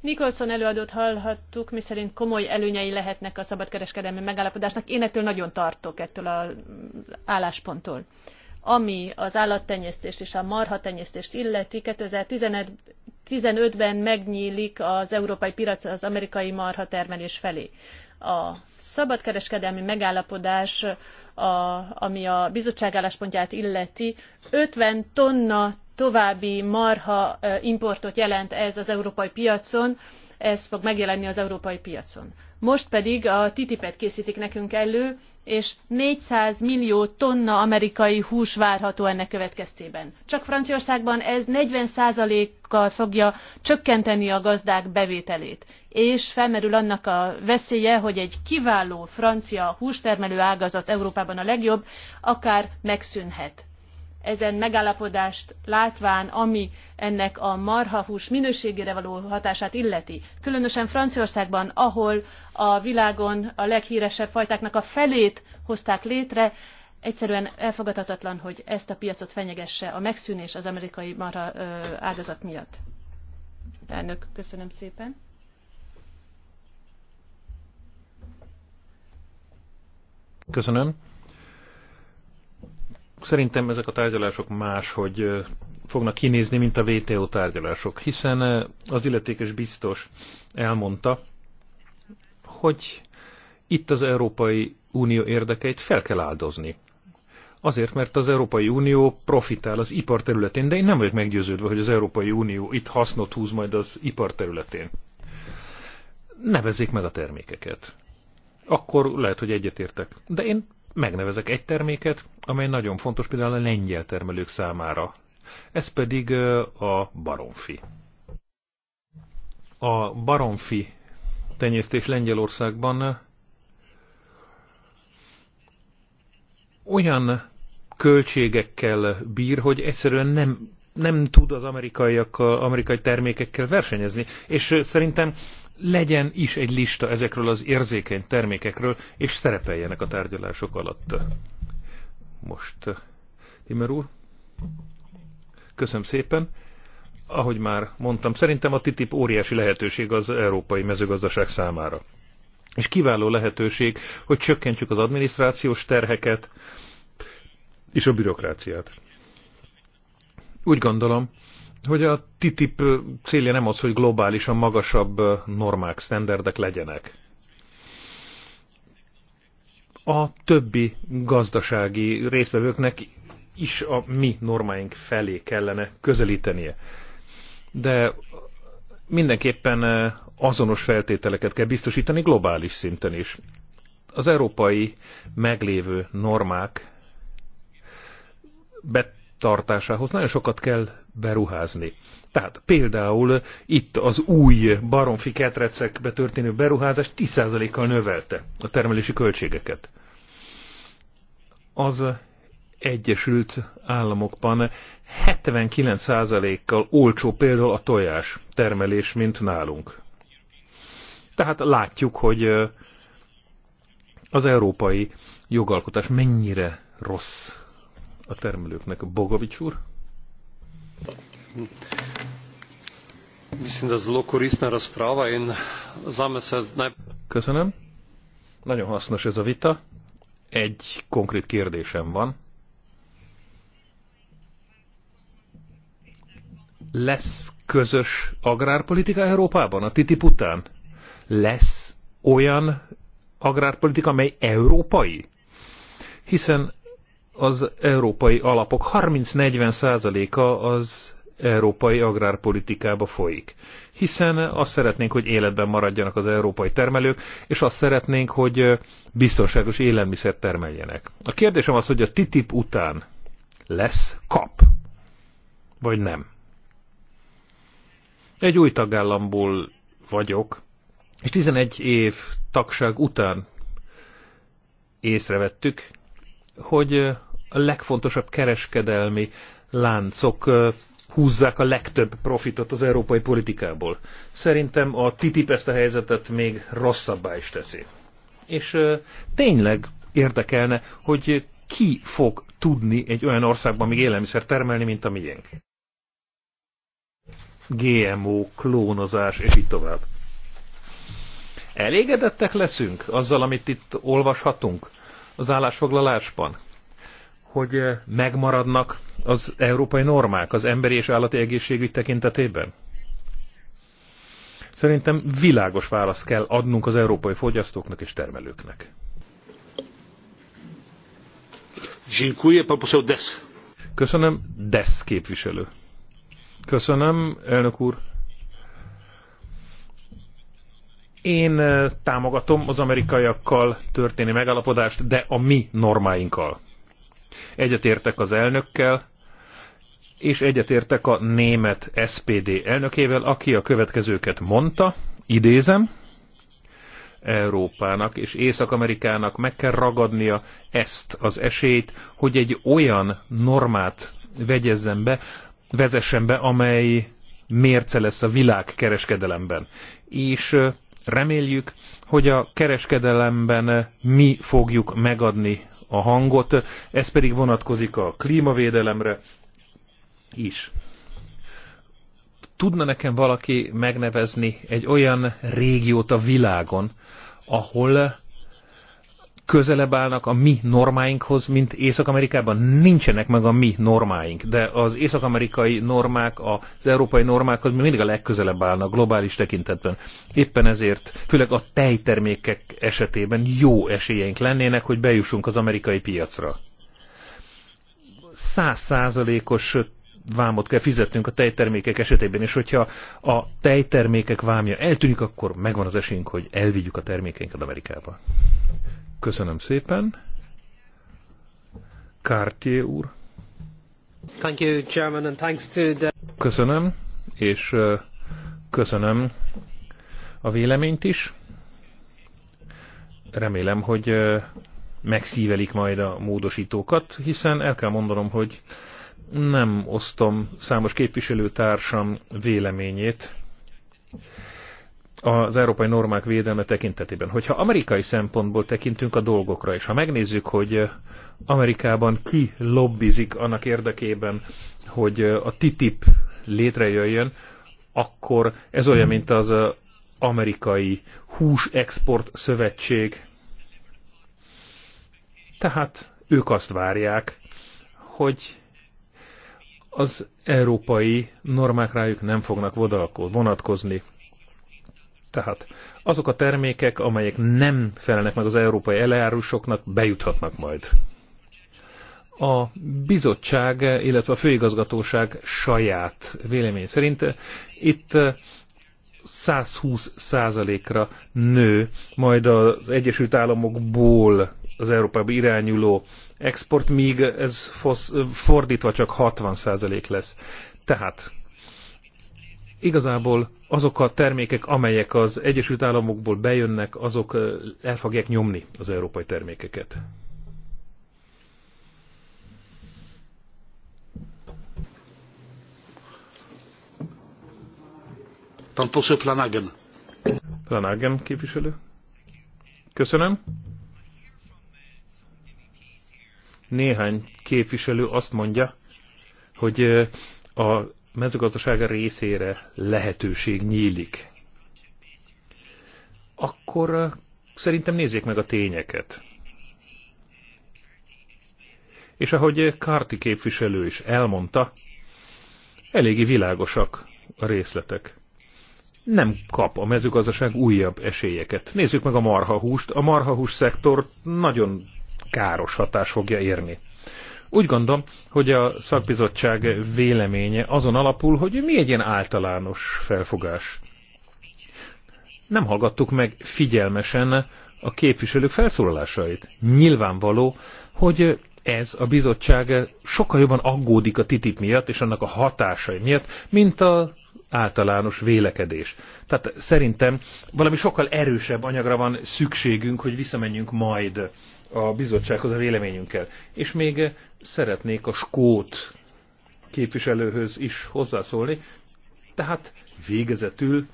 Nicholson előadót hallhattuk, miszerint komoly előnyei lehetnek a szabadkereskedelmi megállapodásnak. Én ettől nagyon tartok, ettől az állásponttól ami az állattenyésztést és a marhatenyésztést illeti, 2015-ben megnyílik az európai piac az amerikai marhatermelés felé. A szabadkereskedelmi megállapodás, a, ami a bizottság álláspontját illeti, 50 tonna további marha importot jelent ez az európai piacon, ez fog megjelenni az európai piacon. Most pedig a TTIP-et készítik nekünk elő, és 400 millió tonna amerikai hús várható ennek következtében. Csak Franciaországban ez 40%-kal fogja csökkenteni a gazdák bevételét. És felmerül annak a veszélye, hogy egy kiváló francia hústermelő ágazat Európában a legjobb, akár megszűnhet ezen megállapodást látván, ami ennek a marhahús minőségére való hatását illeti. Különösen Franciaországban, ahol a világon a leghíresebb fajtáknak a felét hozták létre, egyszerűen elfogadhatatlan, hogy ezt a piacot fenyegesse a megszűnés az amerikai marha áldozat miatt. Elnök, köszönöm szépen. Köszönöm. Szerintem ezek a tárgyalások máshogy fognak kinézni, mint a WTO tárgyalások, hiszen az illetékes biztos elmondta, hogy itt az Európai Unió érdekeit fel kell áldozni. Azért, mert az Európai Unió profitál az ipar területén, de én nem vagyok meggyőződve, hogy az Európai Unió itt hasznot húz majd az ipar területén. Nevezzék meg a termékeket. Akkor lehet, hogy egyetértek. De én megnevezek egy terméket, amely nagyon fontos például a lengyel termelők számára. Ez pedig a baromfi. A baromfi tenyésztés Lengyelországban olyan költségekkel bír, hogy egyszerűen nem, nem tud az amerikaiakkal, amerikai termékekkel versenyezni. És szerintem legyen is egy lista ezekről az érzékeny termékekről, és szerepeljenek a tárgyalások alatt. Most, eh, Timmer úr, köszönöm szépen. Ahogy már mondtam, szerintem a TTIP óriási lehetőség az európai mezőgazdaság számára. És kiváló lehetőség, hogy csökkentsük az adminisztrációs terheket és a bürokráciát. Úgy gondolom, hogy a TTIP célja nem az, hogy globálisan magasabb normák, sztenderdek legyenek. A többi gazdasági résztvevőknek is a mi normáink felé kellene közelítenie. De mindenképpen azonos feltételeket kell biztosítani globális szinten is. Az európai meglévő normák betartásához nagyon sokat kell beruházni. Tehát például itt az új baromfi ketrecekbe történő beruházás 10%-kal növelte a termelési költségeket. Az Egyesült Államokban 79%-kal olcsó például a tojás termelés, mint nálunk. Tehát látjuk, hogy az európai jogalkotás mennyire rossz a termelőknek. Bogovics úr? Mislim, da zelo koristna razprava in zame se naj... Köszönöm. Nagyon hasznos ez a vita. Egy konkrét kérdésem van. Lesz közös agrárpolitika Európában a TTIP után? Lesz olyan agrárpolitika, amely európai? Hiszen az európai alapok 30-40%-a az európai agrárpolitikába folyik. Hiszen azt szeretnénk, hogy életben maradjanak az európai termelők, és azt szeretnénk, hogy biztonságos élelmiszert termeljenek. A kérdésem az, hogy a TTIP után lesz kap, vagy nem? Egy új tagállamból vagyok, és 11 év tagság után észrevettük, hogy a legfontosabb kereskedelmi láncok húzzák a legtöbb profitot az európai politikából. Szerintem a TTIP ezt a helyzetet még rosszabbá is teszi. És tényleg érdekelne, hogy ki fog tudni egy olyan országban még élelmiszer termelni, mint a miénk. GMO, klónozás, és így tovább. Elégedettek leszünk azzal, amit itt olvashatunk az állásfoglalásban? hogy eh, megmaradnak az európai normák az emberi és állati egészségügy tekintetében? Szerintem világos választ kell adnunk az európai fogyasztóknak és termelőknek. Köszönöm, Desz képviselő. Köszönöm, elnök úr. Én eh, támogatom az amerikaiakkal történő megalapodást, de a mi normáinkkal. Egyetértek az elnökkel, és egyetértek a német SPD elnökével, aki a következőket mondta, idézem, Európának és Észak-Amerikának meg kell ragadnia ezt az esélyt, hogy egy olyan normát vegyezzen be, vezessen be, amely mérce lesz a világkereskedelemben. És Reméljük, hogy a kereskedelemben mi fogjuk megadni a hangot, ez pedig vonatkozik a klímavédelemre is. Tudna nekem valaki megnevezni egy olyan régiót a világon, ahol közelebb állnak a mi normáinkhoz, mint Észak-Amerikában. Nincsenek meg a mi normáink, de az észak-amerikai normák, az európai normákhoz mi mindig a legközelebb állnak globális tekintetben. Éppen ezért, főleg a tejtermékek esetében jó esélyeink lennének, hogy bejussunk az amerikai piacra. Száz százalékos vámot kell fizetnünk a tejtermékek esetében, és hogyha a tejtermékek vámja eltűnik, akkor megvan az esélyünk, hogy elvigyük a termékeinket Amerikába. Köszönöm szépen. Cartier úr. Thank you, Chairman, and thanks to the... Köszönöm, és köszönöm a véleményt is. Remélem, hogy megszívelik majd a módosítókat, hiszen el kell mondanom, hogy nem osztom számos képviselőtársam véleményét az európai normák védelme tekintetében. Hogyha amerikai szempontból tekintünk a dolgokra, és ha megnézzük, hogy eh, Amerikában ki lobbizik annak érdekében, hogy eh, a TTIP létrejöjjön, akkor ez olyan, mint az eh, amerikai export szövetség. Tehát ők azt várják, hogy az európai normák rájuk nem fognak vonatkozni. Tehát azok a termékek, amelyek nem felelnek meg az európai elárusoknak, bejuthatnak majd. A bizottság, illetve a főigazgatóság saját vélemény szerint itt 120%-ra nő majd az Egyesült Államokból az Európába irányuló export, míg ez fordítva csak 60% lesz. Tehát igazából azok a termékek, amelyek az Egyesült Államokból bejönnek, azok el fogják nyomni az európai termékeket. Pan poseł Flanagan. Flanagan képviselő. Köszönöm. Néhány képviselő azt mondja, hogy a mezőgazdasága részére lehetőség nyílik, akkor uh, szerintem nézzék meg a tényeket. És ahogy Kárti képviselő is elmondta, eléggé világosak a részletek. Nem kap a mezőgazdaság újabb esélyeket. Nézzük meg a marhahúst. A marhahús szektor nagyon káros hatás fogja érni. Úgy gondolom, hogy a szakbizottság véleménye azon alapul, hogy mi egy ilyen általános felfogás. Nem hallgattuk meg figyelmesen a képviselők felszólalásait. Nyilvánvaló, hogy ez a bizottság sokkal jobban aggódik a TTIP miatt és annak a hatásai miatt, mint a általános vélekedés. Tehát szerintem valami sokkal erősebb anyagra van szükségünk, hogy visszamenjünk majd a bizottsághoz a véleményünkkel. És még szeretnék a skót képviselőhöz is hozzászólni, tehát végezetül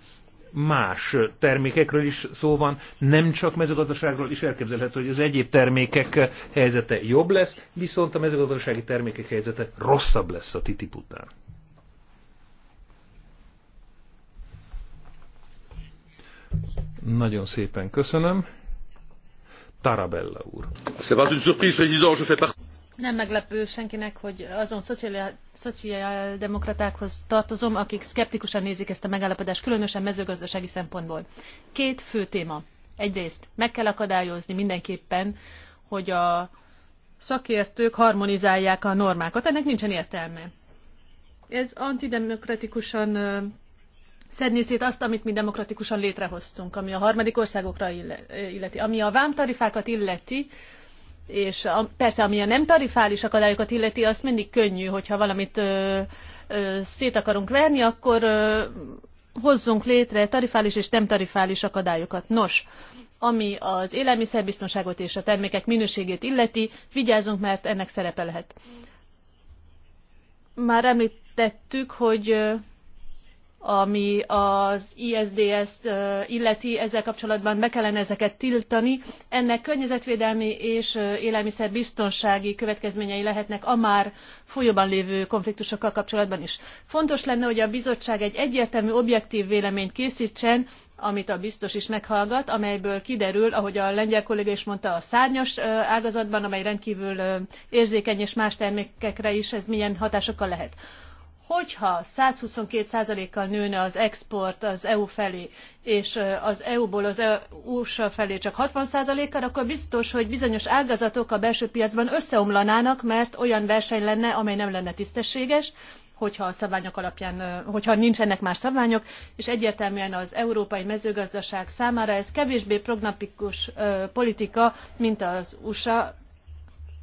más termékekről is szó van, nem csak mezőgazdaságról is elképzelhető, hogy az egyéb termékek helyzete jobb lesz, viszont a mezőgazdasági termékek helyzete rosszabb lesz a TTIP után. Nagyon szépen köszönöm. Tarabella úr. Nem meglepő senkinek, hogy azon szociáldemokratákhoz tartozom, akik szkeptikusan nézik ezt a megállapodást, különösen mezőgazdasági szempontból. Két fő téma. Egyrészt meg kell akadályozni mindenképpen, hogy a szakértők harmonizálják a normákat. Ennek nincsen értelme. Ez antidemokratikusan szedni szét azt, amit mi demokratikusan létrehoztunk, ami a harmadik országokra illeti. Ami a vámtarifákat illeti, és a, persze, ami a nem tarifális akadályokat illeti, az mindig könnyű, hogyha valamit ö, ö, szét akarunk verni, akkor ö, hozzunk létre tarifális és nem tarifális akadályokat. Nos, ami az élelmiszerbiztonságot és a termékek minőségét illeti, vigyázzunk, mert ennek szerepe lehet. Már említettük, hogy ami az ISDS-t illeti, ezzel kapcsolatban be kellene ezeket tiltani. Ennek környezetvédelmi és élelmiszerbiztonsági következményei lehetnek a már folyóban lévő konfliktusokkal kapcsolatban is. Fontos lenne, hogy a bizottság egy egyértelmű, objektív véleményt készítsen, amit a biztos is meghallgat, amelyből kiderül, ahogy a lengyel kolléga is mondta, a szárnyas ágazatban, amely rendkívül érzékeny, és más termékekre is ez milyen hatásokkal lehet hogyha 122%-kal nőne az export az EU felé, és az EU-ból az e USA felé csak 60%-kal, akkor biztos, hogy bizonyos ágazatok a belső piacban összeomlanának, mert olyan verseny lenne, amely nem lenne tisztességes, hogyha a szabványok alapján, hogyha nincsenek már szabványok, és egyértelműen az európai mezőgazdaság számára ez kevésbé prognapikus politika, mint az USA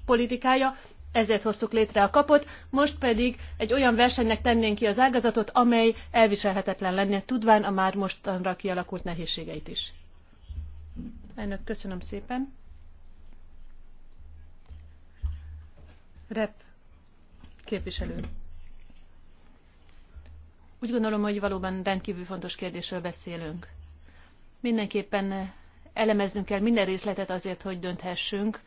politikája, ezért hoztuk létre a kapot, most pedig egy olyan versenynek tennénk ki az ágazatot, amely elviselhetetlen lenne, tudván a már mostanra kialakult nehézségeit is. Elnök, köszönöm szépen. Rep képviselő. Úgy gondolom, hogy valóban rendkívül fontos kérdésről beszélünk. Mindenképpen elemeznünk kell minden részletet azért, hogy dönthessünk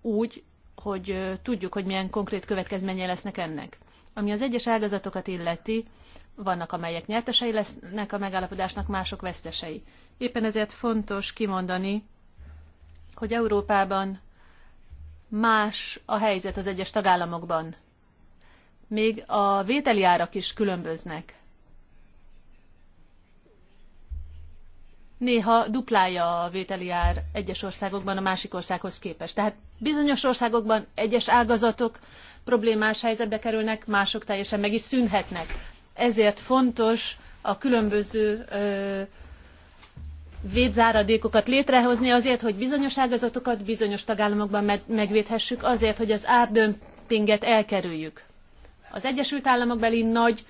úgy, hogy tudjuk, hogy milyen konkrét következménye lesznek ennek. Ami az egyes ágazatokat illeti, vannak amelyek nyertesei lesznek a megállapodásnak, mások vesztesei. Éppen ezért fontos kimondani, hogy Európában más a helyzet az egyes tagállamokban. Még a vételi árak is különböznek. néha duplája a vételi ár egyes országokban a másik országhoz képest. Tehát bizonyos országokban egyes ágazatok problémás helyzetbe kerülnek, mások teljesen meg is szűnhetnek. Ezért fontos a különböző ö, védzáradékokat létrehozni azért, hogy bizonyos ágazatokat bizonyos tagállamokban megvédhessük, azért, hogy az árdömpinget elkerüljük. Az Egyesült Államok beli nagy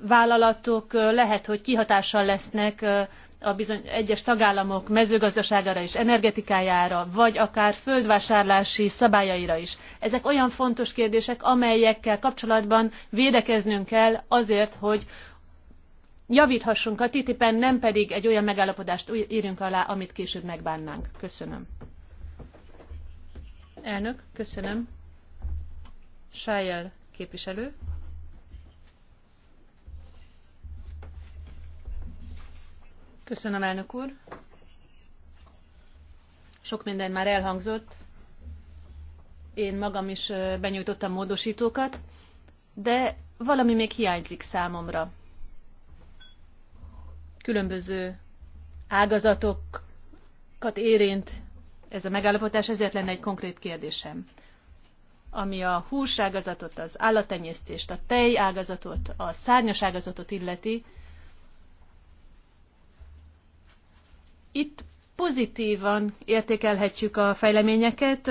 vállalatok lehet, hogy kihatással lesznek a bizony egyes tagállamok mezőgazdaságára és energetikájára, vagy akár földvásárlási szabályaira is. Ezek olyan fontos kérdések, amelyekkel kapcsolatban védekeznünk kell azért, hogy javíthassunk a TTIP-en, nem pedig egy olyan megállapodást írjunk alá, amit később megbánnánk. Köszönöm. Elnök, köszönöm. Sájel képviselő. Köszönöm, elnök úr. Sok minden már elhangzott. Én magam is benyújtottam módosítókat, de valami még hiányzik számomra. Különböző ágazatokat érint ez a megállapotás, ezért lenne egy konkrét kérdésem. Ami a ágazatot, az állattenyésztést, a tejágazatot, a szárnyas ágazatot illeti, Itt pozitívan értékelhetjük a fejleményeket.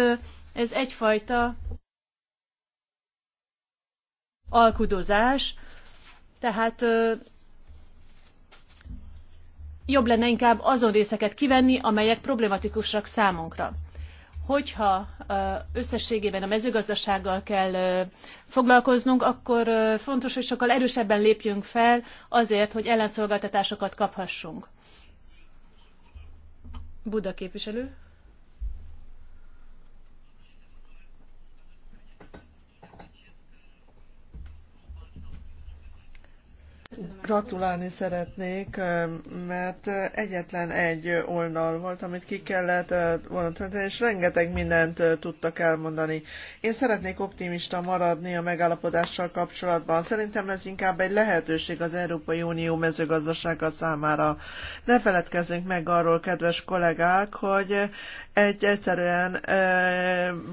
Ez egyfajta alkudozás, tehát jobb lenne inkább azon részeket kivenni, amelyek problematikusak számunkra. Hogyha összességében a mezőgazdasággal kell foglalkoznunk, akkor fontos, hogy sokkal erősebben lépjünk fel azért, hogy ellenszolgáltatásokat kaphassunk. Buda képviselő. Gratulálni szeretnék, mert egyetlen egy oldal volt, amit ki kellett volna tölteni, és rengeteg mindent tudtak elmondani. Én szeretnék optimista maradni a megállapodással kapcsolatban. Szerintem ez inkább egy lehetőség az Európai Unió mezőgazdasága számára. Ne feledkezzünk meg arról, kedves kollégák, hogy egy egyszerűen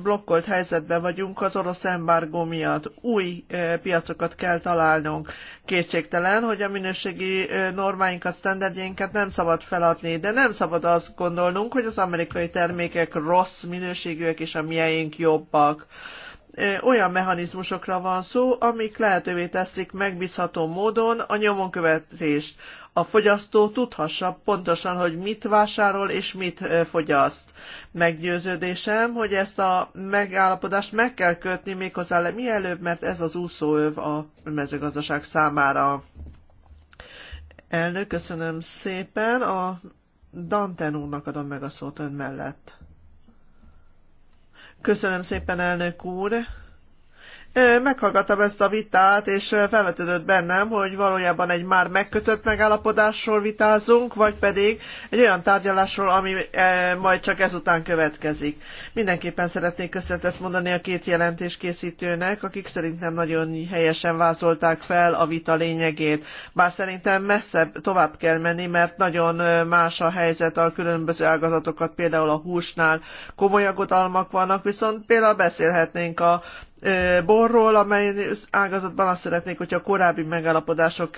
blokkolt helyzetben vagyunk az orosz embargó miatt. Új piacokat kell találnunk. Kétségtelen, hogy a minőségi normáinkat, standardjainkat nem szabad feladni, de nem szabad azt gondolnunk, hogy az amerikai termékek rossz minőségűek és a mieink jobbak olyan mechanizmusokra van szó, amik lehetővé teszik megbízható módon a nyomonkövetést a fogyasztó tudhassa pontosan, hogy mit vásárol és mit fogyaszt. Meggyőződésem, hogy ezt a megállapodást meg kell kötni méghozzá mielőbb, mert ez az úszóöv a mezőgazdaság számára. Elnök, köszönöm szépen. A Danten úrnak adom meg a szót ön mellett. Köszönöm szépen, elnök úr. Meghallgattam ezt a vitát, és felvetődött bennem, hogy valójában egy már megkötött megállapodásról vitázunk, vagy pedig egy olyan tárgyalásról, ami majd csak ezután következik. Mindenképpen szeretnék köszönetet mondani a két jelentés készítőnek, akik szerintem nagyon helyesen vázolták fel a vita lényegét. Bár szerintem messzebb tovább kell menni, mert nagyon más a helyzet a különböző ágazatokat, például a húsnál komoly aggodalmak vannak, viszont például beszélhetnénk a borról, amely ágazatban azt szeretnék, hogyha korábbi megállapodások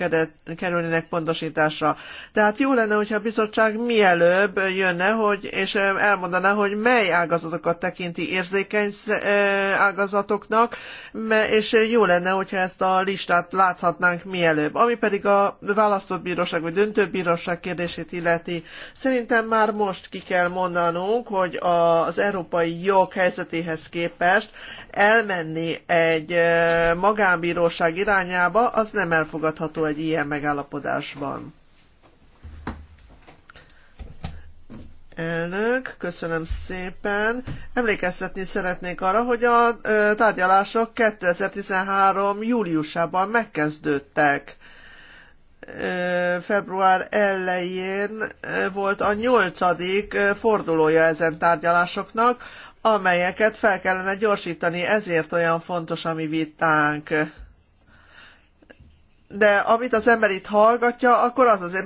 kerülnének pontosításra. Tehát jó lenne, hogyha a bizottság mielőbb jönne, hogy, és elmondaná, hogy mely ágazatokat tekinti érzékeny ágazatoknak, és jó lenne, hogyha ezt a listát láthatnánk mielőbb. Ami pedig a választott bíróság vagy döntőbíróság kérdését illeti, szerintem már most ki kell mondanunk, hogy az európai jog helyzetéhez képest elmen menni egy magánbíróság irányába, az nem elfogadható egy ilyen megállapodásban. elnök, köszönöm szépen. Emlékeztetni szeretnék arra, hogy a tárgyalások 2013. júliusában megkezdődtek. Február elején volt a nyolcadik fordulója ezen tárgyalásoknak, amelyeket fel kellene gyorsítani, ezért olyan fontos a mi vitánk. De amit az ember itt hallgatja, akkor az az,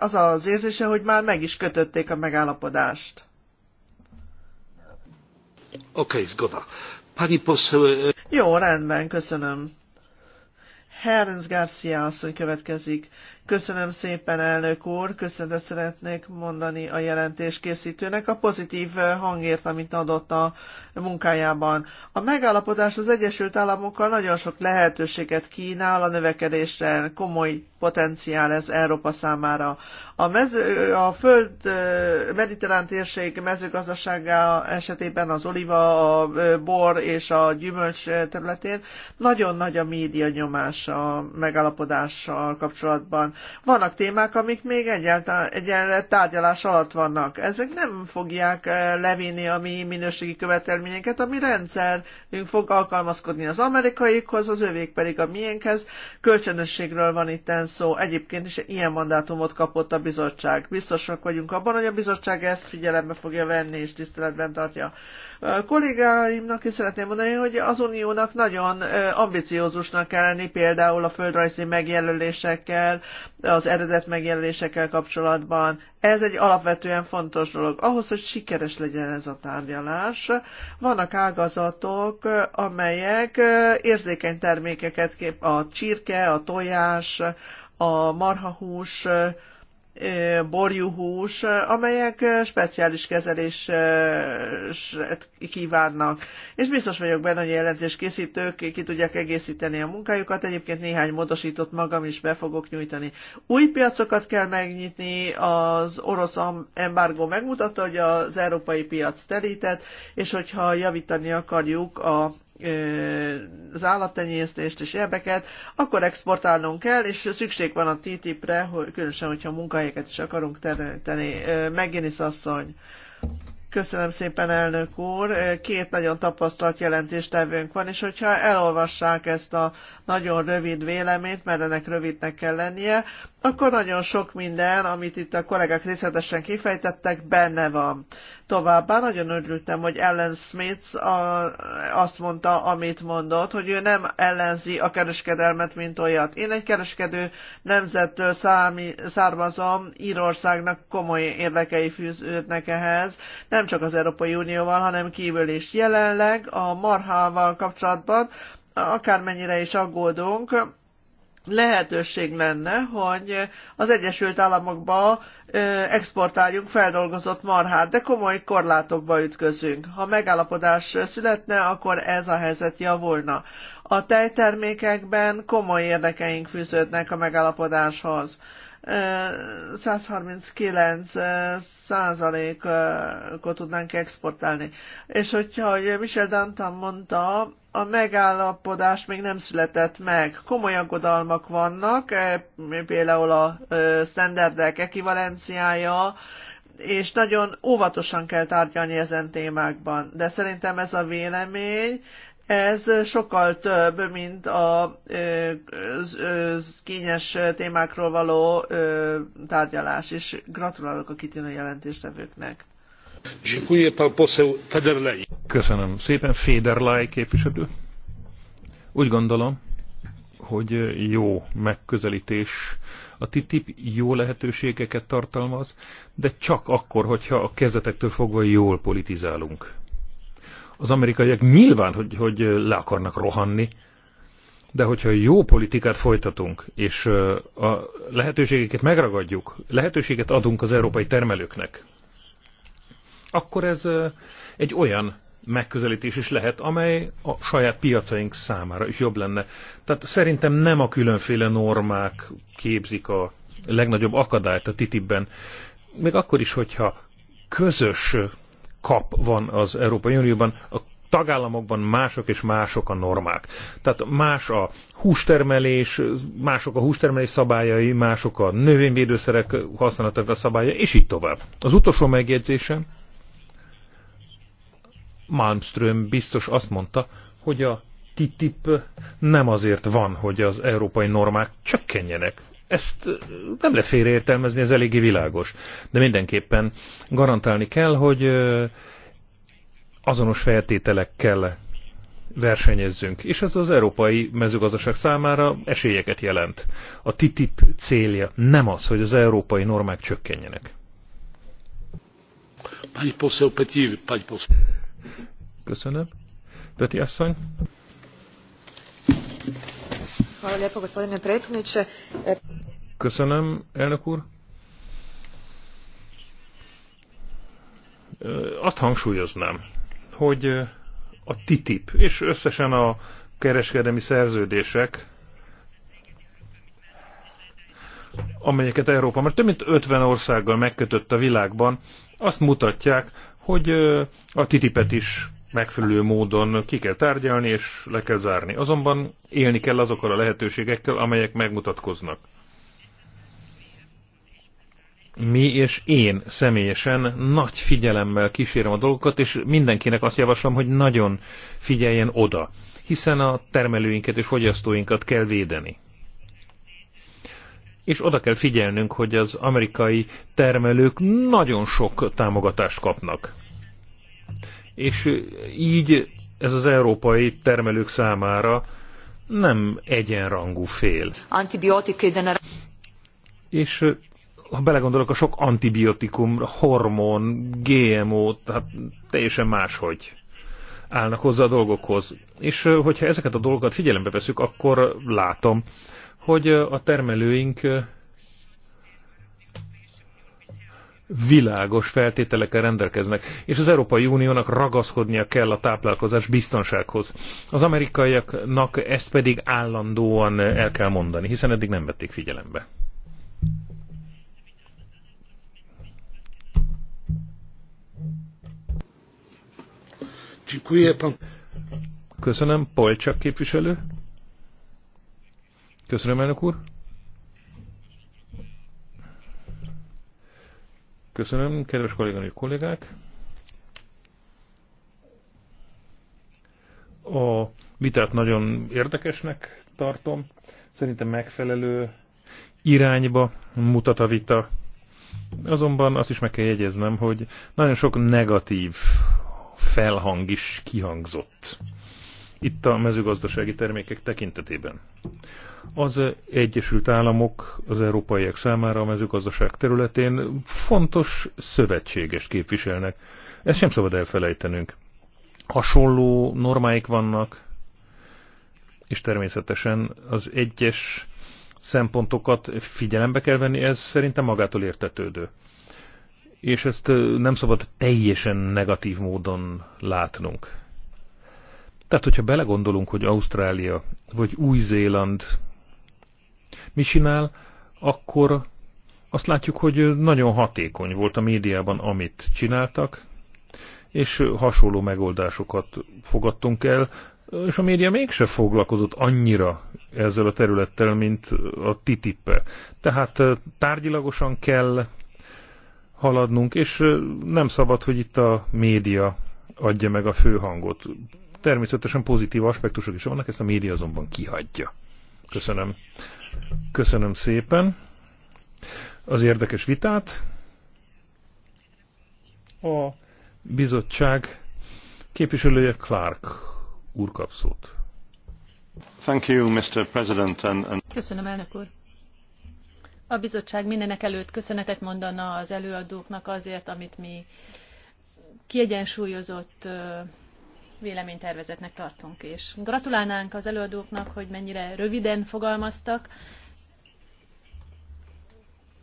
az, az érzése, hogy már meg is kötötték a megállapodást. Oké, okay, zgoda. Pani poseł... E, Jó, rendben, köszönöm. Herens Garcia asszony következik. Köszönöm szépen, elnök úr, köszönetet szeretnék mondani a jelentés készítőnek a pozitív hangért, amit adott a munkájában. A megállapodás az Egyesült Államokkal nagyon sok lehetőséget kínál a növekedésre, komoly potenciál ez Európa számára. A, mező, a föld mediterrán térség mezőgazdasága esetében az oliva, a bor és a gyümölcs területén nagyon nagy a média nyomás a megalapodással kapcsolatban. Vannak témák, amik még egyenre tárgyalás alatt vannak. Ezek nem fogják levinni a mi minőségi követelményeket, a mi rendszerünk fog alkalmazkodni az amerikaikhoz, az övék pedig a miénkhez. Kölcsönösségről van itt van szó. Egyébként is ilyen mandátumot kapott a bizottság. Biztosak vagyunk abban, hogy a bizottság ezt figyelembe fogja venni és tiszteletben tartja. A kollégáimnak is szeretném mondani, hogy az uniónak nagyon ambiciózusnak kell lenni, például a földrajzi megjelölésekkel, az eredet megjelölésekkel kapcsolatban. Ez egy alapvetően fontos dolog. Ahhoz, hogy sikeres legyen ez a tárgyalás, vannak ágazatok, amelyek érzékeny termékeket kép, a csirke, a tojás, a marhahús, borjúhús, amelyek speciális kezelés kívánnak. És biztos vagyok benne, hogy a jelentéskészítők ki tudják egészíteni a munkájukat. Egyébként néhány módosított magam is be fogok nyújtani. Új piacokat kell megnyitni, az orosz embargo megmutatta, hogy az európai piac telített, és hogyha javítani akarjuk a az állattenyésztést és érdeket, akkor exportálnunk kell, és szükség van a TTIP-re, hogy, különösen, hogyha munkahelyeket is akarunk teremteni. Megjelenis asszony. Köszönöm szépen, elnök úr. Két nagyon tapasztalt jelentéstevőnk van, és hogyha elolvassák ezt a nagyon rövid véleményt, mert ennek rövidnek kell lennie, akkor nagyon sok minden, amit itt a kollégák részletesen kifejtettek, benne van. Továbbá nagyon örültem, hogy Ellen Smith a, azt mondta, amit mondott, hogy ő nem ellenzi a kereskedelmet, mint olyat. Én egy kereskedő nemzettől számi, származom, Írországnak komoly érdekei fűződnek ehhez. Nem csak az Európai Unióval, hanem kívül is. Jelenleg a marhával kapcsolatban, akármennyire is aggódunk, lehetőség lenne, hogy az Egyesült Államokba exportáljunk feldolgozott marhát, de komoly korlátokba ütközünk. Ha megállapodás születne, akkor ez a helyzet javulna. A tejtermékekben komoly érdekeink fűződnek a megállapodáshoz. 139 százalékot tudnánk exportálni. És hogyha, hogy Michel Dantan mondta, a megállapodás még nem született meg. Komoly aggodalmak vannak, e, például a standardek ekivalenciája, és nagyon óvatosan kell tárgyalni ezen témákban. De szerintem ez a vélemény ez sokkal több, mint a kényes témákról való tárgyalás, és gratulálok a kitűnő jelentéstevőknek. Köszönöm szépen, Federlei képviselő. Úgy gondolom, hogy jó megközelítés. A TTIP jó lehetőségeket tartalmaz, de csak akkor, hogyha a kezetektől fogva jól politizálunk az amerikaiak nyilván, hogy, hogy le akarnak rohanni, de hogyha jó politikát folytatunk, és a lehetőségeket megragadjuk, lehetőséget adunk az európai termelőknek, akkor ez egy olyan megközelítés is lehet, amely a saját piacaink számára is jobb lenne. Tehát szerintem nem a különféle normák képzik a legnagyobb akadályt a TTIP-ben, még akkor is, hogyha közös kap van az Európai Unióban, a tagállamokban mások és mások a normák. Tehát más a hústermelés, mások a hústermelés szabályai, mások a növényvédőszerek használatának a szabálya, és így tovább. Az utolsó megjegyzésem, Malmström biztos azt mondta, hogy a TTIP nem azért van, hogy az európai normák csökkenjenek ezt nem lehet félreértelmezni, ez eléggé világos. De mindenképpen garantálni kell, hogy azonos feltételekkel versenyezzünk, és ez az európai mezőgazdaság számára esélyeket jelent. A TTIP célja nem az, hogy az európai normák csökkenjenek. Köszönöm. Peti asszony. Köszönöm, elnök úr. Azt hangsúlyoznám, hogy a TTIP és összesen a kereskedelmi szerződések, amelyeket Európa már több mint 50 országgal megkötött a világban, azt mutatják, hogy a TTIP-et is megfelelő módon ki kell tárgyalni és le kell zárni. Azonban élni kell azokkal a lehetőségekkel, amelyek megmutatkoznak. Mi és én személyesen nagy figyelemmel kísérem a dolgokat, és mindenkinek azt javaslom, hogy nagyon figyeljen oda, hiszen a termelőinket és fogyasztóinkat kell védeni és oda kell figyelnünk, hogy az amerikai termelők nagyon sok támogatást kapnak és így ez az európai termelők számára nem egyenrangú fél. És ha belegondolok, a sok antibiotikum, hormon, GMO, tehát teljesen máshogy állnak hozzá a dolgokhoz. És hogyha ezeket a dolgokat figyelembe veszük, akkor látom, hogy a termelőink világos feltételekkel rendelkeznek, és az Európai Uniónak ragaszkodnia kell a táplálkozás biztonsághoz. Az amerikaiaknak ezt pedig állandóan el kell mondani, hiszen eddig nem vették figyelembe. Köszönöm, Polcsak képviselő. Köszönöm, elnök úr. Köszönöm, kedves kolléganő kollégák! A vitát nagyon érdekesnek tartom. Szerintem megfelelő irányba mutat a vita. Azonban azt is meg kell jegyeznem, hogy nagyon sok negatív felhang is kihangzott itt a mezőgazdasági termékek tekintetében. Az Egyesült Államok az európaiak számára a mezőgazdaság területén fontos szövetséges képviselnek. Ezt sem szabad elfelejtenünk. Hasonló normáik vannak, és természetesen az egyes szempontokat figyelembe kell venni, ez szerintem magától értetődő. És ezt nem szabad teljesen negatív módon látnunk tehát, hogyha belegondolunk, hogy Ausztrália vagy Új-Zéland mi csinál, akkor azt látjuk, hogy nagyon hatékony volt a médiában, amit csináltak, és hasonló megoldásokat fogadtunk el, és a média mégse foglalkozott annyira ezzel a területtel, mint a ttip -e. Tehát tárgyilagosan kell haladnunk, és nem szabad, hogy itt a média adja meg a főhangot természetesen pozitív aspektusok is vannak, ezt a média azonban kihagyja. Köszönöm. Köszönöm szépen az érdekes vitát. A bizottság képviselője Clark úr kap szót. Thank you, Mr. President, and, and... Köszönöm, elnök úr. A bizottság mindenek előtt köszönetet mondana az előadóknak azért, amit mi kiegyensúlyozott véleménytervezetnek tartunk. És gratulálnánk az előadóknak, hogy mennyire röviden fogalmaztak.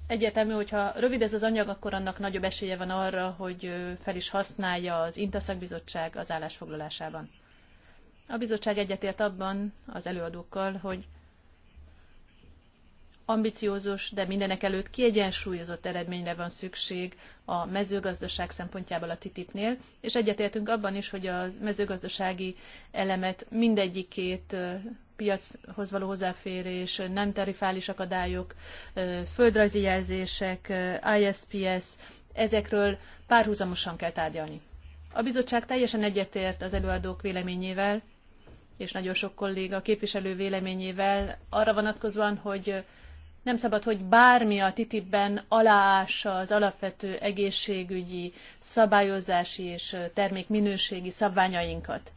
Egyetemű, hogyha rövid ez az anyag, akkor annak nagyobb esélye van arra, hogy fel is használja az Intaszakbizottság az állásfoglalásában. A bizottság egyetért abban az előadókkal, hogy ambiciózus, de mindenek előtt kiegyensúlyozott eredményre van szükség a mezőgazdaság szempontjából a TTIP-nél, és egyetértünk abban is, hogy a mezőgazdasági elemet mindegyikét piachoz való hozzáférés, nem tarifális akadályok, földrajzi jelzések, ISPS, ezekről párhuzamosan kell tárgyalni. A bizottság teljesen egyetért az előadók véleményével, és nagyon sok kolléga képviselő véleményével arra vonatkozóan, hogy nem szabad, hogy bármi a TTIP-ben aláássa az alapvető egészségügyi, szabályozási és termékminőségi szabványainkat.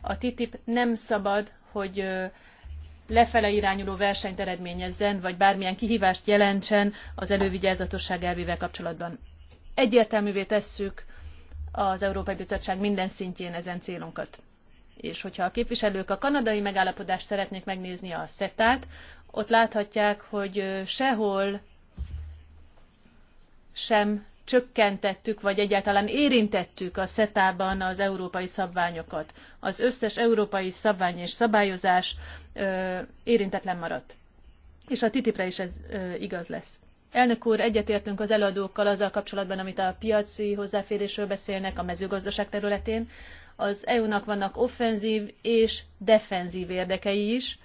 A TTIP nem szabad, hogy lefele irányuló versenyt eredményezzen, vagy bármilyen kihívást jelentsen az elővigyázatosság elvével kapcsolatban. Egyértelművé tesszük az Európai Bizottság minden szintjén ezen célunkat. És hogyha a képviselők a kanadai megállapodást szeretnék megnézni a szetát, ott láthatják, hogy sehol sem csökkentettük, vagy egyáltalán érintettük a SETA-ban az európai szabványokat. Az összes európai szabvány és szabályozás ö, érintetlen maradt. És a TTIP-re is ez ö, igaz lesz. Elnök úr, egyetértünk az eladókkal azzal kapcsolatban, amit a piaci hozzáférésről beszélnek a mezőgazdaság területén. Az EU-nak vannak offenzív és defenzív érdekei is,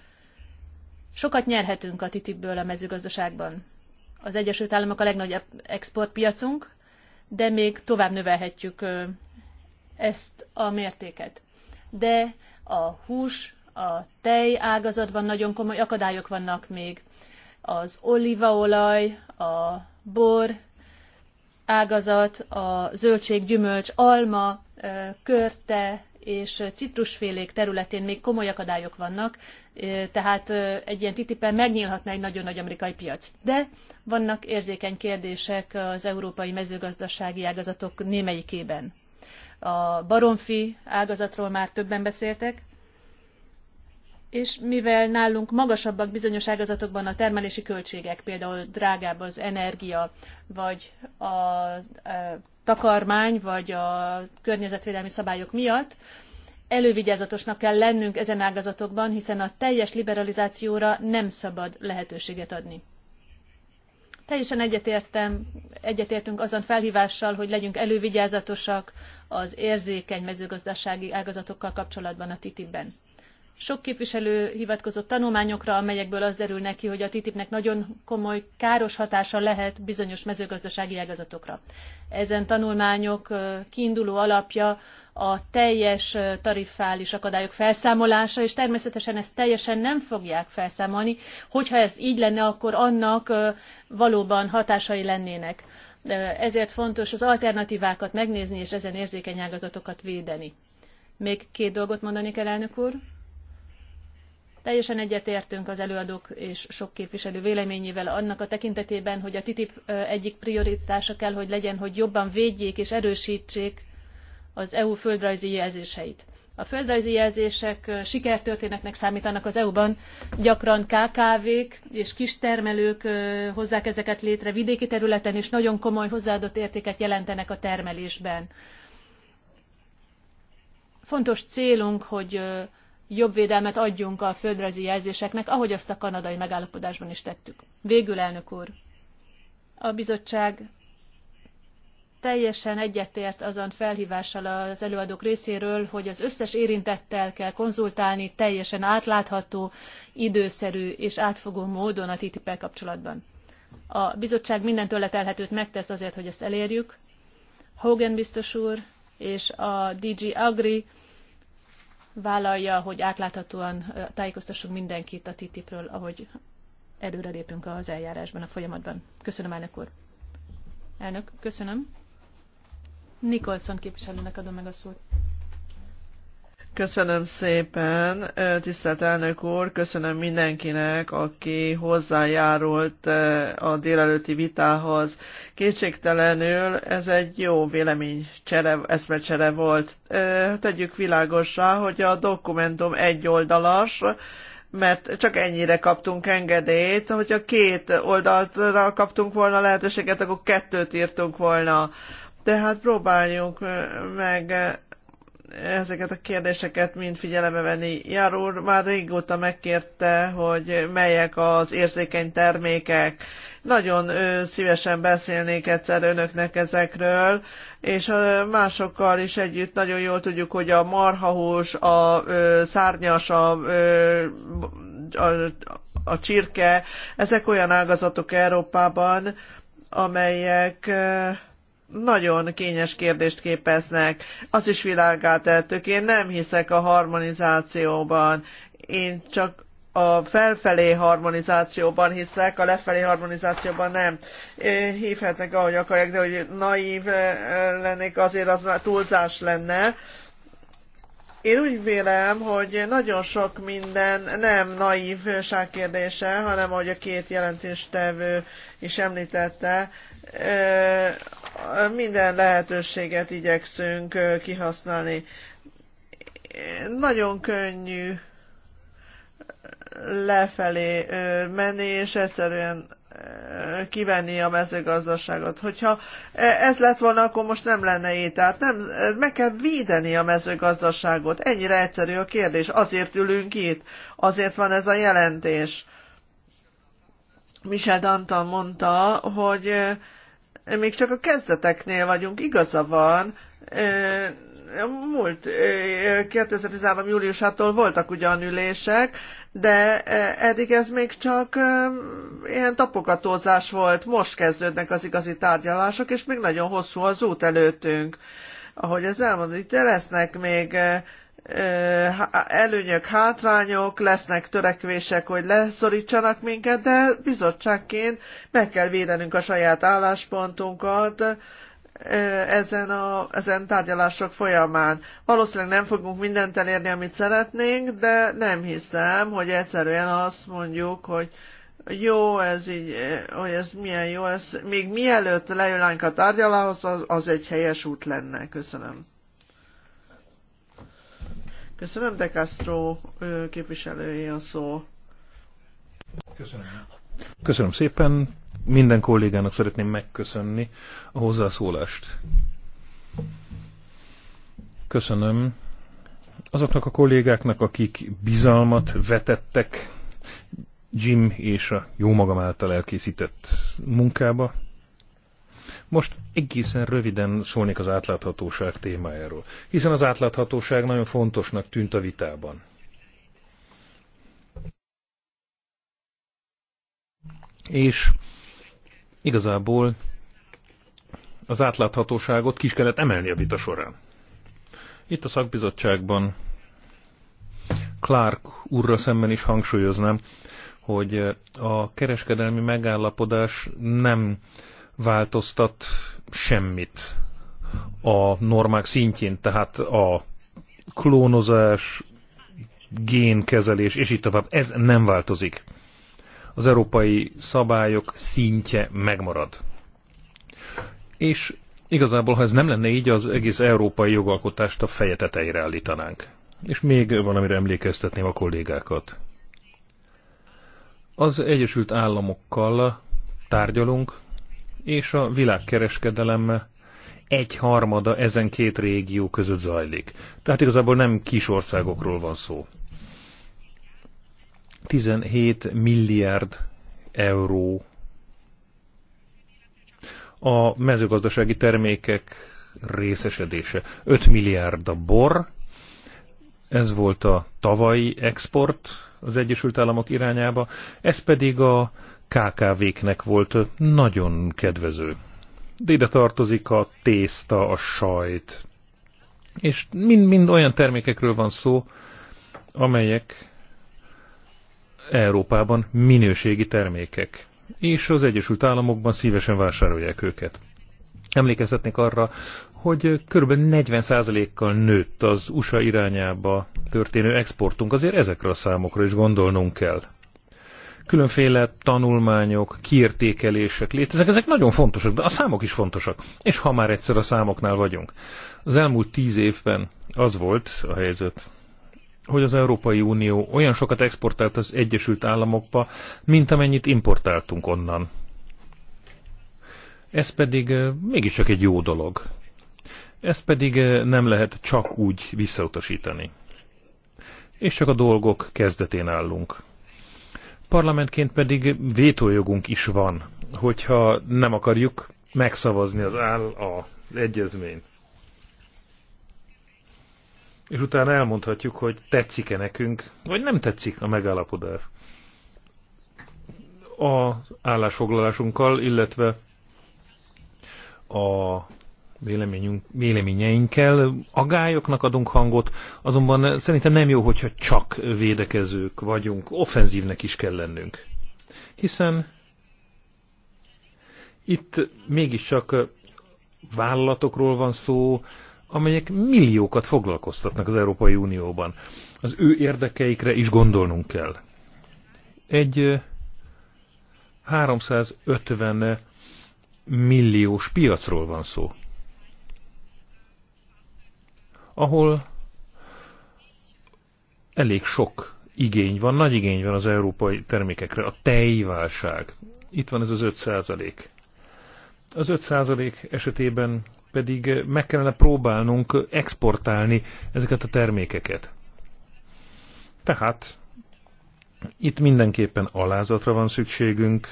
Sokat nyerhetünk a TTIP-ből a mezőgazdaságban. Az Egyesült Államok a legnagyobb exportpiacunk, de még tovább növelhetjük ezt a mértéket. De a hús, a tej ágazatban nagyon komoly akadályok vannak még. Az olívaolaj, a bor ágazat, a zöldség, gyümölcs, alma, körte, és ciprusfélék területén még komoly akadályok vannak, tehát egy ilyen TTIP-en megnyílhatna egy nagyon nagy amerikai piac. De vannak érzékeny kérdések az európai mezőgazdasági ágazatok némelyikében. A baromfi ágazatról már többen beszéltek, és mivel nálunk magasabbak bizonyos ágazatokban a termelési költségek, például drágább az energia, vagy a takarmány vagy a környezetvédelmi szabályok miatt, elővigyázatosnak kell lennünk ezen ágazatokban, hiszen a teljes liberalizációra nem szabad lehetőséget adni. Teljesen egyetértem, egyetértünk azon felhívással, hogy legyünk elővigyázatosak az érzékeny mezőgazdasági ágazatokkal kapcsolatban a TTIP-ben. Sok képviselő hivatkozott tanulmányokra, amelyekből az derül neki, hogy a TTIP-nek nagyon komoly káros hatása lehet bizonyos mezőgazdasági ágazatokra. Ezen tanulmányok kiinduló alapja a teljes tarifális akadályok felszámolása, és természetesen ezt teljesen nem fogják felszámolni. Hogyha ez így lenne, akkor annak valóban hatásai lennének. Ezért fontos az alternatívákat megnézni, és ezen érzékeny ágazatokat védeni. Még két dolgot mondanék el, elnök úr Teljesen egyetértünk az előadók és sok képviselő véleményével annak a tekintetében, hogy a TTIP egyik prioritása kell, hogy legyen, hogy jobban védjék és erősítsék az EU földrajzi jelzéseit. A földrajzi jelzések sikertörténetnek számítanak az EU-ban. Gyakran KKV-k és kistermelők hozzák ezeket létre vidéki területen, és nagyon komoly hozzáadott értéket jelentenek a termelésben. Fontos célunk, hogy jobb védelmet adjunk a földrajzi jelzéseknek, ahogy azt a kanadai megállapodásban is tettük. Végül, elnök úr, a bizottság teljesen egyetért azon felhívással az előadók részéről, hogy az összes érintettel kell konzultálni teljesen átlátható, időszerű és átfogó módon a ttip kapcsolatban. A bizottság minden tőletelhetőt megtesz azért, hogy ezt elérjük. Hogan biztos úr és a DG Agri vállalja, hogy átláthatóan tájékoztassunk mindenkit a TTIP-ről, ahogy lépünk az eljárásban, a folyamatban. Köszönöm, elnök úr. Elnök, köszönöm. Nikolson képviselőnek adom meg a szót. Köszönöm szépen, tisztelt elnök úr, köszönöm mindenkinek, aki hozzájárult a délelőtti vitához. Kétségtelenül ez egy jó véleménycsere, eszmecsere volt. Tegyük világossá, hogy a dokumentum egyoldalas, mert csak ennyire kaptunk engedélyt, hogyha két oldalra kaptunk volna lehetőséget, akkor kettőt írtunk volna. Tehát próbáljunk meg ezeket a kérdéseket mind figyelembe venni. Jár úr már régóta megkérte, hogy melyek az érzékeny termékek. Nagyon szívesen beszélnék egyszer önöknek ezekről, és másokkal is együtt nagyon jól tudjuk, hogy a marhahús, a szárnyas, a, a, a csirke, ezek olyan ágazatok Európában, amelyek nagyon kényes kérdést képeznek. Az is világá tettük, én nem hiszek a harmonizációban, én csak a felfelé harmonizációban hiszek, a lefelé harmonizációban nem. Hívhetnek ahogy akarják, de hogy naív eh, lennék, azért az túlzás lenne. Én úgy vélem, hogy nagyon sok minden nem naív kérdése, hanem ahogy a két jelentéstevő is említette, eh, minden lehetőséget igyekszünk kihasználni. Nagyon könnyű lefelé menni, és egyszerűen kivenni a mezőgazdaságot. Hogyha ez lett volna, akkor most nem lenne étel. Nem, meg kell védeni a mezőgazdaságot. Ennyire egyszerű a kérdés. Azért ülünk itt. Azért van ez a jelentés. Michel Danton mondta, hogy még csak a kezdeteknél vagyunk, igaza van, múlt 2013. júliusától voltak ugyan ülések, de eddig ez még csak ilyen tapogatózás volt. Most kezdődnek az igazi tárgyalások, és még nagyon hosszú az út előttünk. Ahogy ez elmondott, itt lesznek még előnyök, hátrányok, lesznek törekvések, hogy leszorítsanak minket, de bizottságként meg kell védenünk a saját álláspontunkat ezen, a, ezen tárgyalások folyamán. Valószínűleg nem fogunk mindent elérni, amit szeretnénk, de nem hiszem, hogy egyszerűen azt mondjuk, hogy jó, ez így, hogy ez milyen jó, ez még mielőtt leülnánk a tárgyalához, az, az egy helyes út lenne. Köszönöm. Köszönöm, De Castro képviselője a szó. Köszönöm. Köszönöm szépen. Minden kollégának szeretném megköszönni a hozzászólást. Köszönöm azoknak a kollégáknak, akik bizalmat vetettek Jim és a jó magam által elkészített munkába. Most egészen röviden szólnék az átláthatóság témájáról, hiszen az átláthatóság nagyon fontosnak tűnt a vitában. És igazából az átláthatóságot kis kellett emelni a vita során. Itt a szakbizottságban Clark úrra szemben is hangsúlyoznám, hogy a kereskedelmi megállapodás nem változtat semmit a normák szintjén, tehát a klónozás, génkezelés, és így tovább. Ez nem változik. Az európai szabályok szintje megmarad. És igazából, ha ez nem lenne így, az egész európai jogalkotást a feje tetejére állítanánk. És még van amire emlékeztetném a kollégákat. Az Egyesült Államokkal tárgyalunk, és a világkereskedelem egy harmada ezen két régió között zajlik. Tehát igazából nem kis országokról van szó. 17 milliárd euró a mezőgazdasági termékek részesedése. 5 milliárd a bor, ez volt a tavalyi export az Egyesült Államok irányába, ez pedig a KKV-knek volt nagyon kedvező. De ide tartozik a tészta, a sajt, és mind-mind olyan termékekről van szó, amelyek Európában minőségi termékek, és az Egyesült Államokban szívesen vásárolják őket. Emlékezhetnék arra, hogy kb. 40%-kal nőtt az USA irányába történő exportunk, azért ezekre a számokra is gondolnunk kell. Különféle tanulmányok, kiértékelések léteznek, ezek nagyon fontosak, de a számok is fontosak. És ha már egyszer a számoknál vagyunk. Az elmúlt tíz évben az volt a helyzet, hogy az Európai Unió olyan sokat exportált az Egyesült Államokba, mint amennyit importáltunk onnan. Ez pedig eh, mégiscsak egy jó dolog. Ezt pedig eh, nem lehet csak úgy visszautasítani. És csak a dolgok kezdetén állunk. Parlamentként pedig vétójogunk is van, hogyha nem akarjuk megszavazni az áll a egyezmény, És utána elmondhatjuk, hogy tetszik-e nekünk, vagy nem tetszik a megállapodás. A állásfoglalásunkkal, illetve a véleményünk, véleményeinkkel, agályoknak adunk hangot, azonban szerintem nem jó, hogyha csak védekezők vagyunk, offenzívnek is kell lennünk. Hiszen itt mégiscsak vállalatokról van szó, amelyek milliókat foglalkoztatnak az Európai Unióban. Az ő érdekeikre is gondolnunk kell. Egy 350 milliós piacról van szó ahol elég sok igény van, nagy igény van az európai termékekre, a tejválság. Itt van ez az 5 százalék. Az 5 százalék esetében pedig meg kellene próbálnunk exportálni ezeket a termékeket. Tehát itt mindenképpen alázatra van szükségünk,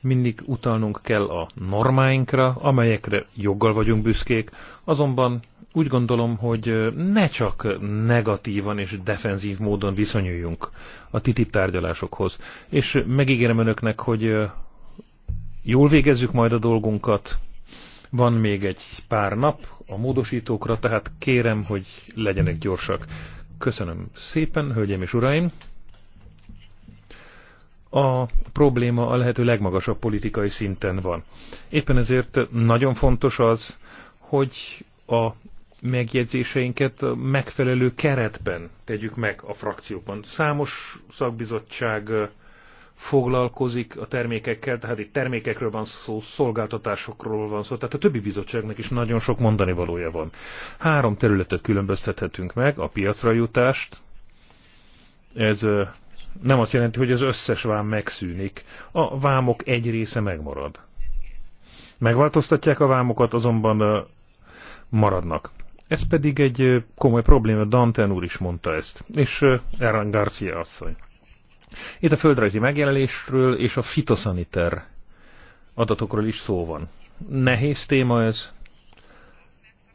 mindig utalnunk kell a normáinkra, amelyekre joggal vagyunk büszkék, azonban úgy gondolom, hogy ne csak negatívan és defenzív módon viszonyuljunk a TTIP tárgyalásokhoz. És megígérem önöknek, hogy jól végezzük majd a dolgunkat, van még egy pár nap a módosítókra, tehát kérem, hogy legyenek gyorsak. Köszönöm szépen, hölgyeim és uraim! a probléma a lehető legmagasabb politikai szinten van. Éppen ezért nagyon fontos az, hogy a megjegyzéseinket megfelelő keretben tegyük meg a frakciókban. Számos szakbizottság foglalkozik a termékekkel, tehát itt termékekről van szó, szolgáltatásokról van szó, tehát a többi bizottságnak is nagyon sok mondani valója van. Három területet különböztethetünk meg, a piacra jutást, ez nem azt jelenti, hogy az összes vám megszűnik. A vámok egy része megmarad. Megváltoztatják a vámokat, azonban maradnak. Ez pedig egy komoly probléma, Danten úr is mondta ezt, és Eran Garcia asszony. Itt a földrajzi megjelenésről és a fitoszaniter adatokról is szó van. Nehéz téma ez,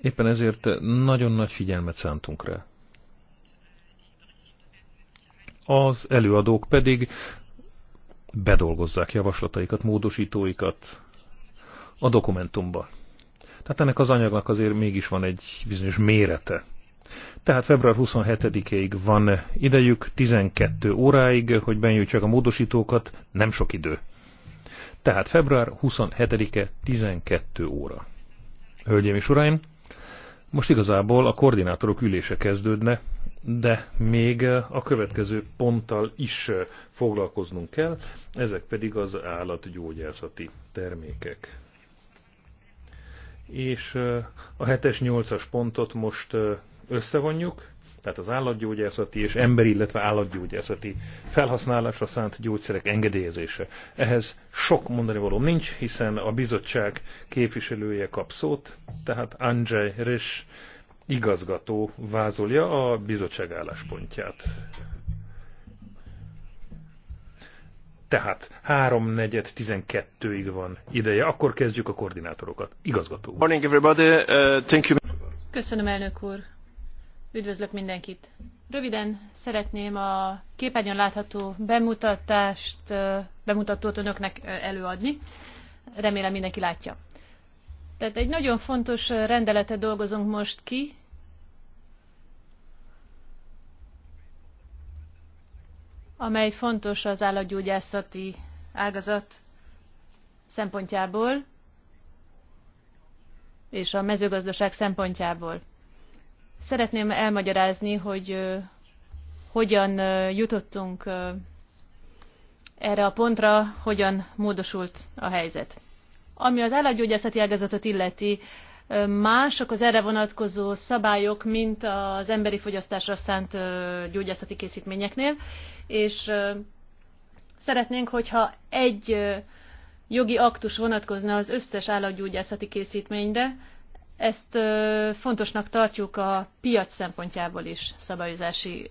éppen ezért nagyon nagy figyelmet szántunk rá az előadók pedig bedolgozzák javaslataikat, módosítóikat a dokumentumba. Tehát ennek az anyagnak azért mégis van egy bizonyos mérete. Tehát február 27-ig van idejük, 12 óráig, hogy benyújtsák a módosítókat, nem sok idő. Tehát február 27-e 12 óra. Hölgyeim és uraim, most igazából a koordinátorok ülése kezdődne, de még a következő ponttal is foglalkoznunk kell, ezek pedig az állatgyógyászati termékek. És a 7-es, 8-as pontot most összevonjuk, tehát az állatgyógyászati és emberi, illetve állatgyógyászati felhasználásra szánt gyógyszerek engedélyezése. Ehhez sok mondani való nincs, hiszen a bizottság képviselője kap szót, tehát Andrzej Rysz, igazgató vázolja a bizottság álláspontját. Tehát 3.4. 12-ig van ideje, akkor kezdjük a koordinátorokat. Igazgató. Morning everybody. Uh, thank you. Köszönöm, elnök úr. Üdvözlök mindenkit. Röviden szeretném a képernyőn látható bemutatást, uh, bemutatót önöknek uh, előadni. Remélem mindenki látja. Tehát egy nagyon fontos rendeletet dolgozunk most ki, amely fontos az állatgyógyászati ágazat szempontjából és a mezőgazdaság szempontjából. Szeretném elmagyarázni, hogy hogyan jutottunk erre a pontra, hogyan módosult a helyzet. Ami az állatgyógyászati ágazatot illeti, mások az erre vonatkozó szabályok, mint az emberi fogyasztásra szánt gyógyászati készítményeknél, és szeretnénk, hogyha egy jogi aktus vonatkozna az összes állatgyógyászati készítményre, ezt fontosnak tartjuk a piac szempontjából is szabályozási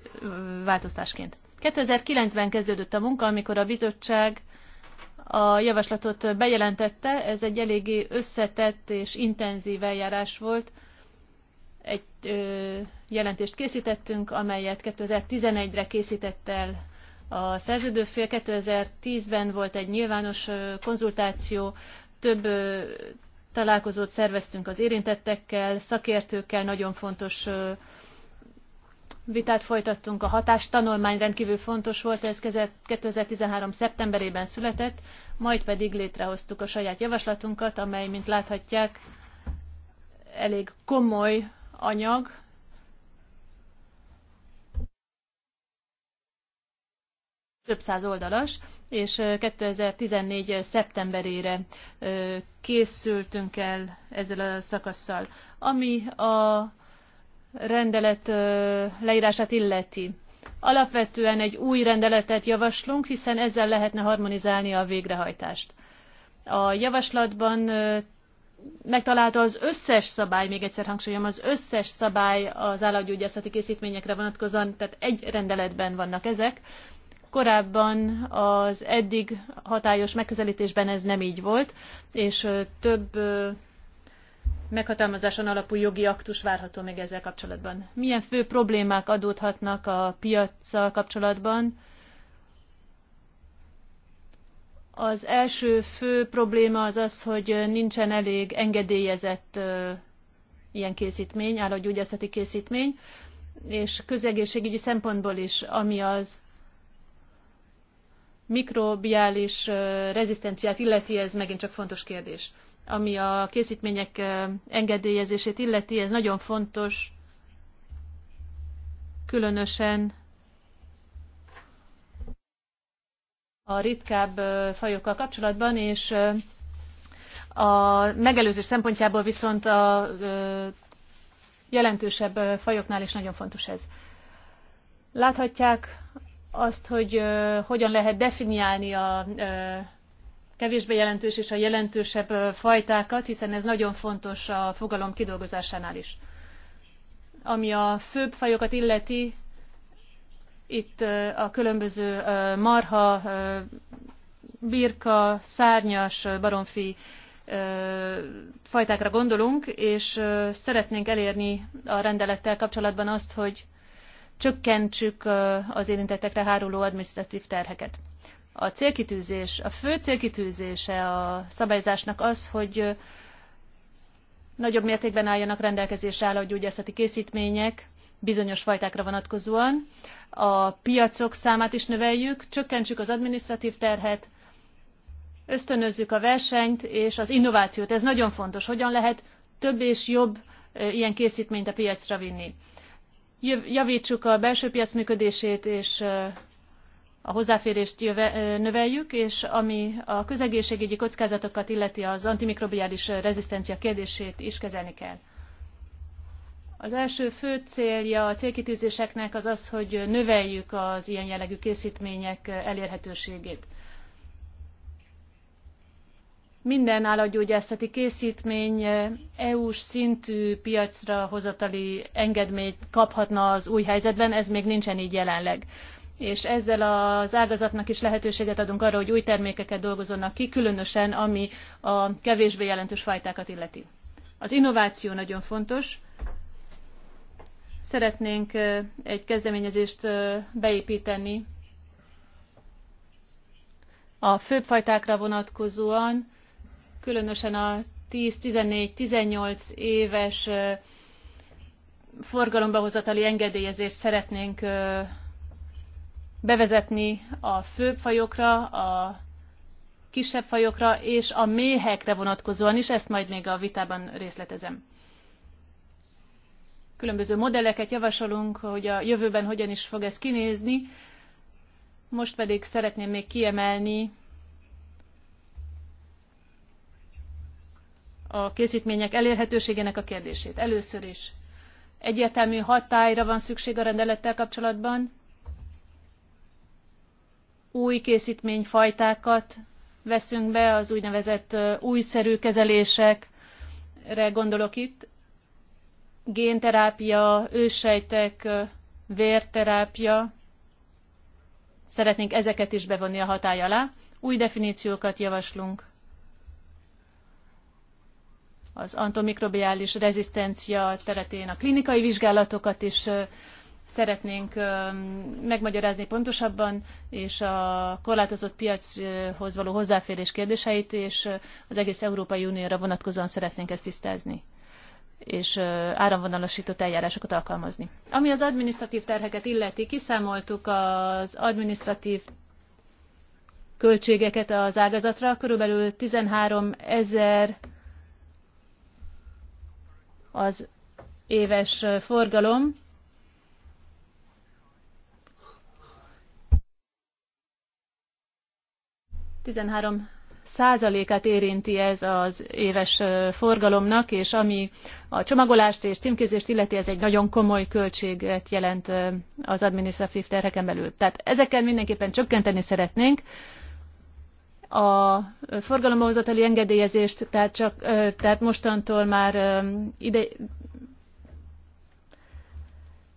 változtásként. 2009-ben kezdődött a munka, amikor a bizottság a javaslatot bejelentette. Ez egy eléggé összetett és intenzív eljárás volt. Egy ö, jelentést készítettünk, amelyet 2011-re készített el a szerződőfél. 2010-ben volt egy nyilvános ö, konzultáció, több ö, találkozót szerveztünk az érintettekkel, szakértőkkel, nagyon fontos ö, vitát folytattunk, a tanulmány rendkívül fontos volt, ez 2013. szeptemberében született, majd pedig létrehoztuk a saját javaslatunkat, amely, mint láthatják, elég komoly anyag, több száz oldalas, és 2014. szeptemberére készültünk el ezzel a szakasszal. Ami a rendelet leírását illeti. Alapvetően egy új rendeletet javaslunk, hiszen ezzel lehetne harmonizálni a végrehajtást. A javaslatban megtalálta az összes szabály, még egyszer hangsúlyom, az összes szabály az állatgyógyászati készítményekre vonatkozóan, tehát egy rendeletben vannak ezek. Korábban az eddig hatályos megközelítésben ez nem így volt, és több meghatalmazáson alapú jogi aktus várható még ezzel kapcsolatban? Milyen fő problémák adódhatnak a piaccal kapcsolatban? Az első fő probléma az az, hogy nincsen elég engedélyezett ilyen készítmény, állatgyógyászati készítmény, és közegészségügyi szempontból is, ami az mikrobiális rezisztenciát illeti, ez megint csak fontos kérdés ami a készítmények engedélyezését illeti, ez nagyon fontos, különösen a ritkább fajokkal kapcsolatban, és a megelőzés szempontjából viszont a jelentősebb fajoknál is nagyon fontos ez. Láthatják azt, hogy hogyan lehet definiálni a kevésbé jelentős és a jelentősebb fajtákat, hiszen ez nagyon fontos a fogalom kidolgozásánál is. Ami a főbb fajokat illeti, itt a különböző marha, birka, szárnyas, baromfi fajtákra gondolunk, és szeretnénk elérni a rendelettel kapcsolatban azt, hogy csökkentsük az érintettekre háruló administratív terheket a célkitűzés, a fő célkitűzése a szabályzásnak az, hogy nagyobb mértékben álljanak rendelkezésre gyógyászati készítmények bizonyos fajtákra vonatkozóan. A piacok számát is növeljük, csökkentsük az administratív terhet, ösztönözzük a versenyt és az innovációt. Ez nagyon fontos. Hogyan lehet több és jobb ilyen készítményt a piacra vinni? Javítsuk a belső piac működését, és a hozzáférést jöve, növeljük, és ami a közegészségügyi kockázatokat illeti az antimikrobiális rezisztencia kérdését is kezelni kell. Az első fő célja a célkitűzéseknek az az, hogy növeljük az ilyen jellegű készítmények elérhetőségét. Minden állatgyógyászati készítmény EU-s szintű piacra hozatali engedményt kaphatna az új helyzetben, ez még nincsen így jelenleg és ezzel az ágazatnak is lehetőséget adunk arra, hogy új termékeket dolgozzanak ki, különösen ami a kevésbé jelentős fajtákat illeti. Az innováció nagyon fontos. Szeretnénk egy kezdeményezést beépíteni a főbb fajtákra vonatkozóan, különösen a 10-14-18 éves forgalomba hozatali engedélyezést szeretnénk bevezetni a főbb fajokra, a kisebb fajokra és a méhekre vonatkozóan is, ezt majd még a vitában részletezem. Különböző modelleket javasolunk, hogy a jövőben hogyan is fog ez kinézni. Most pedig szeretném még kiemelni a készítmények elérhetőségének a kérdését. Először is egyértelmű hatályra van szükség a rendelettel kapcsolatban, új készítményfajtákat veszünk be, az úgynevezett újszerű kezelésekre gondolok itt, génterápia, őssejtek, vérterápia, szeretnénk ezeket is bevonni a hatály alá. Új definíciókat javaslunk. Az antimikrobiális rezisztencia területén a klinikai vizsgálatokat is szeretnénk megmagyarázni pontosabban, és a korlátozott piachoz való hozzáférés kérdéseit, és az egész Európai Unióra vonatkozóan szeretnénk ezt tisztázni és áramvonalasított eljárásokat alkalmazni. Ami az adminisztratív terheket illeti, kiszámoltuk az adminisztratív költségeket az ágazatra, körülbelül 13 ezer az éves forgalom, 13 százalékát érinti ez az éves forgalomnak, és ami a csomagolást és címkézést illeti, ez egy nagyon komoly költséget jelent az adminisztratív terheken belül. Tehát ezekkel mindenképpen csökkenteni szeretnénk. A forgalomhozatali engedélyezést, tehát, csak, tehát mostantól már ide,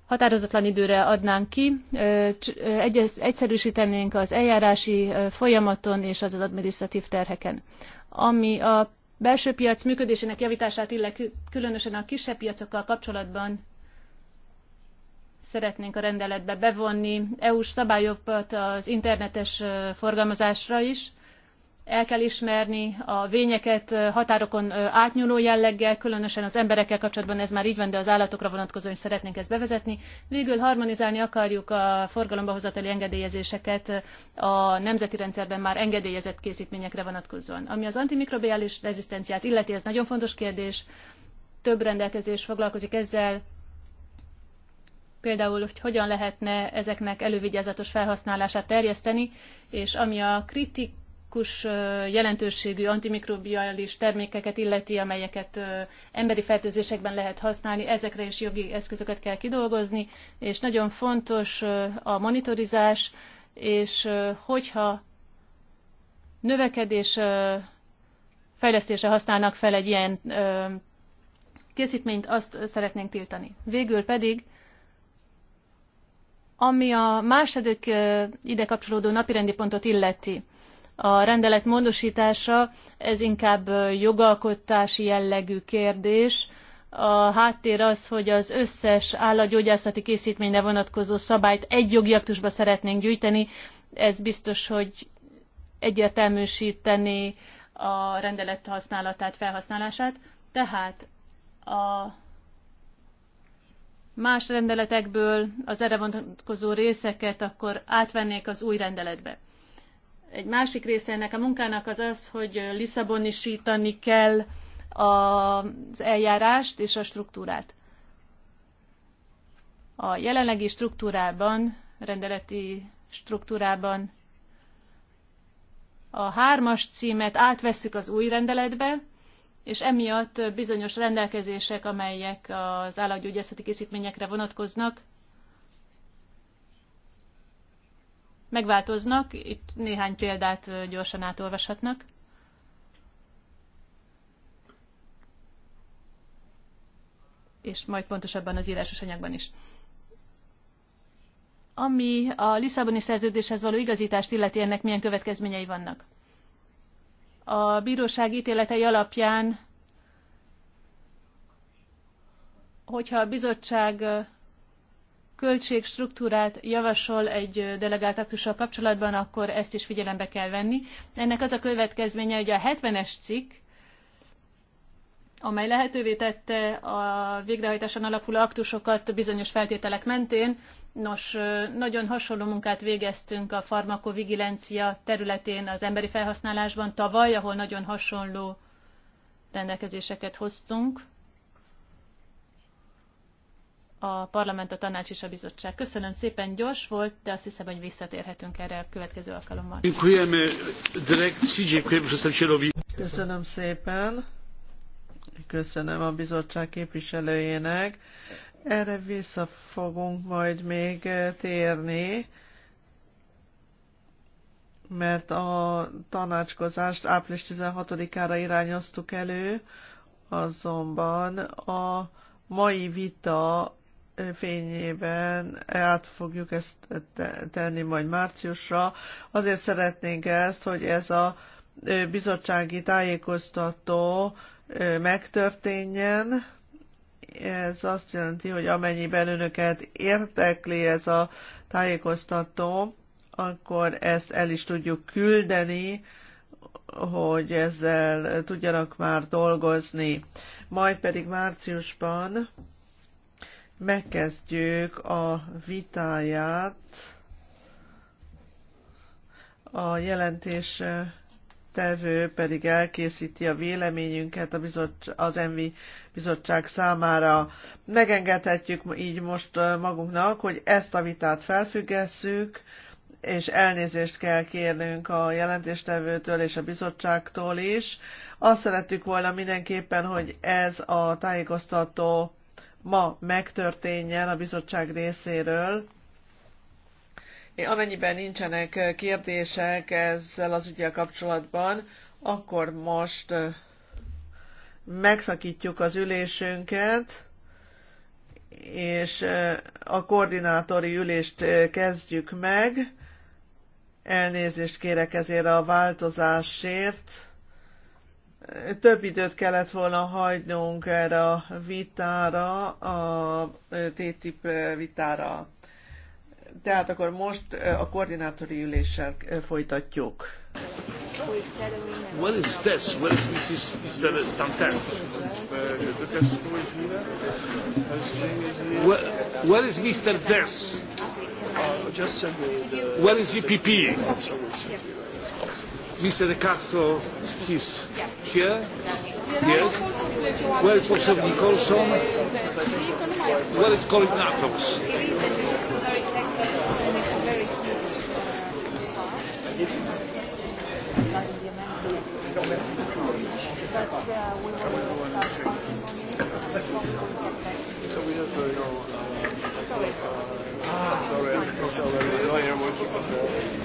határozatlan időre adnánk ki, egyszerűsítenénk az eljárási folyamaton és az adminisztratív terheken. Ami a belső piac működésének javítását illeti, különösen a kisebb piacokkal kapcsolatban szeretnénk a rendeletbe bevonni EU-s szabályokat az internetes forgalmazásra is, el kell ismerni a vényeket határokon átnyúló jelleggel, különösen az emberekkel kapcsolatban ez már így van, de az állatokra vonatkozóan is szeretnénk ezt bevezetni. Végül harmonizálni akarjuk a forgalomba hozatali engedélyezéseket a nemzeti rendszerben már engedélyezett készítményekre vonatkozóan. Ami az antimikrobiális rezisztenciát illeti, ez nagyon fontos kérdés. Több rendelkezés foglalkozik ezzel, például, hogy hogyan lehetne ezeknek elővigyázatos felhasználását terjeszteni, és ami a kritik specifikus jelentőségű antimikrobiális termékeket illeti, amelyeket emberi fertőzésekben lehet használni, ezekre is jogi eszközöket kell kidolgozni, és nagyon fontos a monitorizás, és hogyha növekedés fejlesztése használnak fel egy ilyen készítményt, azt szeretnénk tiltani. Végül pedig ami a második ide kapcsolódó napirendi pontot illeti, a rendelet módosítása, ez inkább jogalkotási jellegű kérdés. A háttér az, hogy az összes állatgyógyászati készítményre vonatkozó szabályt egy jogi aktusba szeretnénk gyűjteni. Ez biztos, hogy egyértelműsíteni a rendelet használatát, felhasználását. Tehát a más rendeletekből az erre vonatkozó részeket akkor átvennék az új rendeletbe. Egy másik része ennek a munkának az az, hogy Lisszabonisítani kell az eljárást és a struktúrát. A jelenlegi struktúrában, rendeleti struktúrában a hármas címet átvesszük az új rendeletbe, és emiatt bizonyos rendelkezések, amelyek az állatgyógyászati készítményekre vonatkoznak, megváltoznak. Itt néhány példát gyorsan átolvashatnak. és majd pontosabban az írásos anyagban is. Ami a Lisszaboni szerződéshez való igazítást illeti, ennek milyen következményei vannak? A bíróság ítéletei alapján, hogyha a bizottság költségstruktúrát javasol egy delegált aktussal kapcsolatban, akkor ezt is figyelembe kell venni. Ennek az a következménye, hogy a 70-es cikk, amely lehetővé tette a végrehajtáson alapuló aktusokat bizonyos feltételek mentén. Nos, nagyon hasonló munkát végeztünk a farmakovigilencia területén az emberi felhasználásban tavaly, ahol nagyon hasonló rendelkezéseket hoztunk a parlament, a tanács és a bizottság. Köszönöm szépen, gyors volt, de azt hiszem, hogy visszatérhetünk erre a következő alkalommal. Köszönöm szépen. Köszönöm a bizottság képviselőjének. Erre vissza fogunk majd még eh, térni, mert a tanácskozást április 16-ára irányoztuk elő, azonban a mai vita fényében át fogjuk ezt tenni majd márciusra. Azért szeretnénk ezt, hogy ez a bizottsági tájékoztató megtörténjen. Ez azt jelenti, hogy amennyiben önöket értekli ez a tájékoztató, akkor ezt el is tudjuk küldeni, hogy ezzel tudjanak már dolgozni. Majd pedig márciusban megkezdjük a vitáját a jelentés tevő pedig elkészíti a véleményünket a az ENVI bizottság számára. Megengedhetjük így most magunknak, hogy ezt a vitát felfüggesszük, és elnézést kell kérnünk a jelentéstevőtől és a bizottságtól is. Azt szerettük volna mindenképpen, hogy ez a tájékoztató ma megtörténjen a bizottság részéről. Amennyiben nincsenek kérdések ezzel az ügyel kapcsolatban, akkor most megszakítjuk az ülésünket, és a koordinátori ülést kezdjük meg. Elnézést kérek ezért a változásért több időt kellett volna hagynunk erre a vitára, a TTIP vitára. Tehát akkor most a koordinátori üléssel folytatjuk. What is this? What is this? Is, is that a tantan? What, what is Mr. Dess? Uh, what is EPP? Mr. De Castro is here. Yes. Where is Professor Nicholson? Where is Colin Atos? So we have uh, uh, sorry. sorry. Sorry, oh,